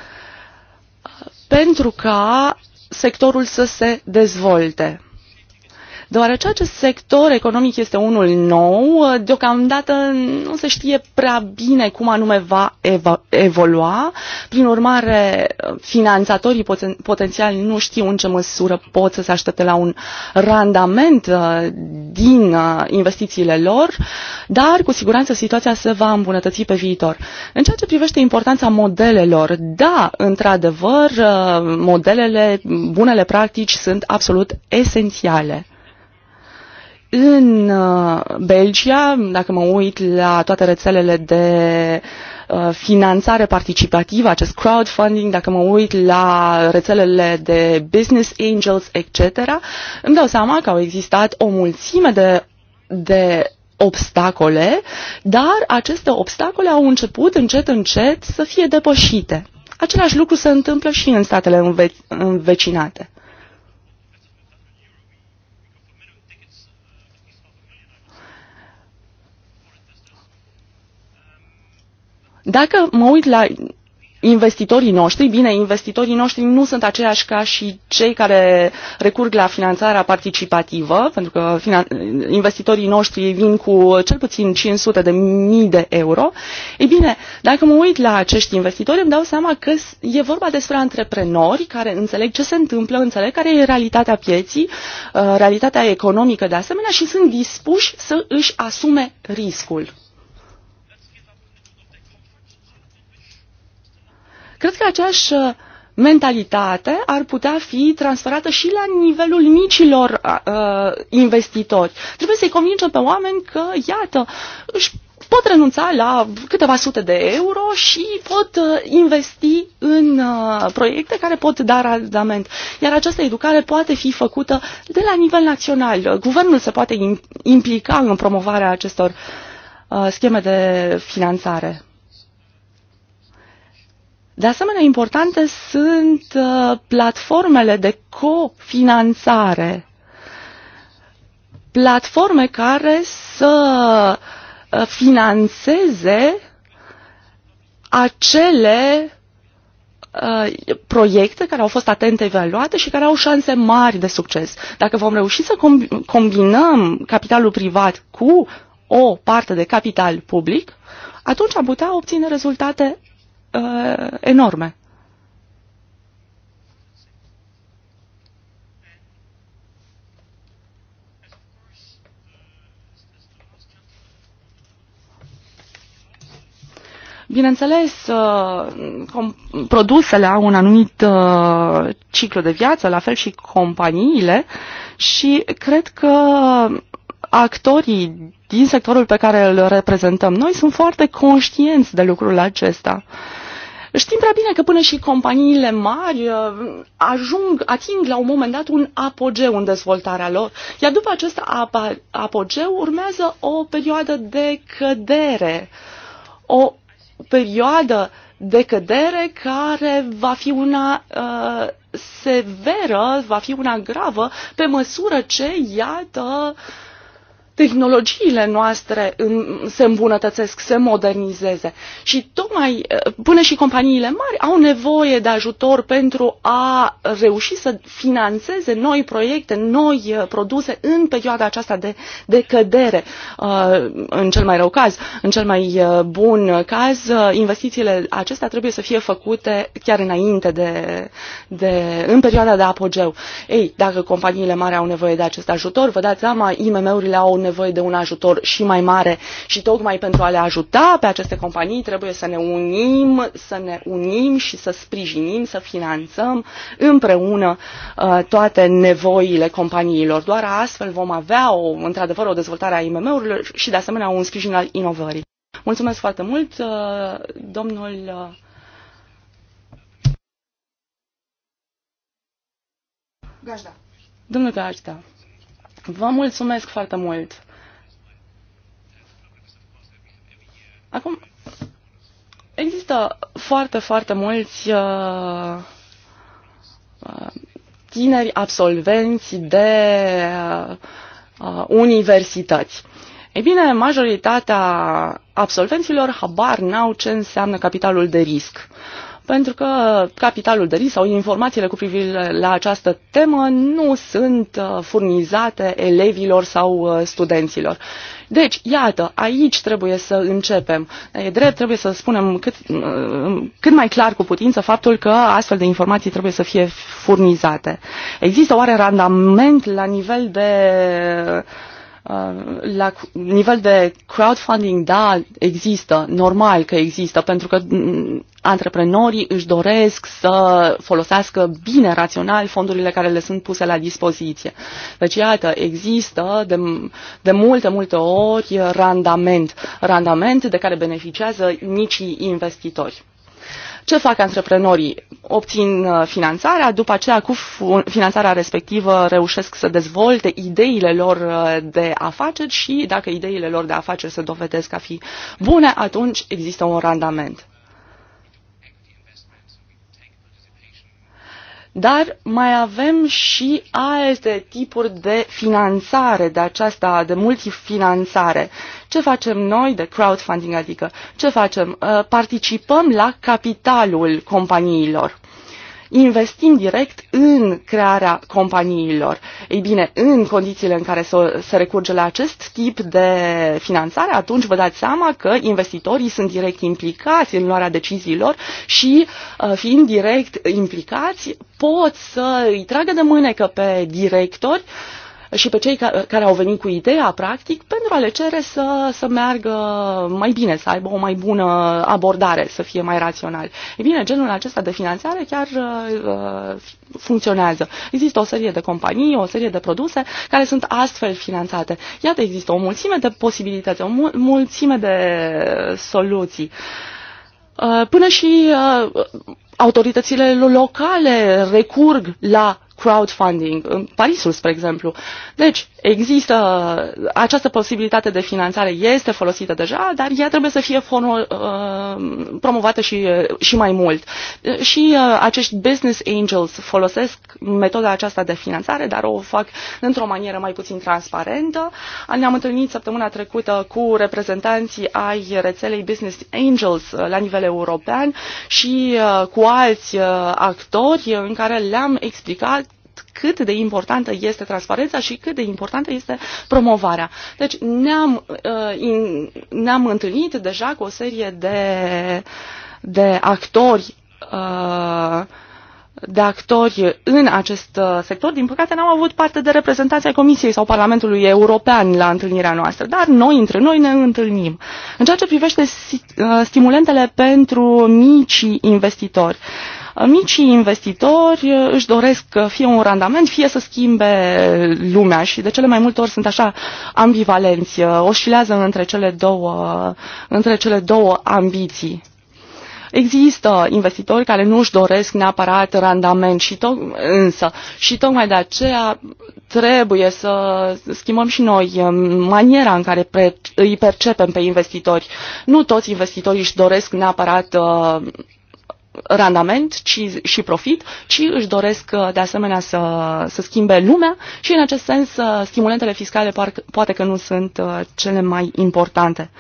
uh, pentru ca sectorul să se dezvolte. Deoarece acest sector economic este unul nou, deocamdată nu se știe prea bine cum anume va evolua. Prin urmare, finanțatorii potențiali nu știu în ce măsură pot să se aștepte la un randament uh, din uh, investițiile lor, dar cu siguranță situația se va îmbunătăți pe viitor. În ceea ce privește importanța modelelor, da, într-adevăr, uh, modelele, bunele practici sunt absolut esențiale în uh, Belgia, dacă mă uit la toate rețelele de uh, finanțare participativă, acest crowdfunding, dacă mă uit la rețelele de business angels, etc., îmi dau seama că au existat o mulțime de, de obstacole, dar aceste obstacole au început încet, încet să fie depășite. Același lucru se întâmplă și în statele înve- învecinate. Dacă mă uit la investitorii noștri, bine, investitorii noștri nu sunt aceiași ca și cei care recurg la finanțarea participativă, pentru că investitorii noștri vin cu cel puțin 500 de mii de euro. Ei bine, dacă mă uit la acești investitori, îmi dau seama că e vorba despre antreprenori care înțeleg ce se întâmplă, înțeleg care e realitatea pieții, uh, realitatea economică de asemenea și sunt dispuși să își asume riscul. Cred că aceeași uh, mentalitate ar putea fi transferată și la nivelul micilor uh, uh, investitori. Trebuie să-i convingem pe oameni că, iată, își pot renunța la câteva sute de euro și pot uh, investi în uh, proiecte care pot da randament. Iar această educare poate fi făcută de la nivel național. Guvernul se poate implica în promovarea acestor uh, scheme de finanțare. De asemenea, importante sunt uh, platformele de cofinanțare. Platforme care să uh, financeze acele uh, proiecte care au fost atent evaluate și care au șanse mari de succes. Dacă vom reuși să combinăm capitalul privat cu o parte de capital public, atunci am putea obține rezultate uh, enorme. Bineînțeles, uh, produsele au un anumit uh, ciclu de viață, la fel și companiile și cred că actorii din sectorul pe care îl reprezentăm noi sunt foarte conștienți de lucrul acesta. Uh, Știm prea bine că până și companiile mari uh, ajung, ating la un moment dat un apogeu în dezvoltarea lor, iar după acest ap- apogeu urmează o perioadă de cădere, o perioadă de cădere care va fi una uh, severă, va fi una gravă, pe măsură ce, iată, uh, tehnologiile noastre se îmbunătățesc, se modernizeze. Și tocmai eh, până și companiile mari au nevoie de ajutor pentru a reuși să finanțeze noi proiecte, noi eh, produse în perioada aceasta de, de cădere. Eh, în cel mai rău caz, în cel mai bun caz, investițiile acestea trebuie să fie făcute chiar înainte de, de în perioada de apogeu. Ei, dacă companiile mari au nevoie de acest ajutor, vă dați seama, IMM-urile au nevoie de un ajutor și mai mare și tocmai pentru a le ajuta pe aceste companii trebuie să ne unim, să ne unim și să sprijinim, să finanțăm împreună uh, toate nevoile companiilor. Doar astfel vom avea o, într-adevăr o dezvoltare a IMM-urilor și de asemenea un sprijin al inovării. Mulțumesc foarte mult, uh, domnul uh, Gajda. Domnul Gajda. Vă mulțumesc foarte mult. Acum, există foarte, foarte mulți uh, uh tineri absolvenți de uh, uh, universități. Ei bine, majoritatea absolvenților habar n-au ce înseamnă capitalul de risc. Uh, pentru că capitalul de risc sau informațiile cu privire la această temă nu sunt uh, furnizate elevilor sau uh, studenților. Deci, iată, aici trebuie să începem. E drept, trebuie să spunem cât, uh, cât mai clar cu putință faptul că astfel de informații trebuie să fie furnizate. Există oare randament la nivel de uh, Uh, la nivel de crowdfunding, da, există, normal că există, pentru că mm, antreprenorii își doresc să folosească bine, rațional, fondurile care le sunt puse la dispoziție. Deci, iată, există de, de multe, multe ori randament, randament de care beneficiază nicii investitori. Ce fac antreprenorii? Obțin uh, finanțarea, după aceea cu finanțarea respectivă reușesc să dezvolte ideile lor uh, de afaceri și dacă ideile lor de afaceri se dovedesc a fi bune, atunci există un randament. Dar mai avem și alte tipuri de finanțare, de aceasta, de multifinanțare. Ce facem noi de crowdfunding, adică ce facem? Uh, participăm la capitalul companiilor investim direct în crearea companiilor. Ei bine, în condițiile în care se, se recurge la acest tip de finanțare, atunci vă dați seama că investitorii sunt direct implicați în luarea deciziilor și uh, fiind direct implicați pot să îi tragă de mânecă pe directori uh, și pe cei care, care au venit cu ideea, practic, pentru a le cere să, să meargă mai bine, să aibă o mai bună abordare, să fie mai rațional. E bine, genul acesta de finanțare chiar uh, uh funcționează. Există o serie de companii, o serie de produse care sunt astfel finanțate. Iată, există o mulțime de posibilități, o mul mulțime de soluții. Uh, până și uh, autoritățile locale recurg la crowdfunding, în Parisul, spre exemplu. Deci, Există această posibilitate de finanțare, este folosită deja, dar ea trebuie să fie uh, promovată și, uh, și mai mult. Uh, și uh, acești business angels folosesc metoda aceasta de finanțare, dar o fac într-o manieră mai puțin transparentă. Ne-am întâlnit săptămâna trecută cu reprezentanții ai rețelei Business Angels la nivel european și cu alți actori în care le-am explicat cât de importantă este transparența și cât de importantă este promovarea. Deci ne-am, uh, ne-am întâlnit deja cu o serie de, de actori uh, de actori în acest uh, sector. Din păcate, n-am avut parte de reprezentanții Comisiei sau Parlamentului European la întâlnirea noastră, dar noi între noi ne întâlnim. În ceea ce privește stimulentele pentru micii investitori, uh, Micii investitori uh, își doresc fie un randament, fie să schimbe lumea și de cele mai multe ori sunt așa ambivalenți, uh, oscilează între cele două, uh, între cele două ambiții. Există investitori care nu își doresc neapărat randament, și to- însă și tocmai de aceea trebuie să schimbăm și noi um, maniera în care pre- îi percepem pe investitori. Nu toți investitorii își doresc neapărat uh, randament ci, și profit, ci își doresc uh, de asemenea să, să schimbe lumea și în acest sens uh, stimulentele fiscale par, poate că nu sunt uh, cele mai importante.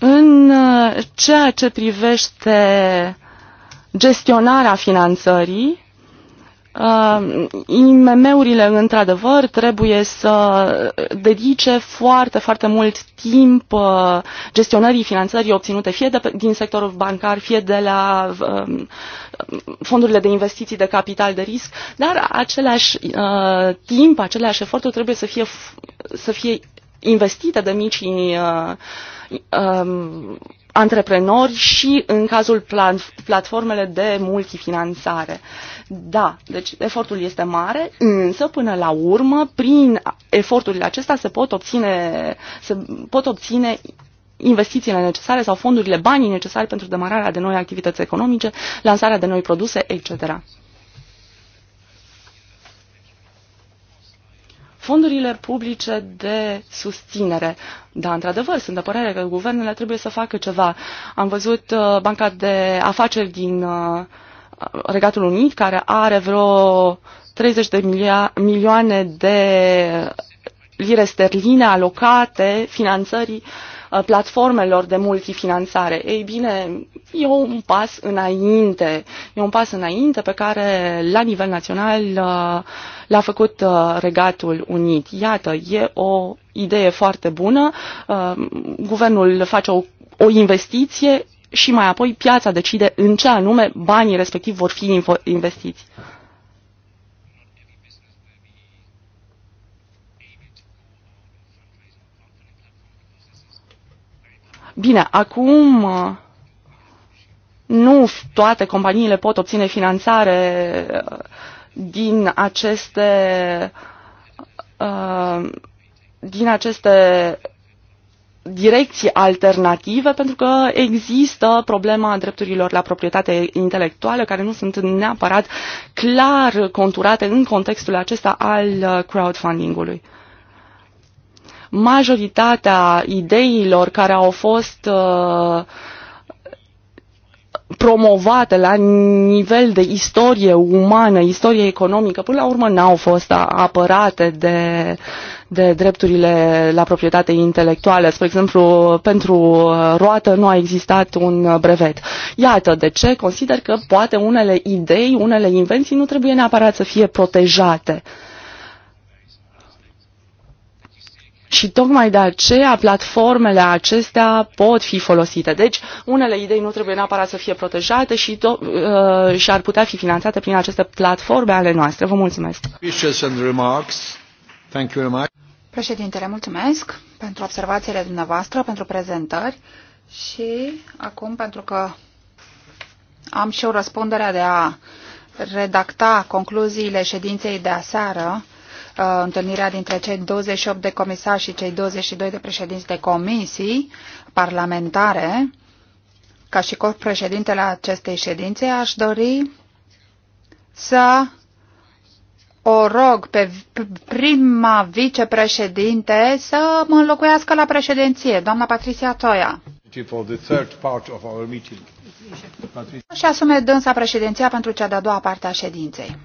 În ceea ce privește gestionarea finanțării, Uh, IMM-urile, într-adevăr, trebuie să dedice foarte, foarte mult timp uh, gestionării finanțării obținute fie de, din sectorul bancar, fie de la um, fondurile de investiții de capital de risc, dar același uh, timp, aceleași eforturi trebuie să fie, să fie investite de micii um, antreprenori și în cazul platformele de multifinanțare. Da, deci efortul este mare, însă până la urmă, prin eforturile acestea se pot obține, se pot obține investițiile necesare sau fondurile, banii necesari pentru demararea de noi activități economice, lansarea de noi produse, etc. fondurile publice de susținere. Da, într-adevăr, sunt de părere că guvernele trebuie să facă ceva. Am văzut uh, Banca de Afaceri din uh, Regatul Unit, care are vreo 30 de milioane de lire sterline alocate finanțării uh, Uh, platformelor de multifinanțare. Ei bine, e un pas înainte, e un pas înainte pe care la nivel național uh, l-a făcut uh, Regatul Unit. Iată, e o idee foarte bună, guvernul face o, o investiție și mai apoi piața decide în ce anume banii respectiv vor fi investiți. Bine, acum uh, nu toate companiile pot obține finanțare uh, din aceste uh, din aceste direcții alternative, pentru că există problema drepturilor la proprietate intelectuală, care nu sunt neapărat clar conturate în contextul acesta al crowdfunding-ului majoritatea ideilor care au fost uh, promovate la nivel de istorie umană, istorie economică, până la urmă n-au fost apărate de, de drepturile la proprietate intelectuală. Spre exemplu, pentru uh, roată nu a existat un brevet. Iată de ce consider că poate unele idei, unele invenții nu trebuie neapărat să fie protejate. Și tocmai de aceea platformele acestea pot fi folosite. Deci unele idei nu trebuie neapărat să fie protejate și, to- uh, și ar putea fi finanțate prin aceste platforme ale noastre. Vă mulțumesc. Președintele, mulțumesc pentru observațiile dumneavoastră, pentru prezentări și acum pentru că am și eu răspunderea de a redacta concluziile ședinței de aseară, uh, întâlnirea dintre cei 28 de comisari și cei 22 de președinți de comisii parlamentare, ca și președintele acestei ședințe, aș dori să o rog pe prima vicepreședinte să mă înlocuiască la președinție, doamna Patricia Toia. Și asume dânsa președinția pentru cea de-a doua parte a ședinței.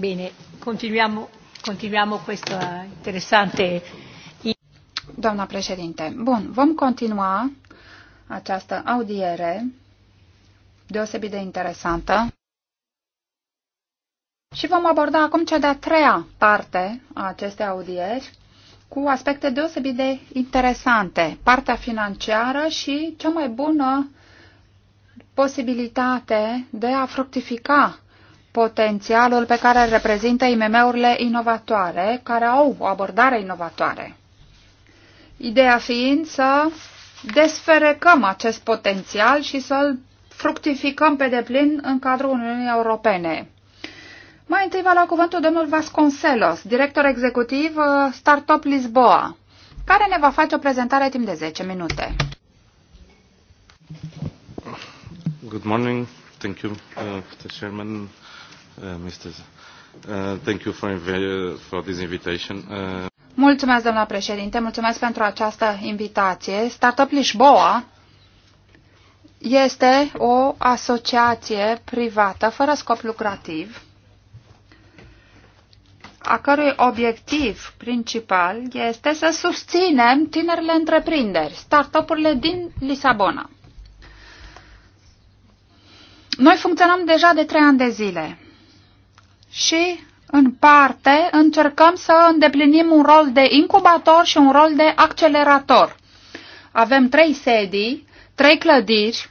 Bine, continuăm, continuăm questo eh, interesante... Doamna președinte, bun, vom continua această audiere deosebit de interesantă. Și vom aborda acum cea de-a treia parte a acestei audieri cu aspecte deosebit de interesante. Partea financiară și cea mai bună posibilitate de a fructifica potențialul pe care îl reprezintă IMM-urile inovatoare, care au o abordare inovatoare. Ideea fiind să desferecăm acest potențial și să-l fructificăm pe deplin în cadrul Uniunii Europene. Mai întâi va lua cuvântul domnul Vasconcelos, director executiv uh, Startup Lisboa, care ne va face o prezentare timp de 10 minute. Good morning. Thank you, uh, Mr. Chairman. Uh, Mr. Uh, thank you for, uh, for this invitation. Mulțumesc, doamna președinte, mulțumesc pentru această invitație. Startup Lisboa este o asociație privată fără scop lucrativ, a cărui obiectiv principal este să susținem tinerile întreprinderi, startup-urile din Lisabona. Noi funcționăm deja de trei ani de zile și în parte încercăm să îndeplinim un rol de incubator și un rol de accelerator. Avem trei sedii, trei clădiri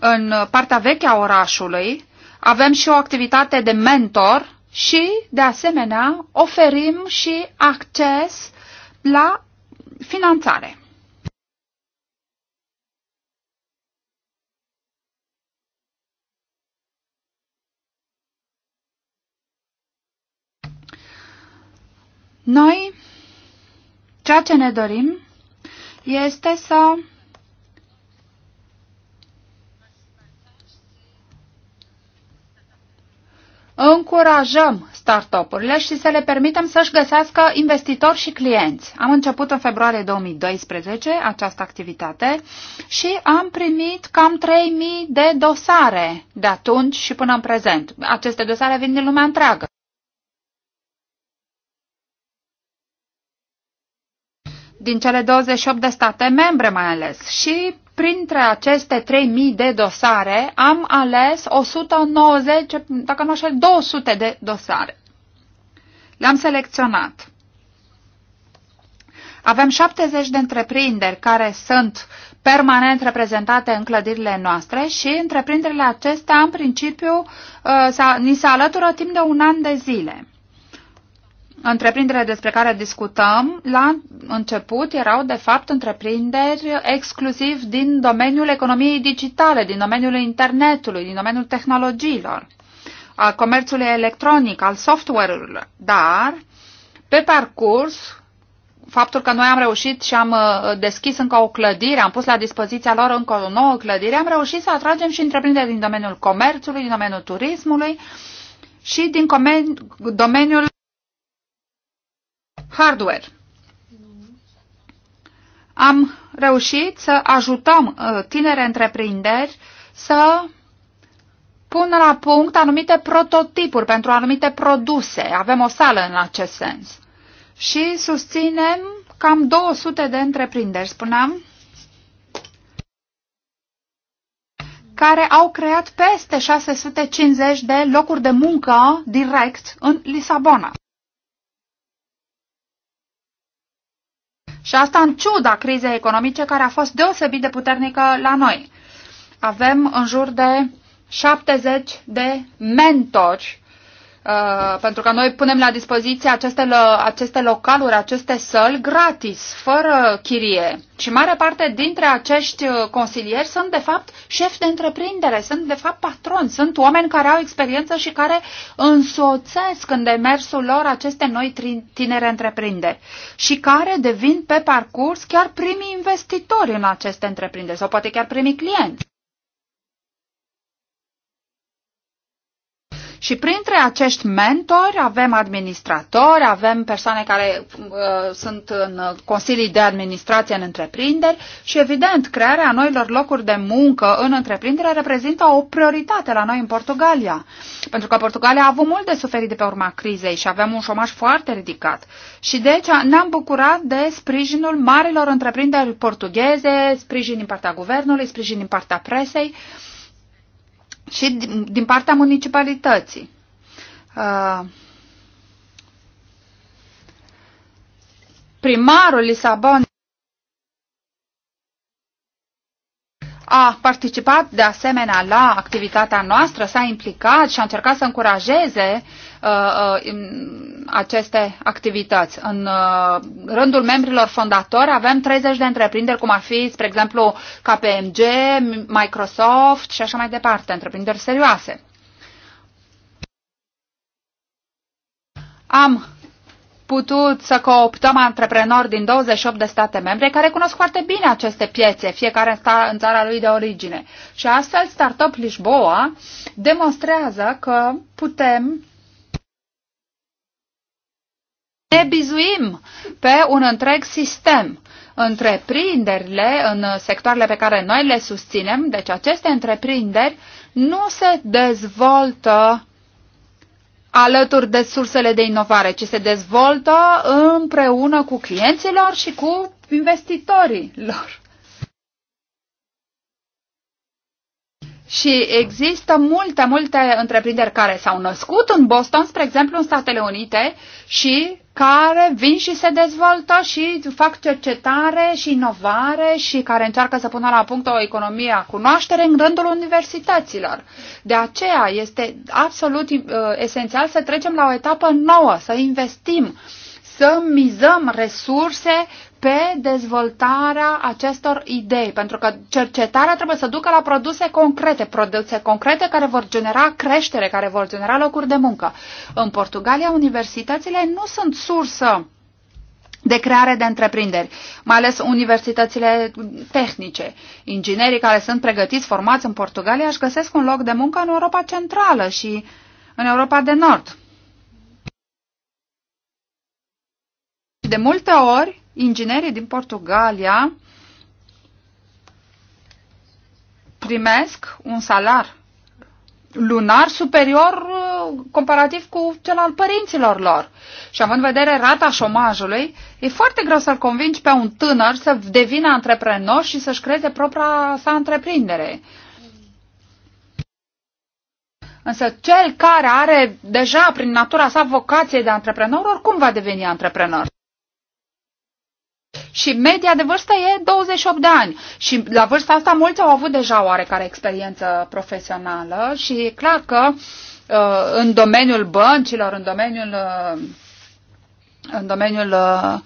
în partea veche a orașului, avem și o activitate de mentor și, de asemenea, oferim și acces la finanțare. Noi, ceea ce ne dorim este să încurajăm startup-urile și să le permitem să-și găsească investitori și clienți. Am început în februarie 2012 această activitate și am primit cam 3.000 de dosare de atunci și până în prezent. Aceste dosare vin din lumea întreagă. din cele 28 de state membre mai ales. Și printre aceste 3000 de dosare am ales 190, dacă nu așa, 200 de dosare. Le-am selecționat. Avem 70 de întreprinderi care sunt permanent reprezentate în clădirile noastre și întreprinderile acestea, în principiu, uh, ni se alătură timp de un an de zile. Întreprinderile despre care discutăm la început erau de fapt întreprinderi exclusiv din domeniul economiei digitale, din domeniul internetului, din domeniul tehnologiilor, al comerțului electronic, al software-urilor. Dar, pe parcurs, faptul că noi am reușit și am uh, deschis încă o clădire, am pus la dispoziția lor încă o nouă clădire, am reușit să atragem și întreprinderi din domeniul comerțului, din domeniul turismului și din domeniul hardware. Am reușit să ajutăm uh, tinere întreprinderi să pună la punct anumite prototipuri pentru anumite produse. Avem o sală în acest sens. Și susținem cam 200 de întreprinderi, spuneam, care au creat peste 650 de locuri de muncă direct în Lisabona. Și asta în ciuda crizei economice care a fost deosebit de puternică la noi. Avem în jur de 70 de mentori Uh, pentru că noi punem la dispoziție aceste, aceste localuri, aceste săli gratis, fără chirie. Și mare parte dintre acești uh, consilieri sunt de fapt șefi de întreprindere, sunt de fapt patroni, sunt oameni care au experiență și care însoțesc în demersul lor aceste noi tinere întreprinderi și care devin pe parcurs chiar primii investitori în aceste întreprinderi sau poate chiar primii clienți. Și printre acești mentori avem administratori, avem persoane care uh, sunt în consilii de administrație în întreprinderi și, evident, crearea noilor locuri de muncă în întreprindere reprezintă o prioritate la noi în Portugalia. Pentru că Portugalia a avut mult de suferit de pe urma crizei și avem un șomaj foarte ridicat. Și deci ne-am bucurat de sprijinul marilor întreprinderi portugheze, sprijin din partea guvernului, sprijin din partea presei. Uh, și din partea municipalității. Uh, primarul Lisabon a participat de asemenea la activitatea noastră, s-a implicat și a încercat să încurajeze uh, uh aceste activități. În uh, rândul membrilor fondatori avem 30 de întreprinderi, cum ar fi, spre exemplu, KPMG, Microsoft și așa mai departe, întreprinderi serioase. Am putut să cooptăm antreprenori din 28 de state membre care cunosc foarte bine aceste piețe, fiecare în, sta, în țara lui de origine. Și astfel, Startup Lisboa demonstrează că putem ne bizuim pe un întreg sistem. Întreprinderile în sectoarele pe care noi le susținem, deci aceste întreprinderi, nu se dezvoltă alături de sursele de inovare, ci se dezvoltă împreună cu clienților și cu investitorii lor. Și există multe, multe întreprinderi care s-au născut în Boston, spre exemplu în Statele Unite, și care vin și se dezvoltă și fac cercetare și inovare și care încearcă să pună la punct o economie a cunoaștere în rândul universităților. De aceea este absolut uh, esențial să trecem la o etapă nouă, să investim, să mizăm resurse pe dezvoltarea acestor idei, pentru că cercetarea trebuie să ducă la produse concrete, produse concrete care vor genera creștere, care vor genera locuri de muncă. În Portugalia, universitățile nu sunt sursă de creare de întreprinderi, mai ales universitățile tehnice. Inginerii care sunt pregătiți, formați în Portugalia, își găsesc un loc de muncă în Europa Centrală și în Europa de Nord. De multe ori, inginerii din Portugalia primesc un salar lunar superior uh, comparativ cu cel al părinților lor. Și având în vedere rata șomajului, e foarte greu să-l convingi pe un tânăr să devină antreprenor și să-și creeze propria sa întreprindere. Însă cel care are deja prin natura sa vocație de antreprenor, oricum va deveni antreprenor. Și media de vârstă e 28 de ani. Și la vârsta asta mulți au avut deja oarecare experiență profesională și e clar că uh, în domeniul băncilor, în domeniul, uh, în domeniul uh,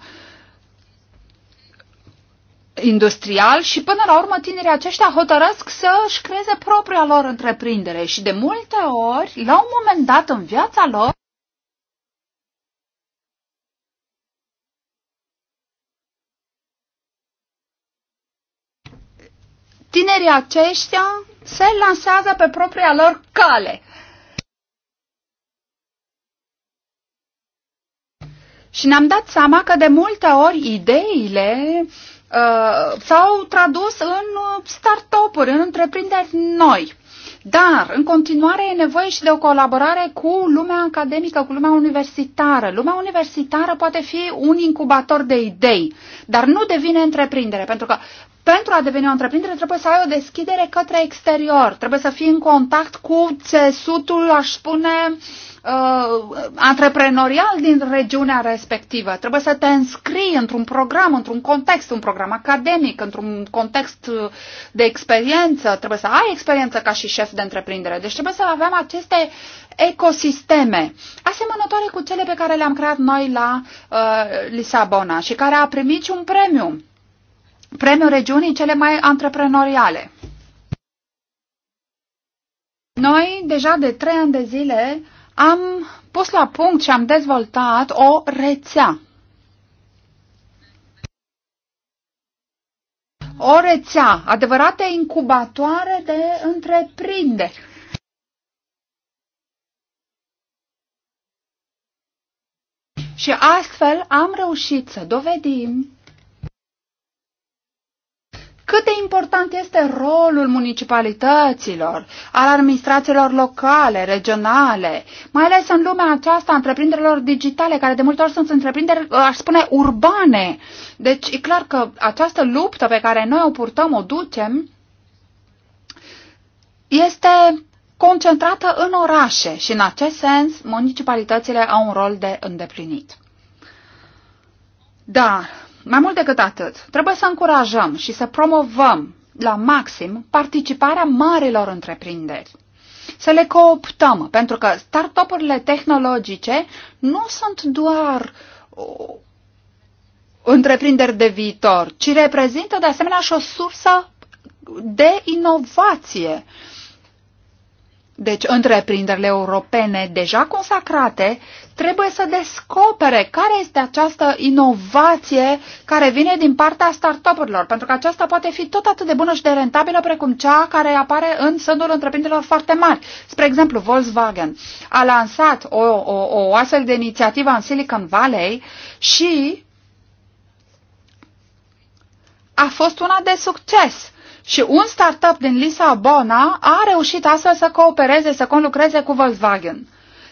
industrial și până la urmă tinerii aceștia hotărăsc să își creeze propria lor întreprindere și de multe ori, la un moment dat în viața lor, tinerii aceștia se lansează pe propria lor cale. Și ne-am dat seama că de multe ori ideile uh, s-au tradus în start-up-uri, în întreprinderi noi. Dar, în continuare, e nevoie și de o colaborare cu lumea academică, cu lumea universitară. Lumea universitară poate fi un incubator de idei, dar nu devine întreprindere, pentru că pentru a deveni o întreprindere trebuie să ai o deschidere către exterior, trebuie să fii în contact cu țesutul, aș spune, uh, antreprenorial din regiunea respectivă. Trebuie să te înscrii într-un program, într-un context, un program academic, într-un context uh, de experiență. Trebuie să ai experiență ca și șef de întreprindere. Deci trebuie să avem aceste ecosisteme asemănătoare cu cele pe care le-am creat noi la uh, Lisabona și care a primit și un premiu premiul regiunii cele mai antreprenoriale. Noi, deja de trei ani de zile, am pus la punct și am dezvoltat o rețea. O rețea, adevărate incubatoare de întreprinderi. Și astfel am reușit să dovedim cât de important este rolul municipalităților, al administrațiilor locale, regionale, mai ales în lumea aceasta întreprinderilor digitale, care de multe ori sunt întreprinderi, aș spune, urbane. Deci e clar că această luptă pe care noi o purtăm, o ducem, este concentrată în orașe și în acest sens municipalitățile au un rol de îndeplinit. Dar mai mult decât atât, trebuie să încurajăm și să promovăm la maxim participarea marilor întreprinderi. Să le cooptăm, pentru că startup-urile tehnologice nu sunt doar întreprinderi de viitor, ci reprezintă de asemenea și o sursă de inovație. Uh, deci, întreprinderile europene deja consacrate trebuie să descopere care este această inovație care vine din partea startup-urilor, pentru că aceasta poate fi tot atât de bună și de rentabilă precum cea care apare în sânul întreprinderilor foarte mari. Spre exemplu, Volkswagen a lansat o, o, o astfel de inițiativă în Silicon Valley și a fost una de succes și un startup din Lisabona a reușit astfel să coopereze, să conlucreze cu Volkswagen.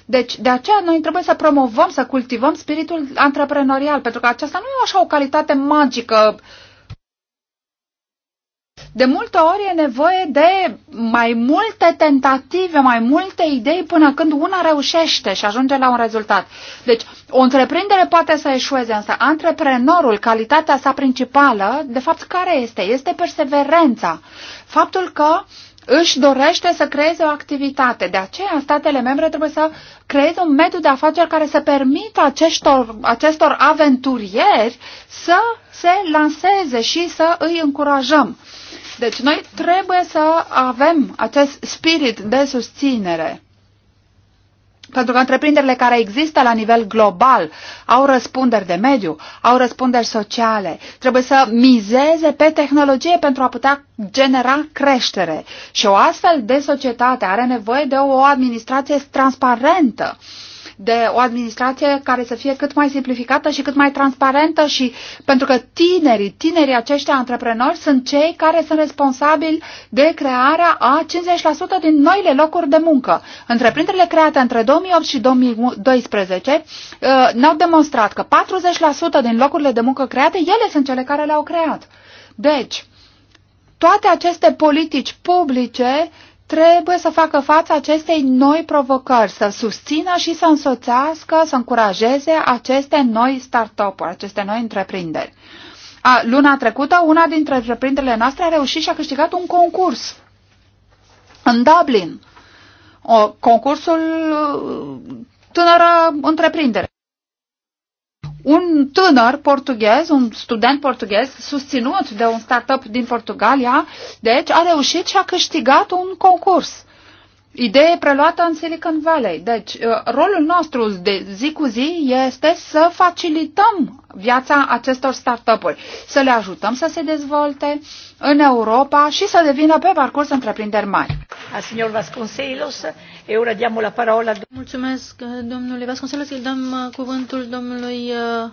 Deci, de aceea noi trebuie să promovăm, să cultivăm spiritul antreprenorial, pentru că aceasta nu e așa o calitate magică uh, de multe ori e nevoie de mai multe tentative, mai multe idei până când una reușește și ajunge la un rezultat. Deci, o întreprindere poate să eșueze, însă antreprenorul, calitatea sa principală, de fapt, care este? Este perseverența. Faptul că își dorește să creeze o activitate. De aceea, statele membre trebuie să creeze un mediu de afaceri care să permită acestor, acestor aventurieri să se lanseze și să îi încurajăm. Deci noi trebuie să avem acest spirit de susținere. Pentru că întreprinderile care există la nivel global au răspunderi de mediu, au răspunderi sociale, trebuie să mizeze pe tehnologie pentru a putea genera creștere. Și o astfel de societate are nevoie de o administrație transparentă. Uh, de o administrație care să fie cât mai simplificată și cât mai transparentă și pentru că tinerii, tinerii aceștia antreprenori sunt cei care sunt responsabili de crearea a 50% din noile locuri de muncă. Întreprinderile create între 2008 și 2012 uh, ne-au demonstrat că 40% din locurile de muncă create, ele sunt cele care le-au creat. Deci, toate aceste politici publice trebuie să facă față acestei noi provocări, să susțină și să însoțească, să încurajeze aceste noi start-up-uri, aceste noi întreprinderi. A, luna trecută, una dintre întreprinderile noastre a reușit și a câștigat un concurs în Dublin. O, concursul uh, tânără întreprindere un tânăr portughez, un student portughez susținut de un startup din Portugalia, deci a reușit și a câștigat un concurs. Idee preluată în Silicon Valley. Deci, uh, rolul nostru de zi cu zi este să facilităm viața acestor startup-uri, să le ajutăm să se dezvolte, în Europa și să devină pe parcurs întreprinderi mari. A signor Vasconcelos, eu ora diamo la parola. Mulțumesc, domnule Vasconcelos, îi dăm uh, cuvântul domnului uh,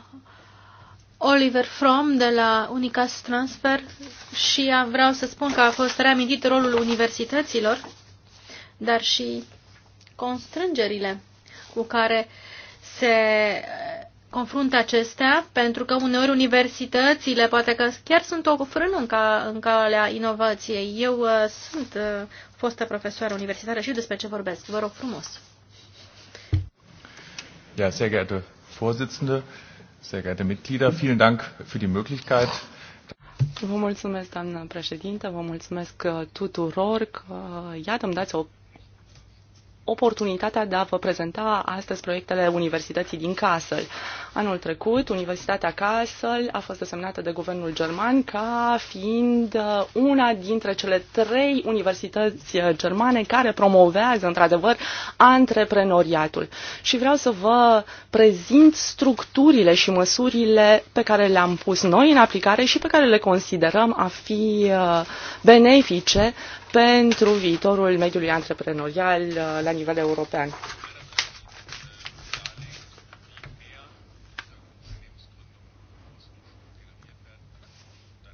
Oliver Fromm de la Unicas Transfer și vreau să spun că a fost reamintit rolul universităților, dar și constrângerile cu care se confruntă acestea, pentru că uneori universitățile poate că chiar sunt o frână în, ca, în calea inovației. Eu uh, sunt uh, fostă profesoară universitară și eu despre ce vorbesc. Vă rog frumos. Ja, sehr geehrte Vorsitzende, sehr geehrte Mitglieder, vielen Dank für die Möglichkeit. Vă mulțumesc, doamnă președintă, vă mulțumesc uh, tuturor că, uh, iată, îmi dați o oportunitatea de a vă prezenta astăzi proiectele Universității din Kassel. Anul trecut, Universitatea Kassel a fost desemnată de guvernul german ca fiind uh, una dintre cele trei universități uh, germane care promovează, într-adevăr, antreprenoriatul. Și vreau să vă prezint structurile și măsurile pe care le-am pus noi în aplicare și pe care le considerăm a fi uh, benefice pentru viitorul mediului antreprenorial uh, la nivel european.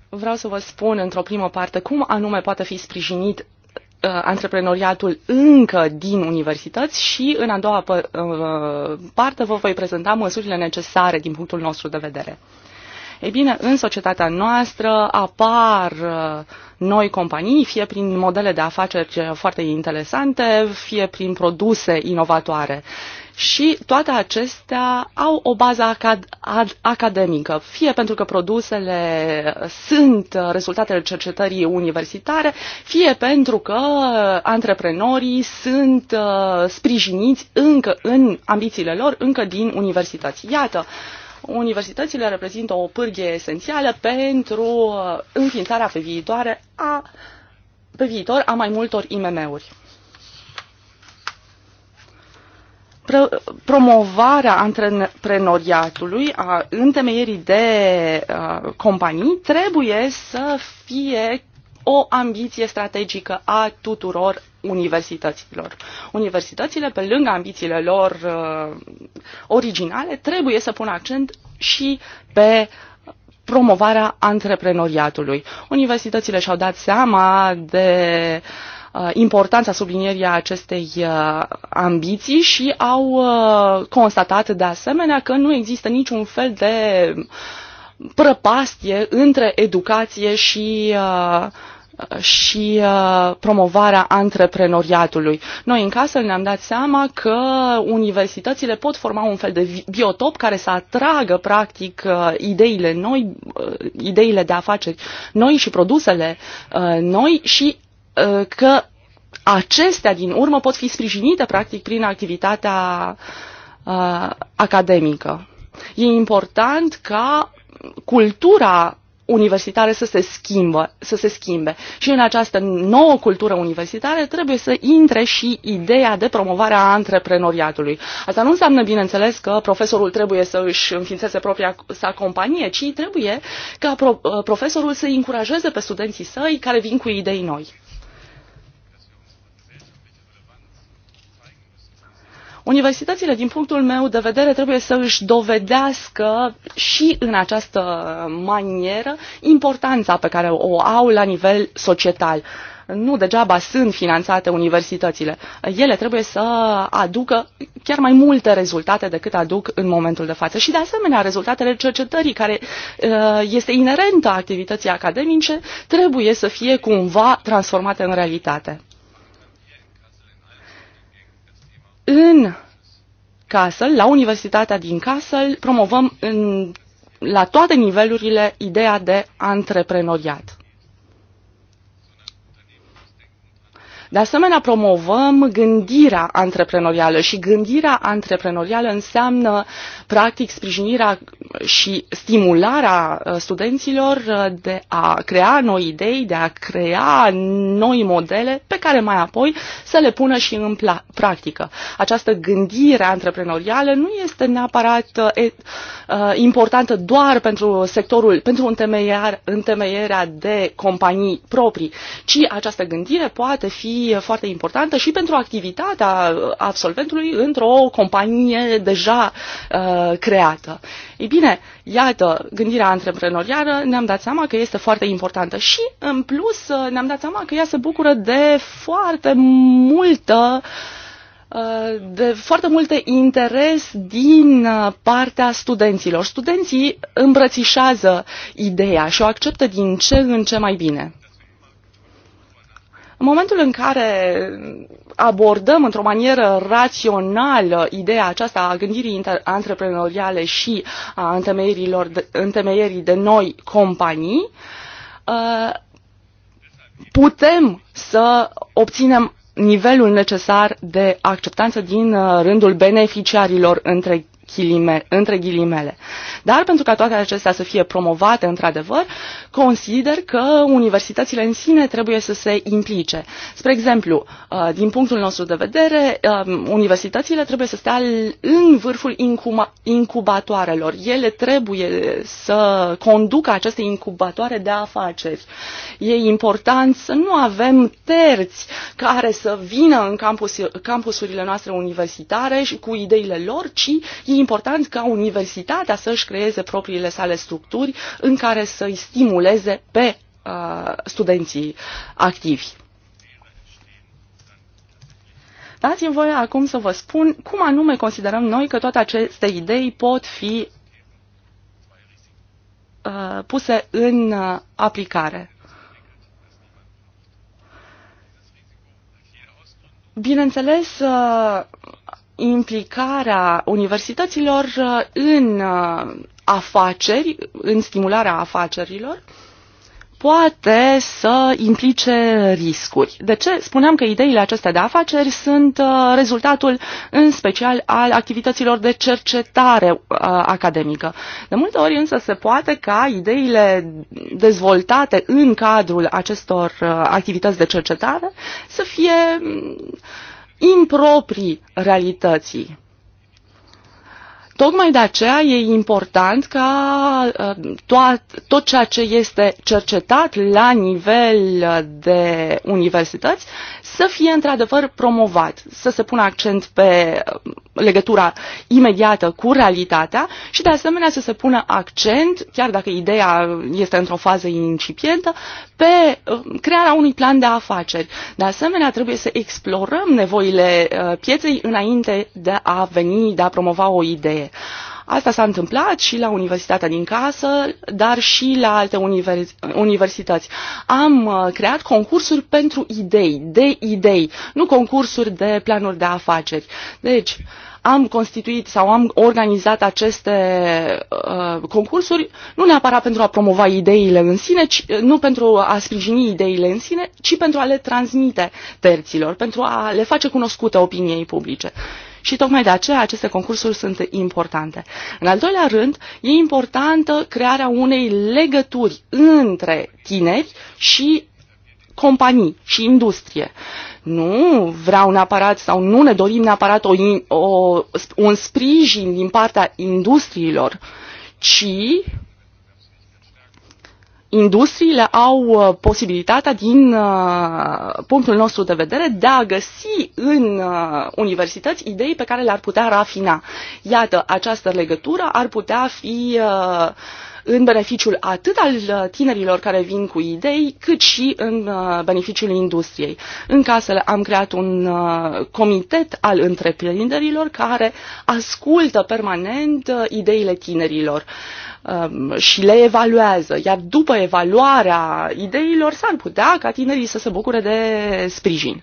Vreau să vă spun într-o primă parte cum anume poate fi sprijinit uh, antreprenoriatul încă din universități și în a doua uh, parte vă voi prezenta măsurile necesare din punctul nostru de vedere. Ei bine, în societatea noastră apar uh, noi companii, fie prin modele de afaceri uh, foarte interesante, fie prin produse inovatoare. Și toate acestea au o bază acad- ad- academică, fie pentru că produsele sunt uh, rezultatele cercetării universitare, fie pentru că antreprenorii sunt uh, sprijiniți încă în ambițiile lor, încă din universități. Iată, uh, Universitățile reprezintă o pârghie esențială pentru uh, înființarea pe, viitoare a, pe viitor a mai multor IMM-uri. promovarea antreprenoriatului, a întemeierii de uh, companii, trebuie să fie o ambiție strategică a tuturor universităților. Universitățile, pe lângă ambițiile lor uh, originale, trebuie să pună accent și pe promovarea antreprenoriatului. Universitățile și-au dat seama de uh, importanța sublinierii acestei uh, ambiții și au uh, constatat de asemenea că nu există niciun fel de prăpastie între educație și uh, și uh, promovarea antreprenoriatului. Noi în casă ne-am dat seama că universitățile pot forma un fel de biotop care să atragă practic uh, ideile noi, uh, ideile de afaceri noi și produsele noi și că acestea din urmă pot fi sprijinite practic prin activitatea academică. E important ca cultura universitare să se, schimbă, să se schimbe. Și în această nouă cultură universitară trebuie să intre și ideea de promovare a antreprenoriatului. Asta nu înseamnă, bineînțeles, că profesorul trebuie să își înființeze propria sa companie, ci trebuie ca profesorul să încurajeze pe studenții săi care vin cu idei noi. Universitățile, din punctul meu de vedere, trebuie să își dovedească și în această manieră importanța pe care o au la nivel societal. Nu degeaba sunt finanțate universitățile. Ele trebuie să aducă chiar mai multe rezultate decât aduc în momentul de față. Și, de asemenea, rezultatele cercetării, care uh, este inerentă activității academice, trebuie să fie cumva transformate în realitate. în Castle, la Universitatea din Castle, promovăm în, la toate nivelurile ideea de antreprenoriat. De asemenea, promovăm gândirea antreprenorială și gândirea antreprenorială înseamnă, practic, sprijinirea și stimularea uh, studenților uh, de a crea noi idei, de a crea noi modele pe care mai apoi să le pună și în practică. Această gândire antreprenorială nu este neapărat uh, importantă doar pentru sectorul, pentru întemeierea de companii proprii, ci această gândire poate fi foarte importantă și pentru activitatea absolventului într-o companie deja uh, creată. Ei bine, iată, gândirea antreprenorială ne-am dat seama că este foarte importantă și, în plus, uh, ne-am dat seama că ea se bucură de foarte multă uh, de foarte multe interes din uh, partea studenților. Studenții îmbrățișează ideea și o acceptă din ce în ce mai bine. În momentul în care abordăm într-o manieră rațională ideea aceasta a gândirii antreprenoriale și a întemeierilor de, întemeierii de noi companii, uh, putem să obținem nivelul necesar de acceptanță din uh, rândul beneficiarilor între ghilime, între ghilimele. Dar pentru ca toate acestea să fie promovate într-adevăr, consider că universitățile în sine trebuie să se implice. Spre exemplu, uh, din punctul nostru de vedere, um, universitățile trebuie să stea în vârful incubatoarelor. Ele trebuie să conducă aceste incubatoare de afaceri. E important să nu avem terți care să vină în campus, campusurile noastre universitare și cu ideile lor, ci ei important ca universitatea să-și creeze propriile sale structuri în care să îi stimuleze pe uh, studenții activi. Dați-mi voi acum să vă spun cum anume considerăm noi că toate aceste idei pot fi uh, puse în uh, aplicare. Bineînțeles, uh, implicarea universităților uh, în uh, afaceri, în stimularea afacerilor, poate să implice riscuri. De ce? Spuneam că ideile acestea de afaceri sunt uh, rezultatul în special al activităților de cercetare academică. De multe ori însă se poate ca ideile dezvoltate în cadrul acestor activități de cercetare să fie improprii realității. Tocmai de aceea e important ca ă, tot, tot ceea ce este cercetat la nivel de universități să fie într-adevăr promovat, să se pună accent pe ă, legătura imediată cu realitatea și de asemenea să se pună accent, chiar dacă ideea este într-o fază incipientă, pe ă, crearea unui plan de afaceri. De asemenea, trebuie să explorăm nevoile pieței înainte de a veni, de a promova o idee. Asta s-a întâmplat și la Universitatea din casă, dar și la alte univers- universități. Am uh, creat concursuri pentru idei, de idei, nu concursuri de planuri de afaceri. Deci, am constituit sau am organizat aceste uh, concursuri nu neapărat pentru a promova ideile în sine, ci, uh, nu pentru a sprijini ideile în sine, ci pentru a le transmite terților, pentru a le face cunoscute opiniei publice. Și tocmai de aceea aceste concursuri sunt importante. În al doilea rând, e importantă crearea unei legături între tineri și companii și industrie. Nu vreau neapărat sau nu ne dorim neapărat o, o, un sprijin din partea industriilor, ci industriile au uh, posibilitatea, din uh, punctul nostru de vedere, de a găsi în uh, universități idei pe care le-ar putea rafina. Iată, această legătură ar putea fi în beneficiul atât al tinerilor care vin cu idei, cât și în beneficiul industriei. În casă am creat un comitet al întreprinderilor care ascultă permanent ideile tinerilor. Um, și le evaluează, iar după evaluarea ideilor s-ar putea ca tinerii să se bucure de sprijin.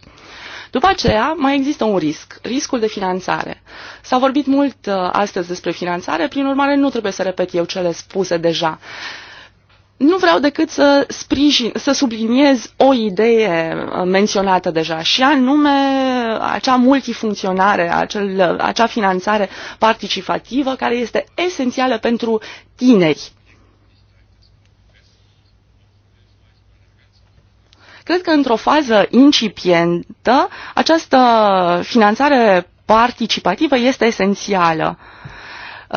După aceea mai există un risc, riscul de finanțare. S-a vorbit mult uh, astăzi despre finanțare, prin urmare nu trebuie să repet eu cele spuse deja. Nu vreau decât să, sprijin, să subliniez o idee uh, menționată deja și anume uh, acea multifuncționare, acel, uh, acea finanțare participativă care este esențială pentru tineri. Cred că într-o fază incipientă această finanțare participativă este esențială. Uh,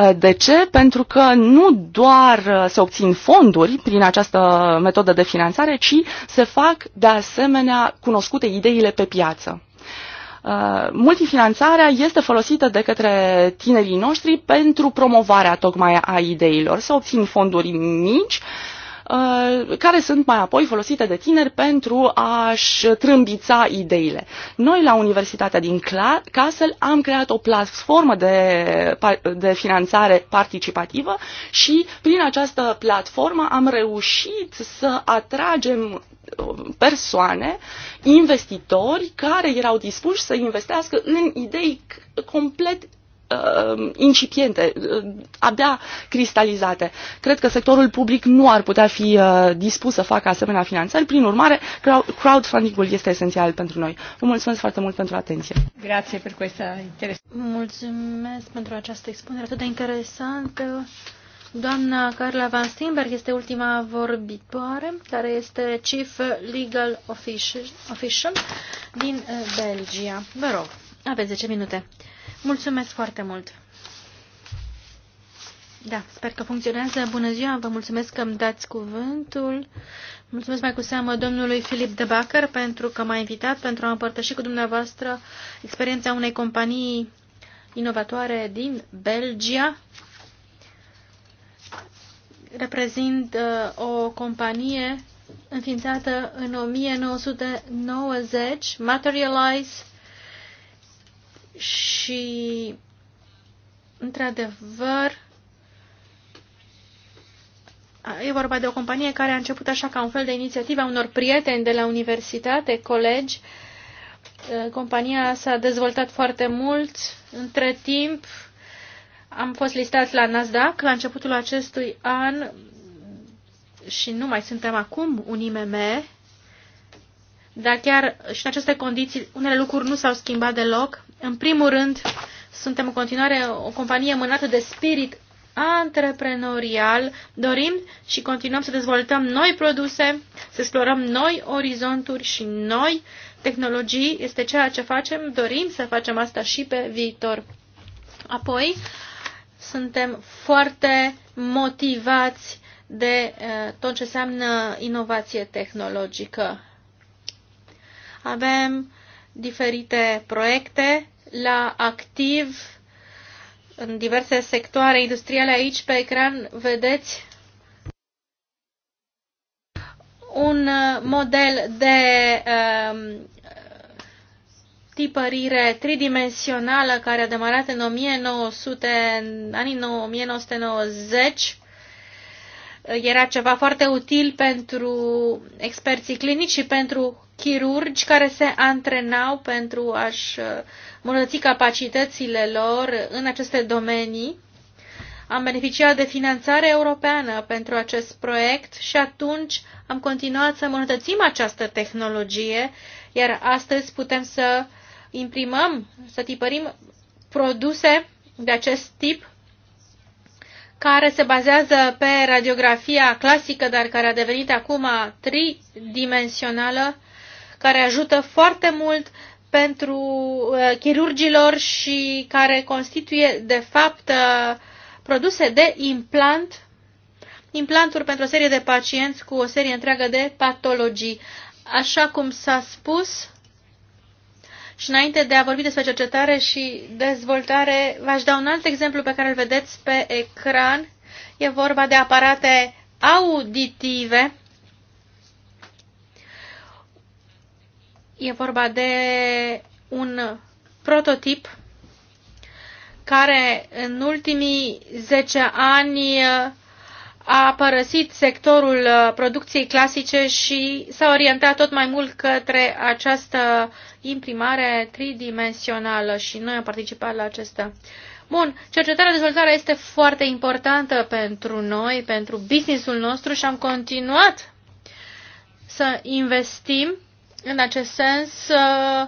Uh, de ce? Pentru că nu doar uh, se obțin fonduri prin această metodă de finanțare, ci se fac de asemenea cunoscute ideile pe piață. Uh, multifinanțarea este folosită de către tinerii noștri pentru promovarea tocmai a ideilor. Se obțin fonduri mici, uh, Uh, care sunt mai apoi folosite de tineri pentru a-și trâmbița ideile. Noi la Universitatea din Castle am creat o platformă de, de finanțare participativă și prin această platformă am reușit să atragem uh, persoane, investitori care erau dispuși să investească în idei complet uh, incipiente, uh, abia cristalizate. Cred că sectorul public nu ar putea fi uh, dispus să facă asemenea finanțări. Prin urmare, crowdfunding-ul este esențial pentru noi. Vă mulțumesc foarte mult pentru atenție. Grazie pentru questa interes. Mulțumesc pentru această expunere atât de interesantă. Doamna Carla Van Steenberg este ultima vorbitoare, care este Chief Legal Official din uh, Belgia. Vă rog, aveți 10 minute. Mulțumesc foarte mult! Da, sper că funcționează. Bună ziua, vă mulțumesc că îmi dați cuvântul. Mulțumesc mai cu seamă domnului Filip de Bacăr pentru că m-a invitat pentru a împărtăși cu dumneavoastră experiența unei companii inovatoare din Belgia. Reprezint uh, o companie înființată în 1990, Materialize și, într-adevăr, e vorba de o companie care a început așa ca un fel de inițiativă a unor prieteni de la universitate, colegi. Compania s-a dezvoltat foarte mult. Între timp, am fost listați la Nasdaq la începutul acestui an și nu mai suntem acum un IMM, dar chiar și în aceste condiții unele lucruri nu s-au schimbat deloc. În primul rând, suntem în continuare o companie mânată de spirit antreprenorial. Dorim și continuăm să dezvoltăm noi produse, să explorăm noi orizonturi și noi tehnologii. Este ceea ce facem, dorim să facem asta și pe viitor. Apoi, suntem foarte motivați de eh, tot ce înseamnă inovație tehnologică. Avem diferite proiecte la activ în diverse sectoare industriale. Aici pe ecran vedeți un uh, model de um, tipărire tridimensională care a demarat în 1900, în anii 1990 era ceva foarte util pentru experții clinici și pentru chirurgi care se antrenau pentru a-și uh, îmbunătăți capacitățile lor în aceste domenii. Am beneficiat de finanțare europeană pentru acest proiect și atunci am continuat să îmbunătățim această tehnologie, iar astăzi putem să imprimăm, să tipărim produse de acest tip care se bazează pe radiografia clasică, dar care a devenit acum tridimensională, care ajută foarte mult pentru uh, chirurgilor și care constituie, de fapt, uh, produse de implant, implanturi pentru o serie de pacienți cu o serie întreagă de patologii. Așa cum s-a spus, și înainte de a vorbi despre cercetare și dezvoltare, v-aș da un alt exemplu pe care îl vedeți pe ecran. E vorba de aparate auditive. E vorba de un prototip care în ultimii 10 ani a părăsit sectorul uh, producției clasice și s-a orientat tot mai mult către această imprimare tridimensională și noi am participat la acesta. Bun, cercetarea dezvoltarea este foarte importantă pentru noi, pentru businessul nostru și am continuat să investim în acest sens. Uh,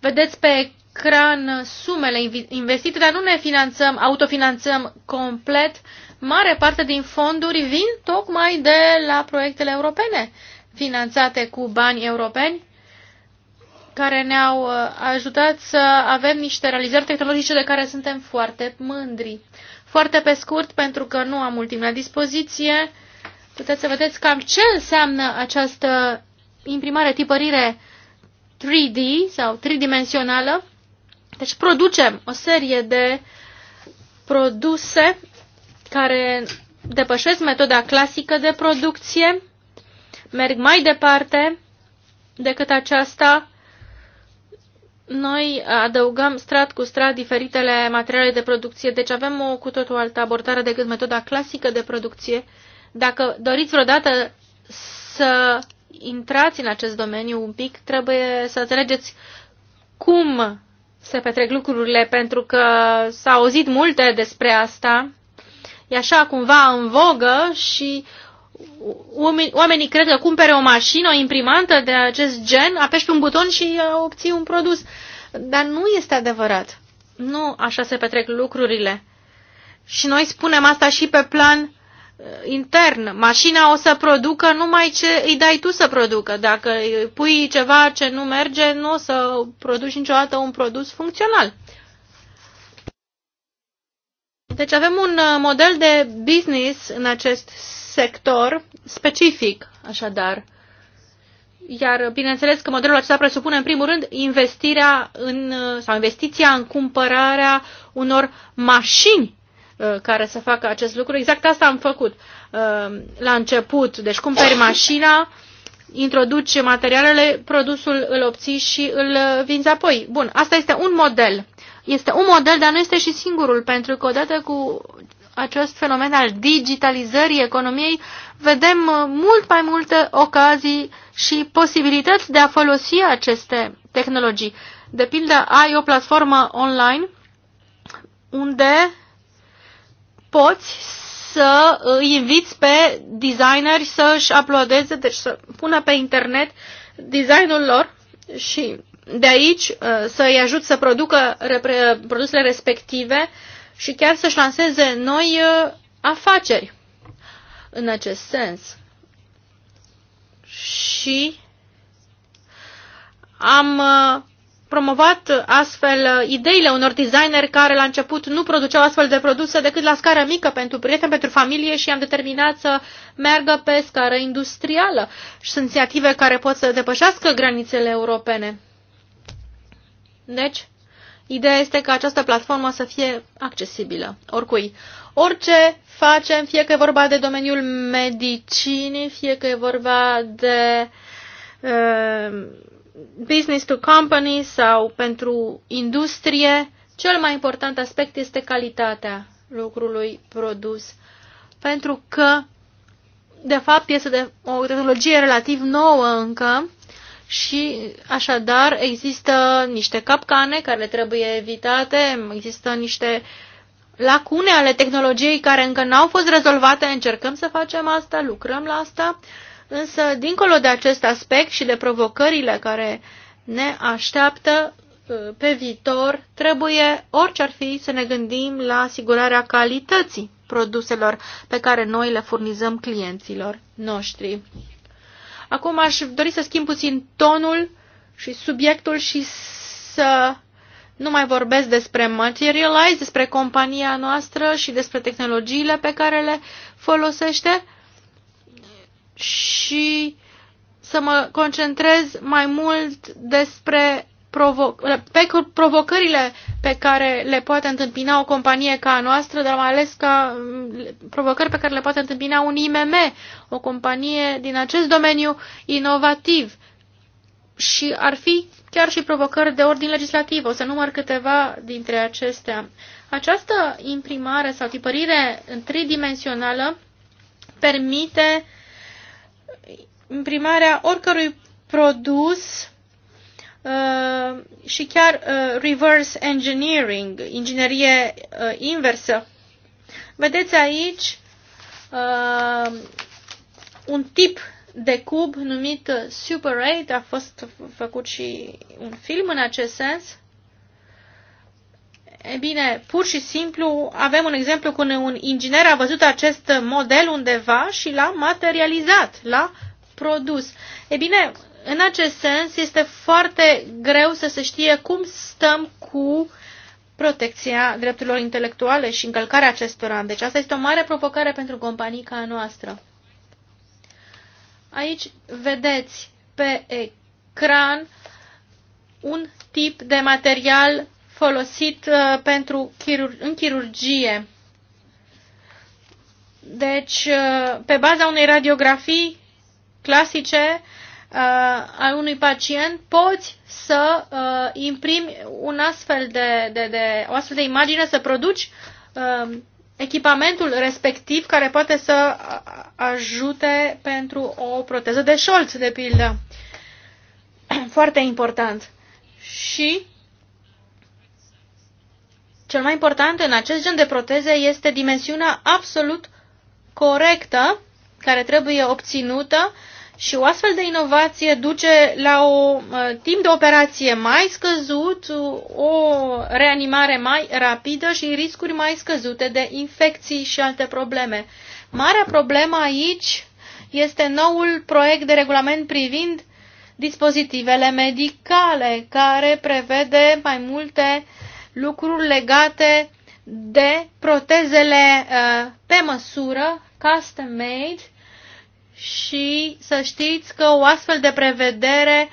vedeți pe ecran sumele investite, dar nu ne finanțăm, autofinanțăm complet, mare parte din fonduri vin tocmai de la proiectele europene, finanțate cu bani europeni, care ne-au uh, ajutat să avem niște realizări tehnologice de care suntem foarte mândri. Foarte pe scurt, pentru că nu am mult timp la dispoziție, puteți să vedeți cam ce înseamnă această imprimare, tipărire 3D sau tridimensională. Deci producem o serie de produse care depășesc metoda clasică de producție, merg mai departe decât aceasta. Noi adăugăm strat cu strat diferitele materiale de producție, deci avem o cu totul altă abordare decât metoda clasică de producție. Dacă doriți vreodată să intrați în acest domeniu un pic, trebuie să înțelegeți cum se petrec lucrurile, pentru că s-a auzit multe despre asta e așa cumva în vogă și oamenii cred că cumpere o mașină, o imprimantă de acest gen, apeși pe un buton și uh, obții un produs. Dar nu este adevărat. Nu așa se petrec lucrurile. Și noi spunem asta și pe plan uh, intern. Mașina o să producă numai ce îi dai tu să producă. Dacă pui ceva ce nu merge, nu o să produci niciodată un produs funcțional. Deci avem un uh, model de business în acest sector specific, așadar. Iar uh, bineînțeles că modelul acesta presupune în primul rând investirea în, uh, sau investiția în cumpărarea unor mașini care să facă acest lucru. Exact asta am făcut la început. Deci cumperi mașina, introduci materialele, produsul îl obții și îl vinzi apoi. Bun, asta este un model este un model, dar nu este și singurul, pentru că odată cu acest fenomen al digitalizării economiei, vedem uh, mult mai multe ocazii și posibilități de a folosi aceste tehnologii. De pildă, ai o platformă online unde poți să uh, îi inviți pe designeri să-și uploadeze, deci să pună pe internet designul lor și de aici uh, să-i ajut să producă produsele respective și chiar să-și lanseze noi uh, afaceri în acest sens. Și am uh, promovat astfel ideile unor designeri care la început nu produceau astfel de produse decât la scară mică pentru prieteni, pentru familie și am determinat să meargă pe scară industrială. Și sunt inițiative care pot să depășească granițele europene. Deci, ideea este ca această platformă să fie accesibilă oricui. Orice facem, fie că e vorba de domeniul medicinii, fie că e vorba de uh, business to company sau pentru industrie, cel mai important aspect este calitatea lucrului produs. Pentru că, de fapt, este de o tehnologie relativ nouă încă și așadar există niște capcane care trebuie evitate, există niște lacune ale tehnologiei care încă n-au fost rezolvate, încercăm să facem asta, lucrăm la asta, însă dincolo de acest aspect și de provocările care ne așteaptă ă, pe viitor, trebuie, orice ar fi, să ne gândim la asigurarea calității produselor pe care noi le furnizăm clienților noștri. Acum aș dori să schimb puțin tonul și subiectul și să nu mai vorbesc despre Materialize, despre compania noastră și despre tehnologiile pe care le folosește și să mă concentrez mai mult despre provo pe provocările pe care le poate întâmpina o companie ca a noastră, dar mai ales ca mm, provocări pe care le poate întâmpina un IMM, o companie din acest domeniu inovativ. Și ar fi chiar și provocări de ordin legislativ. O să număr câteva dintre acestea. Această imprimare sau tipărire în tridimensională permite imprimarea oricărui produs Uh, și chiar uh, reverse engineering, inginerie uh, inversă. Vedeți aici uh, un tip de cub numit uh, Super 8, a fost făcut și un film în acest sens. E bine, pur și simplu avem un exemplu când un inginer a văzut acest model undeva și l-a materializat, l-a produs. E bine, în acest sens, este foarte greu să se știe cum stăm cu protecția drepturilor intelectuale și încălcarea acestora. Deci asta este o mare provocare pentru companii ca a noastră. Aici vedeți pe ecran un tip de material folosit uh, pentru chirur- în chirurgie. Deci, uh, pe baza unei radiografii clasice, Uh, al unui pacient, poți să uh, imprimi un astfel de, de, de, o astfel de imagine, să produci uh, echipamentul respectiv care poate să uh, ajute pentru o proteză de șolț, de pildă. Foarte important. Și cel mai important în acest gen de proteze este dimensiunea absolut corectă care trebuie obținută uh, și o astfel de inovație duce la o timp de operație mai scăzut, o reanimare mai rapidă și riscuri mai scăzute de infecții și alte probleme. Marea problemă aici este noul proiect de regulament privind dispozitivele medicale, care prevede mai multe lucruri legate de protezele uh, pe măsură, custom-made, și să știți că o astfel de prevedere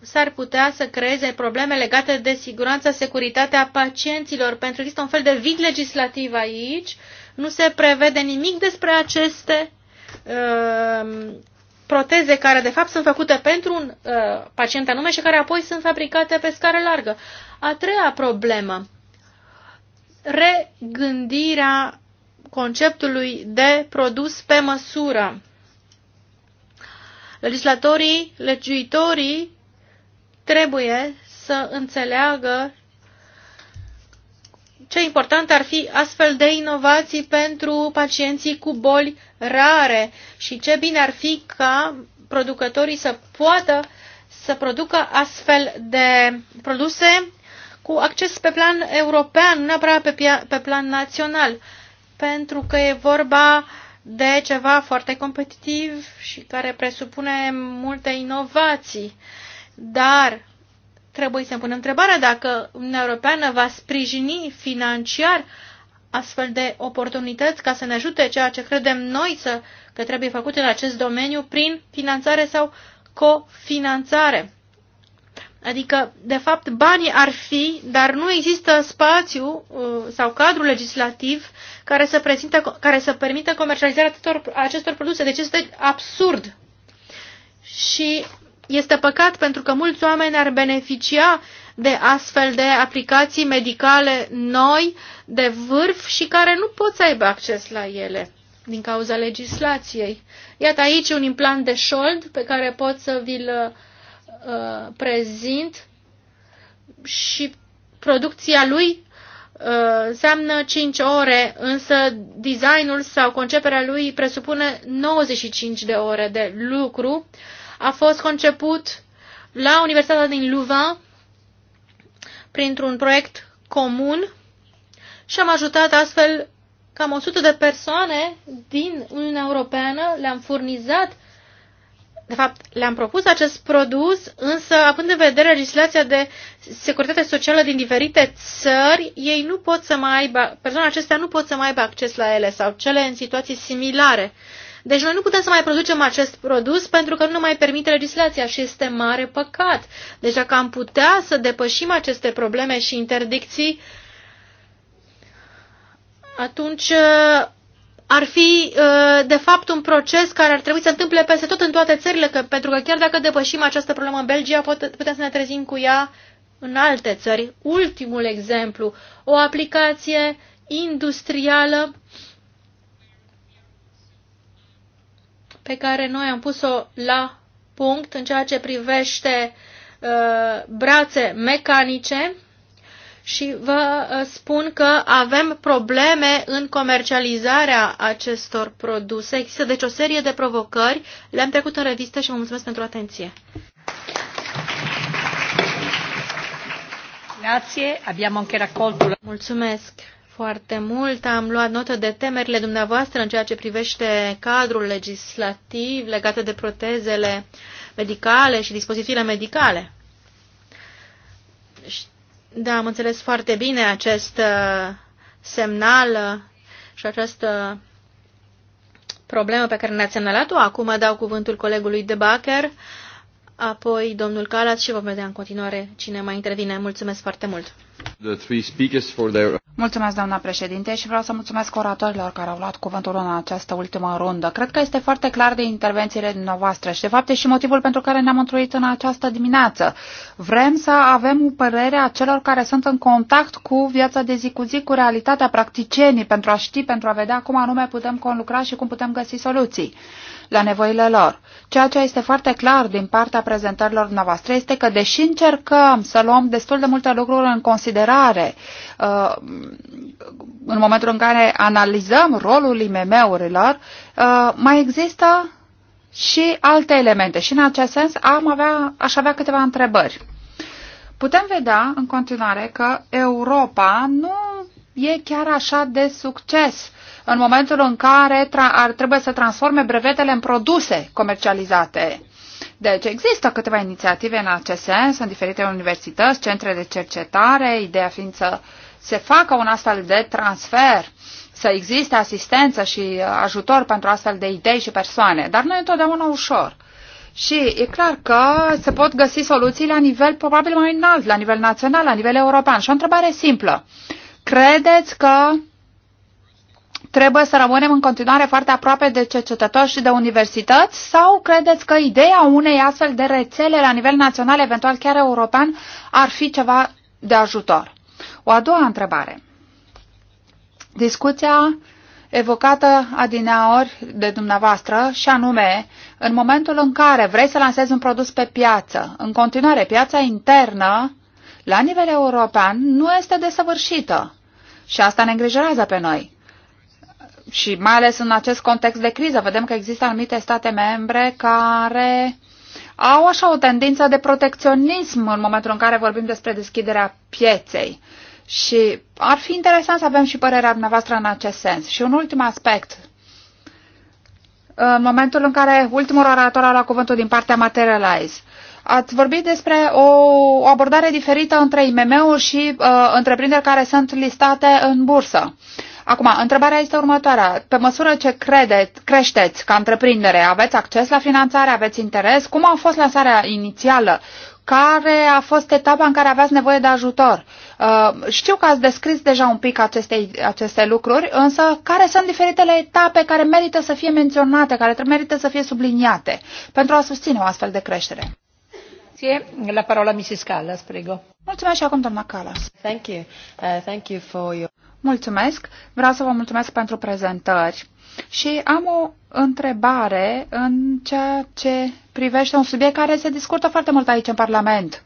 s-ar putea să creeze probleme legate de siguranța, securitatea pacienților, pentru că există un fel de vid legislativ aici, nu se prevede nimic despre aceste uh, proteze care de fapt sunt făcute pentru un uh, pacient anume și care apoi sunt fabricate pe scară largă. A treia problemă, regândirea conceptului de produs pe măsură. Legislatorii, legiuitorii trebuie să înțeleagă ce important ar fi astfel de inovații pentru pacienții cu boli rare și ce bine ar fi ca producătorii să poată să producă astfel de produse cu acces pe plan european, nu neapărat pe, pe plan național, pentru că e vorba de ceva foarte competitiv și care presupune multe inovații. Dar trebuie să punem întrebarea dacă Uniunea Europeană va sprijini financiar astfel de oportunități ca să ne ajute ceea ce credem noi să, că trebuie făcut în acest domeniu prin finanțare sau cofinanțare. Adică, de fapt, banii ar fi, dar nu există spațiu uh, sau cadru legislativ care să, prezintă, care să permită comercializarea tuturor acestor produse. Deci este absurd. Și este păcat pentru că mulți oameni ar beneficia de astfel de aplicații medicale noi, de vârf și care nu pot să aibă acces la ele din cauza legislației. Iată aici un implant de șold pe care pot să vi-l uh, prezint și producția lui înseamnă 5 ore, însă designul sau conceperea lui presupune 95 de ore de lucru. A fost conceput la Universitatea din Louvain printr-un proiect comun și am ajutat astfel cam 100 de persoane din Uniunea Europeană, le-am furnizat de fapt, le-am propus acest produs, însă, având în vedere legislația de securitate socială din diferite țări, ei nu pot să mai aibă, persoanele acestea nu pot să mai aibă acces la ele sau cele în situații similare. Deci noi nu putem să mai producem acest produs pentru că nu ne mai permite legislația și este mare păcat. Deci dacă am putea să depășim aceste probleme și interdicții, atunci ar fi, uh, de fapt, un proces care ar trebui să întâmple peste tot în toate țările, că, pentru că chiar dacă depășim această problemă în Belgia, putem să ne trezim cu ea în alte țări. Ultimul exemplu, o aplicație industrială pe care noi am pus-o la punct în ceea ce privește uh, brațe mecanice, și vă uh, spun că avem probleme în comercializarea acestor produse. Există deci o serie de provocări. Le-am trecut în revistă și vă mulțumesc pentru atenție. Grazie, abbiamo anche raccolto. Mulțumesc foarte mult. Am luat notă de temerile dumneavoastră în ceea ce privește cadrul legislativ legat de protezele medicale și dispozitivele medicale. Știu da, am înțeles foarte bine acest uh, semnal uh, și această problemă pe care ne-ați semnalat-o. Acum dau cuvântul colegului de Bacher apoi domnul Calat și vom vedea în continuare cine mai intervine. Mulțumesc foarte mult! Their... Mulțumesc, doamna președinte, și vreau să mulțumesc oratorilor care au luat cuvântul în această ultimă rundă. Cred că este foarte clar de intervențiile dumneavoastră și, de fapt, e și motivul pentru care ne-am întruit în această dimineață. Vrem să avem părere a celor care sunt în contact cu viața de zi cu zi, cu realitatea practicienii, pentru a ști, pentru a vedea cum anume putem conlucra și cum putem găsi soluții la nevoile lor. Ceea ce este foarte clar din partea prezentărilor noastre este că, deși încercăm să luăm destul de multe lucruri în considerare uh, în momentul în care analizăm rolul IMM-urilor, uh, mai există și alte elemente. Și în acest sens am avea, aș avea câteva întrebări. Putem vedea în continuare că Europa nu e chiar așa de succes în momentul în care ar trebui să transforme brevetele în produse comercializate. Deci există câteva inițiative în acest sens în diferite universități, centre de cercetare, ideea fiind să se facă un astfel de transfer, să existe asistență și ajutor pentru astfel de idei și persoane, dar nu e întotdeauna ușor. Și e clar că se pot găsi soluții la nivel probabil mai înalt, la nivel național, la nivel european. Și o întrebare simplă. Credeți că trebuie să rămânem în continuare foarte aproape de cercetători și de universități sau credeți că ideea unei astfel de rețele la nivel național, eventual chiar european, ar fi ceva de ajutor? O a doua întrebare. Discuția evocată adineaori de dumneavoastră și anume în momentul în care vrei să lansezi un produs pe piață, în continuare piața internă la nivel european nu este desăvârșită și asta ne îngrijorează pe noi și mai ales în acest context de criză, vedem că există anumite state membre care au așa o tendință de protecționism în momentul în care vorbim despre deschiderea pieței. Și ar fi interesant să avem și părerea dumneavoastră în acest sens. Și un ultim aspect. În momentul în care ultimul orator a luat cuvântul din partea Materialize, ați vorbit despre o abordare diferită între IMM-uri și uh, întreprinderi care sunt listate în bursă. Uh, Acum, întrebarea este următoarea. Pe măsură ce credeți, creșteți ca întreprindere, aveți acces la finanțare, aveți interes? Cum a fost lansarea inițială? Care a fost etapa în care aveați nevoie de ajutor? Uh, știu că ați descris deja un pic aceste, aceste lucruri, însă care sunt diferitele etape care merită să fie menționate, care merită să fie subliniate pentru a susține o astfel de creștere? La parola Mrs. Callas, prego. Mulțumesc și acum, doamna Callas. Thank you. Uh, thank you for your... Mulțumesc! Vreau să vă mulțumesc pentru prezentări. Și am o întrebare în ceea ce privește un subiect care se discută foarte mult aici în Parlament,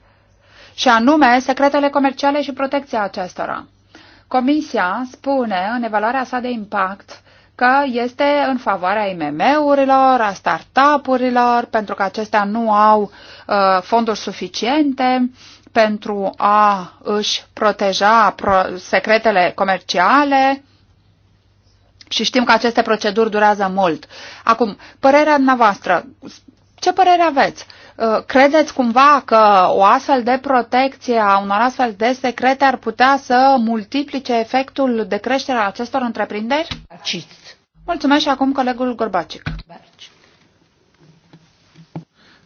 și anume secretele comerciale și protecția acestora. Comisia spune în evaluarea sa de impact că este în favoarea IMM-urilor, a startup-urilor, pentru că acestea nu au uh, fonduri suficiente pentru a își proteja secretele comerciale și știm că aceste proceduri durează mult. Acum, părerea noastră, ce părere aveți? Uh, credeți cumva că o astfel de protecție a unor astfel de secrete ar putea să multiplice efectul de creștere a acestor întreprinderi? Mulțumesc și acum colegul Gorbacic. Barci.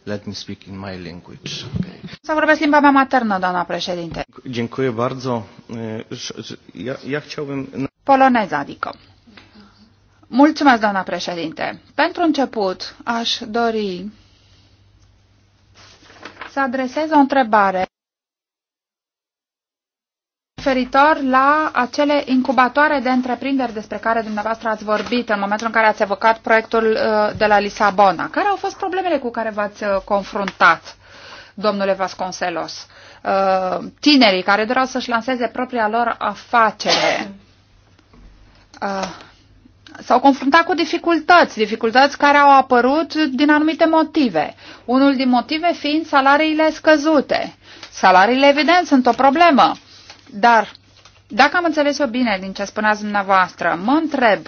Let me speak in my language. Okay. Să vorbesc limba mea maternă, doamna președinte. Dziękuję bardzo. Ja, ja chciałbym... Poloneza, adică. Mulțumesc, doamna președinte. Pentru început, aș dori să adresez o întrebare referitor la acele incubatoare de întreprinderi despre care dumneavoastră ați vorbit în momentul în care ați evocat proiectul uh, de la Lisabona. Care au fost problemele cu care v-ați uh, confruntat, domnule Vasconcelos? Uh, tinerii care doreau să-și lanseze propria lor afacere s-au confruntat cu dificultăți, dificultăți care au apărut din anumite motive. Unul din motive fiind salariile scăzute. Salariile, evident, sunt o problemă. Dar, dacă am înțeles eu bine din ce spuneați dumneavoastră, mă întreb,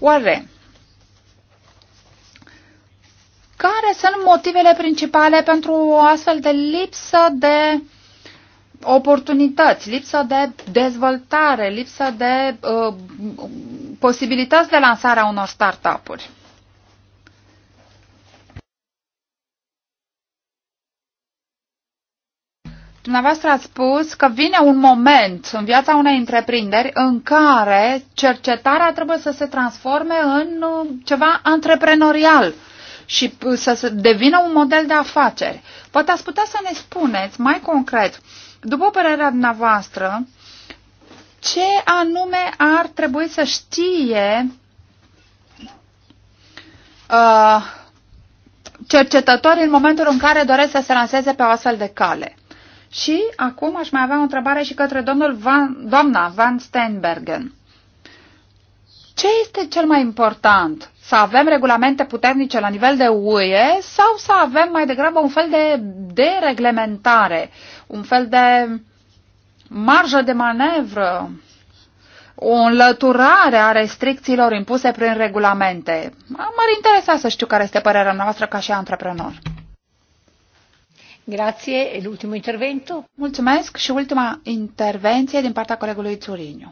oare care sunt motivele principale pentru o astfel de lipsă de oportunități, lipsă de dezvoltare, lipsă de uh, posibilități de lansare a unor startup-uri? Dumneavoastră ați spus că vine un moment în viața unei întreprinderi în care cercetarea trebuie să se transforme în uh, ceva antreprenorial și să se devină un model de afaceri. Poate ați putea să ne spuneți mai concret, după părerea dumneavoastră, ce anume ar trebui să știe uh, cercetătorii în momentul în care doresc să se lanseze pe o astfel de cale? Și acum aș mai avea o întrebare și către domnul Van, doamna Van Steinbergen. Ce este cel mai important? Să avem regulamente puternice la nivel de UE sau să avem mai degrabă un fel de dereglementare, un fel de marjă de manevră, o înlăturare a restricțiilor impuse prin regulamente? M-ar interesa să știu care este părerea noastră ca și antreprenor. Grazie. E l'ultimo intervento. Mulțumesc și ultima intervenție din partea colegului Țuriniu.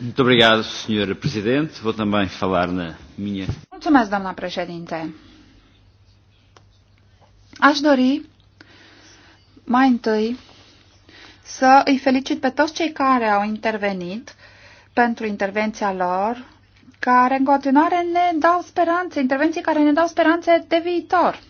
Muito obrigado, senhor Presidente. Vou também falar na minha. Mulțumesc, doamna președinte. Aș dori mai întâi să îi felicit pe toți cei care au intervenit pentru intervenția lor, care în continuare ne dau speranțe, intervenții care ne dau speranțe de viitor.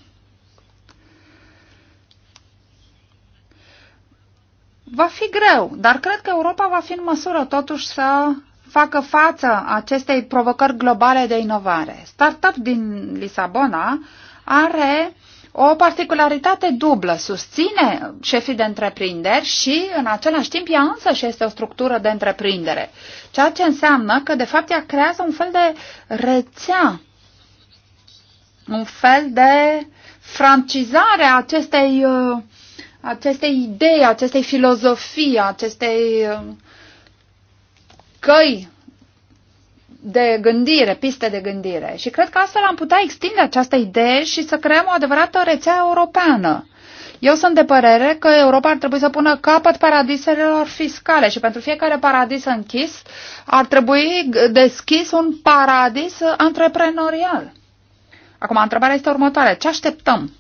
Va fi greu, dar cred că Europa va fi în măsură totuși să facă față acestei provocări globale de inovare. Startup din Lisabona are o particularitate dublă. Susține șefii de întreprinderi și, în același timp, ea însă și este o structură de întreprindere. Ceea ce înseamnă că, de fapt, ea creează un fel de rețea, un fel de francizare a acestei uh, acestei idei, acestei filozofii, acestei uh, căi de gândire, piste de gândire. Și cred că astfel am putea extinde această idee și să creăm o adevărată rețea europeană. Eu sunt de părere că Europa ar trebui să pună capăt paradiselor fiscale și pentru fiecare paradis închis ar trebui deschis un paradis antreprenorial. Acum, întrebarea este următoare. Ce așteptăm?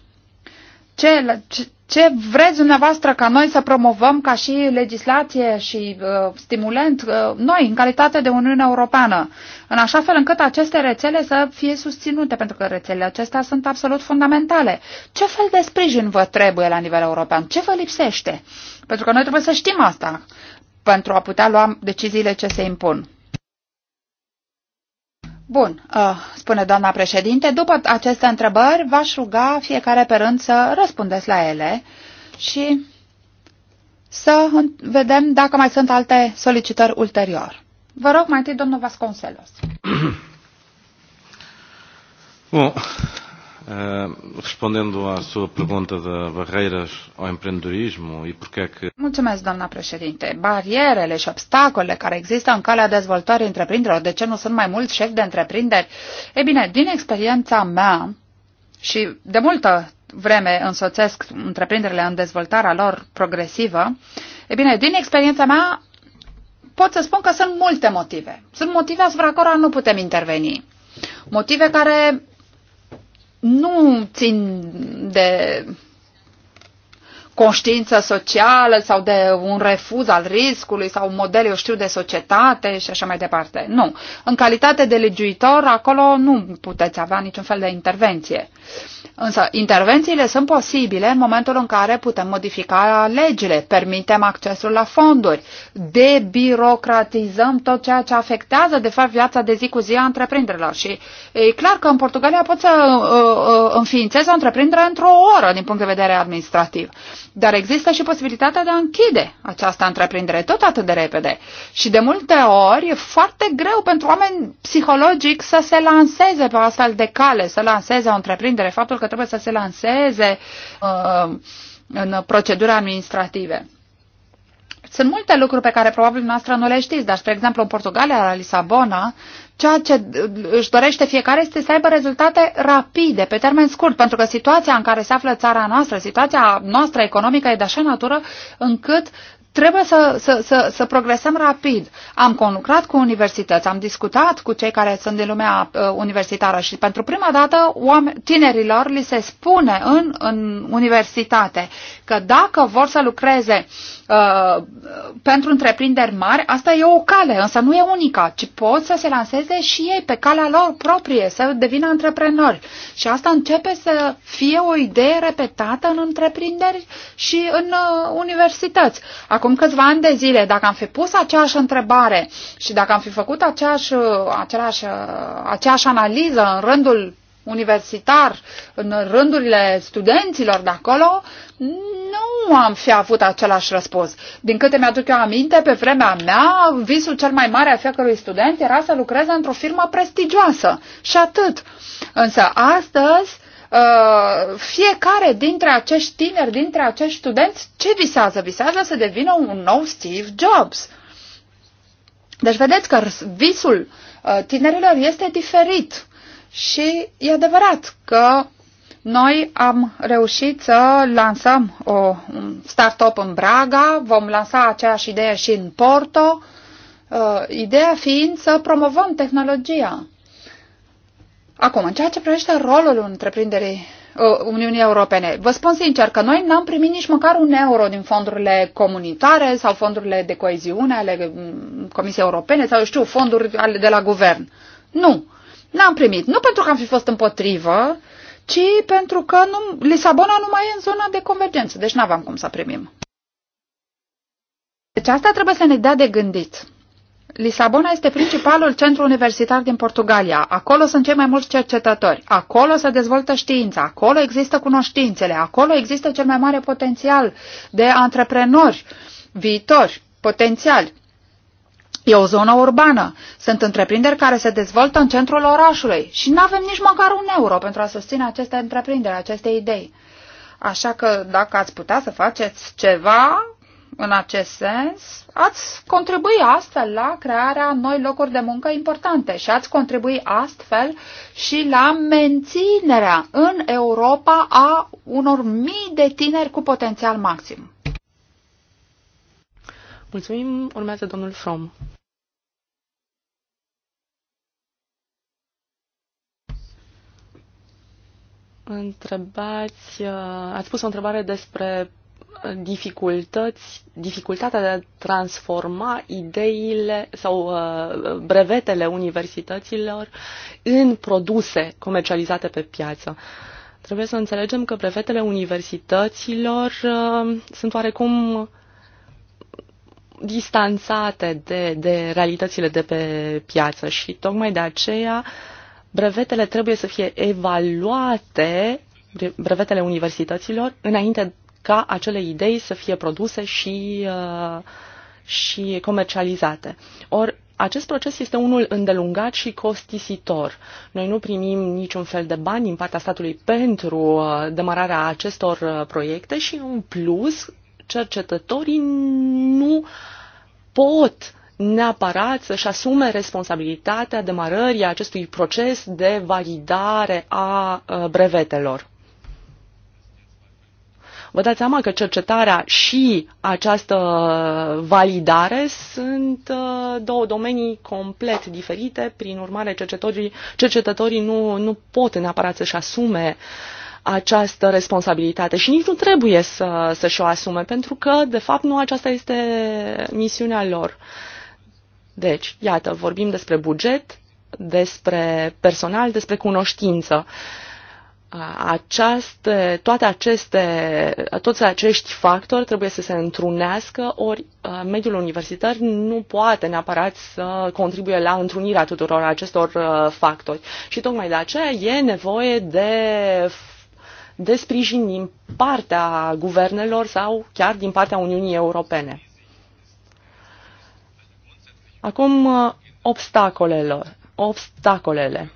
Ce, ce, ce vreți dumneavoastră ca noi să promovăm ca și legislație și uh, stimulent uh, noi în calitate de Uniune Europeană, în așa fel încât aceste rețele să fie susținute, pentru că rețelele acestea sunt absolut fundamentale. Ce fel de sprijin vă trebuie la nivel european? Ce vă lipsește? Pentru că noi trebuie să știm asta pentru a putea lua deciziile ce se impun. Bun, uh, spune doamna președinte, după aceste întrebări v-aș ruga fiecare pe rând să răspundeți la ele și să vedem dacă mai sunt alte solicitări ulterior. Vă rog mai întâi domnul Vasconcelos. Bun. Eh, respondendo à sua pergunta de barreiras ao empreendedorismo e porque é que... Mulțumesc, doamna președinte. Barierele și obstacolele care există în calea dezvoltării întreprinderilor, de ce nu sunt mai mulți șefi de întreprinderi? E bine, din experiența mea și de multă vreme însoțesc întreprinderile în dezvoltarea lor progresivă, e bine, din experiența mea pot să spun că sunt multe motive. Sunt motive asupra cărora nu putem interveni. Motive care nu țin de conștiință socială sau de un refuz al riscului sau un model, eu știu, de societate și așa mai departe. Nu. În calitate de legiuitor, acolo nu puteți avea niciun fel de intervenție. Însă, intervențiile sunt posibile în momentul în care putem modifica legile, permitem accesul la fonduri, debirocratizăm tot ceea ce afectează, de fapt, viața de zi cu zi a întreprinderilor. Și e clar că în Portugalia poți să uh, uh, înființezi o întreprindere într-o oră, din punct de vedere administrativ. Dar există și posibilitatea de a închide această întreprindere tot atât de repede. Și de multe ori e foarte greu pentru oameni psihologic să se lanseze pe o astfel de cale, să lanseze o întreprindere, faptul că trebuie să se lanseze uh, în proceduri administrative. Sunt multe lucruri pe care probabil noastră nu le știți, dar, spre exemplu, în Portugalia, la Lisabona, ceea ce își dorește fiecare este să aibă rezultate rapide, pe termen scurt, pentru că situația în care se află țara noastră, situația noastră economică e de așa natură încât trebuie să, să, să, să progresăm rapid. Am conlucrat cu universități, am discutat cu cei care sunt din lumea uh, universitară și pentru prima dată oameni, tinerilor li se spune în, în universitate că dacă vor să lucreze uh, Uh, pentru întreprinderi mari, asta e o cale, însă nu e unica, ci pot să se lanseze și ei pe calea lor proprie, să devină antreprenori. Și asta începe să fie o idee repetată în întreprinderi și în uh, universități. Acum câțiva ani de zile, dacă am fi pus aceeași întrebare și dacă am fi făcut aceeași, uh, aceeași, uh, aceeași analiză în rândul universitar, în rândurile studenților de acolo, nu am fi avut același răspuns. Din câte mi-aduc eu aminte, pe vremea mea, visul cel mai mare al fiecărui student era să lucreze într-o firmă prestigioasă. Și atât. Însă astăzi, ă, fiecare dintre acești tineri, dintre acești studenți, ce visează? Visează să devină un nou Steve Jobs. Deci vedeți că visul ă, tinerilor este diferit. Și e adevărat că noi am reușit să lansăm o startup în Braga, vom lansa aceeași idee și în Porto, uh, ideea fiind să promovăm tehnologia. Acum, în ceea ce privește rolul întreprinderii uh, Uniunii Europene. Vă spun sincer că noi n-am primit nici măcar un euro din fondurile comunitare sau fondurile de coeziune ale mm, Comisiei Europene sau, știu, fonduri de la guvern. Nu. N-am primit. Nu pentru că am fi fost împotrivă, ci pentru că nu, Lisabona nu mai e în zona de convergență, deci nu aveam cum să primim. Deci asta trebuie să ne dea de gândit. Lisabona este principalul centru universitar din Portugalia. Acolo sunt cei mai mulți cercetători. Acolo se dezvoltă știința. Acolo există cunoștințele. Acolo există cel mai mare potențial de antreprenori viitori, potențiali. E o zonă urbană. Sunt întreprinderi care se dezvoltă în centrul orașului și nu avem nici măcar un euro pentru a susține aceste întreprinderi, aceste idei. Așa că dacă ați putea să faceți ceva în acest sens, ați contribui astfel la crearea noi locuri de muncă importante și ați contribui astfel și la menținerea în Europa a unor mii de tineri cu potențial maxim. Mulțumim. Urmează domnul From. întrebați, uh, ați pus o întrebare despre uh, dificultăți, dificultatea de a transforma ideile sau uh, brevetele universităților în produse comercializate pe piață. Trebuie să înțelegem că brevetele universităților uh, sunt oarecum distanțate de, de realitățile de pe piață și tocmai de aceea uh, brevetele trebuie să fie evaluate, brevetele universităților, înainte ca acele idei să fie produse și, uh, și comercializate. Or, acest proces este unul îndelungat și costisitor. Noi nu primim niciun fel de bani din partea statului pentru uh, demararea acestor uh, proiecte și, în plus, cercetătorii nu pot neapărat să-și asume responsabilitatea demarării acestui proces de validare a ă, brevetelor. Vă dați seama că cercetarea și această validare sunt ă, două domenii complet diferite, prin urmare cercetătorii, cercetătorii nu, nu pot neapărat să-și asume această responsabilitate și nici nu trebuie să, să-și o asume, pentru că, de fapt, nu aceasta este misiunea lor. Uh, deci, iată, vorbim despre buget, despre personal, despre cunoștință. Această toate aceste, toți acești factori trebuie să se întrunească, ori mediul universitar nu poate neapărat să contribuie la întrunirea tuturor acestor factori. Și tocmai de aceea e nevoie de de sprijin din partea guvernelor sau chiar din partea Uniunii Europene. Acum, uh, obstacolelor, obstacolele.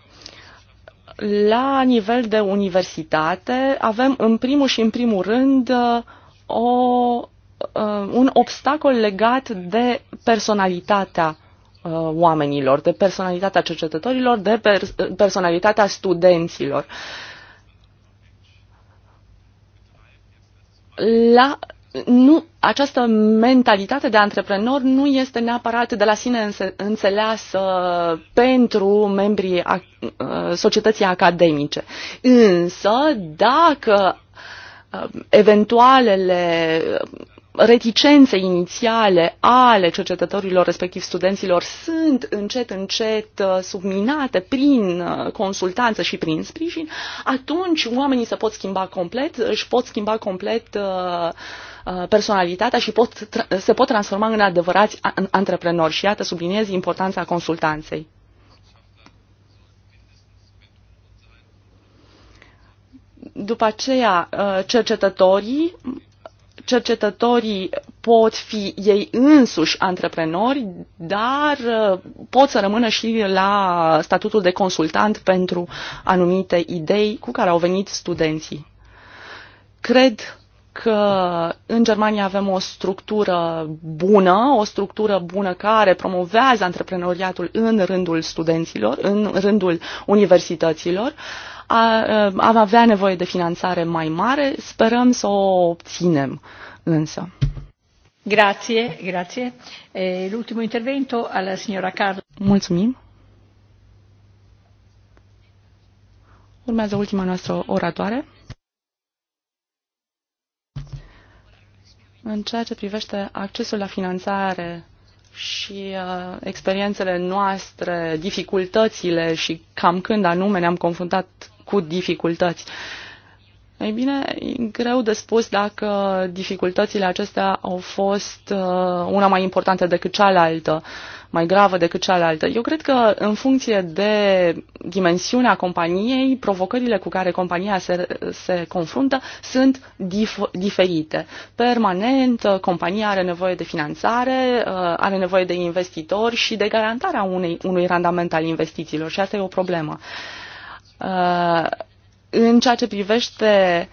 La nivel de universitate avem în primul și în primul rând uh, o, uh, un obstacol legat de personalitatea oamenilor, de personalitatea cercetătorilor, de personalitatea studenților. La nu, această mentalitate de antreprenor nu este neapărat de la sine înțeleasă pentru membrii uh, societății academice. Însă, dacă uh, eventualele reticențe inițiale ale cercetătorilor, respectiv studenților, sunt încet, încet uh, subminate prin consultanță și prin sprijin, atunci oamenii se pot schimba complet, își pot schimba complet uh, Uh, personalitatea și pot, se pot transforma în adevărați antreprenori. Și iată, subliniez importanța consultanței. După aceea, uh, cercetătorii cercetătorii pot fi ei însuși antreprenori, dar uh, pot să rămână și la statutul de consultant pentru anumite idei cu care au venit studenții. Cred că în Germania avem o structură bună, o structură bună care promovează antreprenoriatul în rândul studenților, în rândul universităților. Am avea nevoie de finanțare mai mare, sperăm să o obținem însă. Grazie, grazie. L'ultimo intervento alla signora Carla. Mulțumim. Urmează ultima noastră oratoare. În ceea ce privește accesul la finanțare și uh, experiențele noastre, dificultățile și cam când anume ne-am confruntat cu dificultăți. Uh, ei bine, e greu de spus dacă dificultățile acestea au fost uh, una mai importantă decât cealaltă, mai gravă decât cealaltă. Eu cred că în funcție de dimensiunea companiei, provocările cu care compania se, se confruntă sunt dif- diferite. Permanent, compania are nevoie de finanțare, uh, are nevoie de investitori și de garantarea unei, unui randament al investițiilor și asta e o problemă uh, în ceea ce privește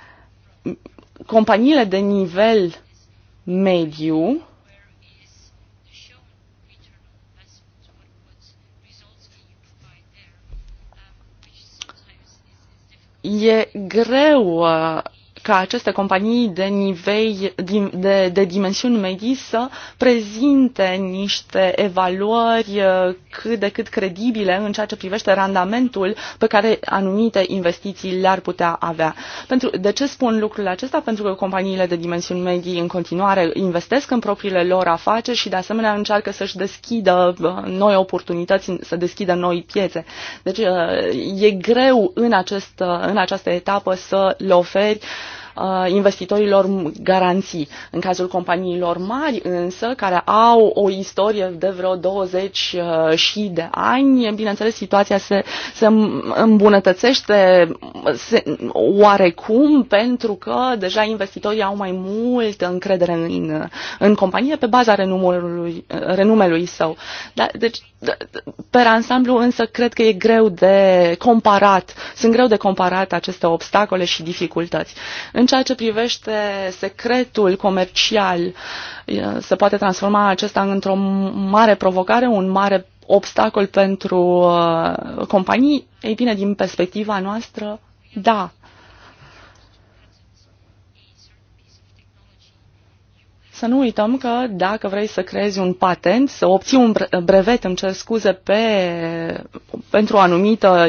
companiile de nivel mediu, e greu uh, ca aceste companii de, nivel, de, de dimensiuni medii să prezinte niște evaluări uh, cât de cât credibile în ceea ce privește randamentul pe care anumite investiții le-ar putea avea. Pentru, de ce spun lucrul acesta? Pentru că companiile de dimensiuni medii în continuare investesc în propriile lor afaceri și de asemenea încearcă să-și deschidă uh, noi oportunități, să deschidă noi piețe. Deci uh, e greu în, acest, în această etapă să le oferi Uh, investitorilor garanții. În cazul companiilor mari însă, care au o istorie de vreo 20 uh, și de ani, bineînțeles situația se, se îmbunătățește se, oarecum pentru că deja investitorii au mai multă încredere în, în companie pe baza renumelui, uh, renumelui său. Dar, deci da, pe ansamblu însă cred că e greu de comparat, sunt greu de comparat aceste obstacole și dificultăți. În ceea ce privește secretul comercial, se poate transforma acesta într-o mare provocare, un mare obstacol pentru uh, companii? Ei bine, din perspectiva noastră, da, Să nu uităm că dacă vrei să creezi un patent, să obții un brevet, îmi cer scuze, pe, pentru o anumită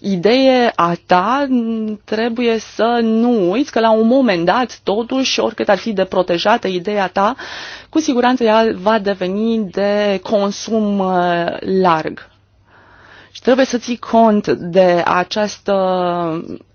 idee a ta, trebuie să nu uiți că la un moment dat, totuși, oricât ar fi de protejată ideea ta, cu siguranță ea va deveni de consum uh, larg. Și trebuie să ții cont de această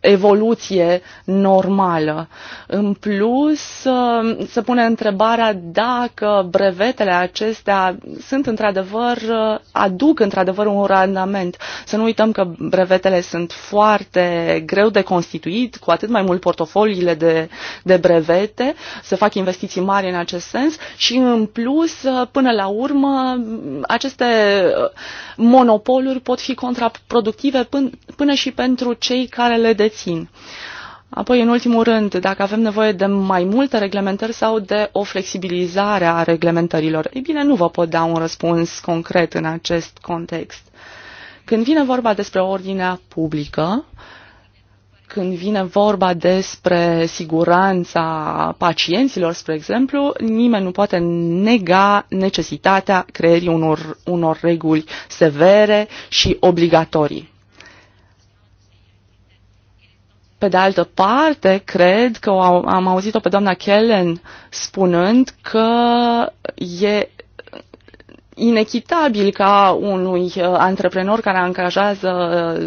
evoluție normală. În plus, uh, se pune întrebarea dacă brevetele acestea sunt într-adevăr, uh, aduc într-adevăr un randament. Să nu uităm că brevetele sunt foarte greu de constituit, cu atât mai mult portofoliile de, de brevete, se fac investiții mari în acest sens și în plus, uh, până la urmă, aceste monopoluri pot fi contraproductive până și pentru cei care le dețin rețin. Apoi, în ultimul rând, dacă avem nevoie de mai multe reglementări sau de o flexibilizare a reglementărilor, ei bine, nu vă pot da un răspuns concret în acest context. Când vine vorba despre ordinea publică, când vine vorba despre siguranța pacienților, spre exemplu, nimeni nu poate nega necesitatea creierii unor, unor reguli severe și obligatorii. Pe de altă parte, cred că am auzit-o pe doamna Kellen spunând că e inechitabil ca unui uh, antreprenor care angajează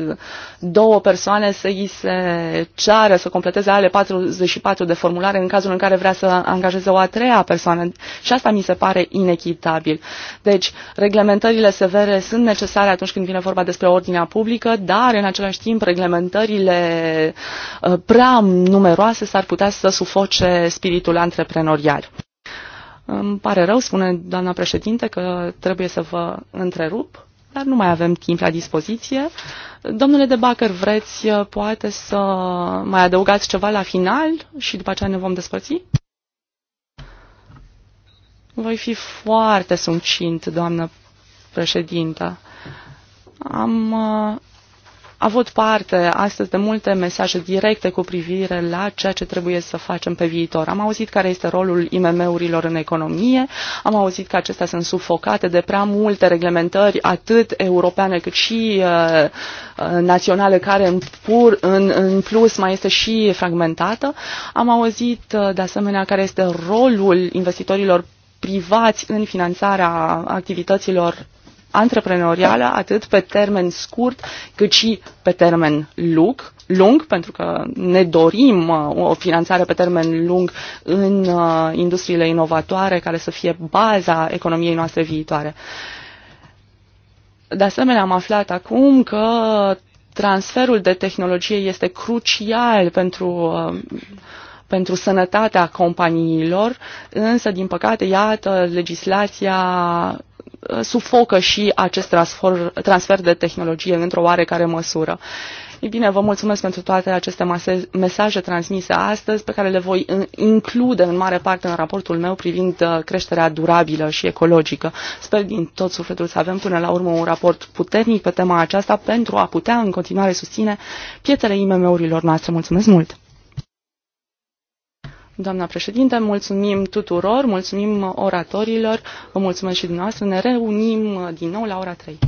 uh, două persoane să îi se ceară să completeze ale 44 de formulare în cazul în care vrea să angajeze o a treia persoană. Și asta mi se pare inechitabil. Deci, reglementările severe sunt necesare atunci când vine vorba despre ordinea publică, dar în același timp reglementările uh, prea numeroase s-ar putea să sufoce spiritul antreprenorial. Îmi pare rău, spune doamna președinte, că trebuie să vă întrerup, dar nu mai avem timp la dispoziție. Domnule de Bacăr, vreți uh, poate să mai adăugați ceva la final și după aceea ne vom despărți? Voi fi foarte succint, doamnă președintă. Am uh, avut parte astăzi de multe mesaje directe cu privire la ceea ce trebuie să facem pe viitor. Am auzit care este rolul IMM-urilor în economie, am auzit că acestea sunt sufocate de prea multe reglementări, atât europeane cât și uh, uh, naționale, care în, pur, în, în plus mai este și fragmentată. Am auzit uh, de asemenea care este rolul investitorilor privați în finanțarea activităților antreprenorială atât pe termen scurt cât și pe termen lung, lung, pentru că ne dorim uh, o finanțare pe termen lung în uh, industriile inovatoare care să fie baza economiei noastre viitoare. De asemenea, am aflat acum că transferul de tehnologie este crucial pentru, uh, pentru sănătatea companiilor, însă, din păcate, iată, legislația Uh, sufocă și acest transfer, transfer de tehnologie într-o oarecare măsură. Ei bine, vă mulțumesc pentru toate aceste mesaje transmise astăzi, pe care le voi include în mare parte în raportul meu privind uh, creșterea durabilă și ecologică. Sper din tot sufletul să avem până la urmă un raport puternic pe tema aceasta pentru a putea în continuare susține piețele IMM-urilor noastre. Mulțumesc mult! Doamna președinte, mulțumim tuturor, mulțumim oratorilor, vă mulțumesc și dumneavoastră. Ne reunim din nou la ora 3.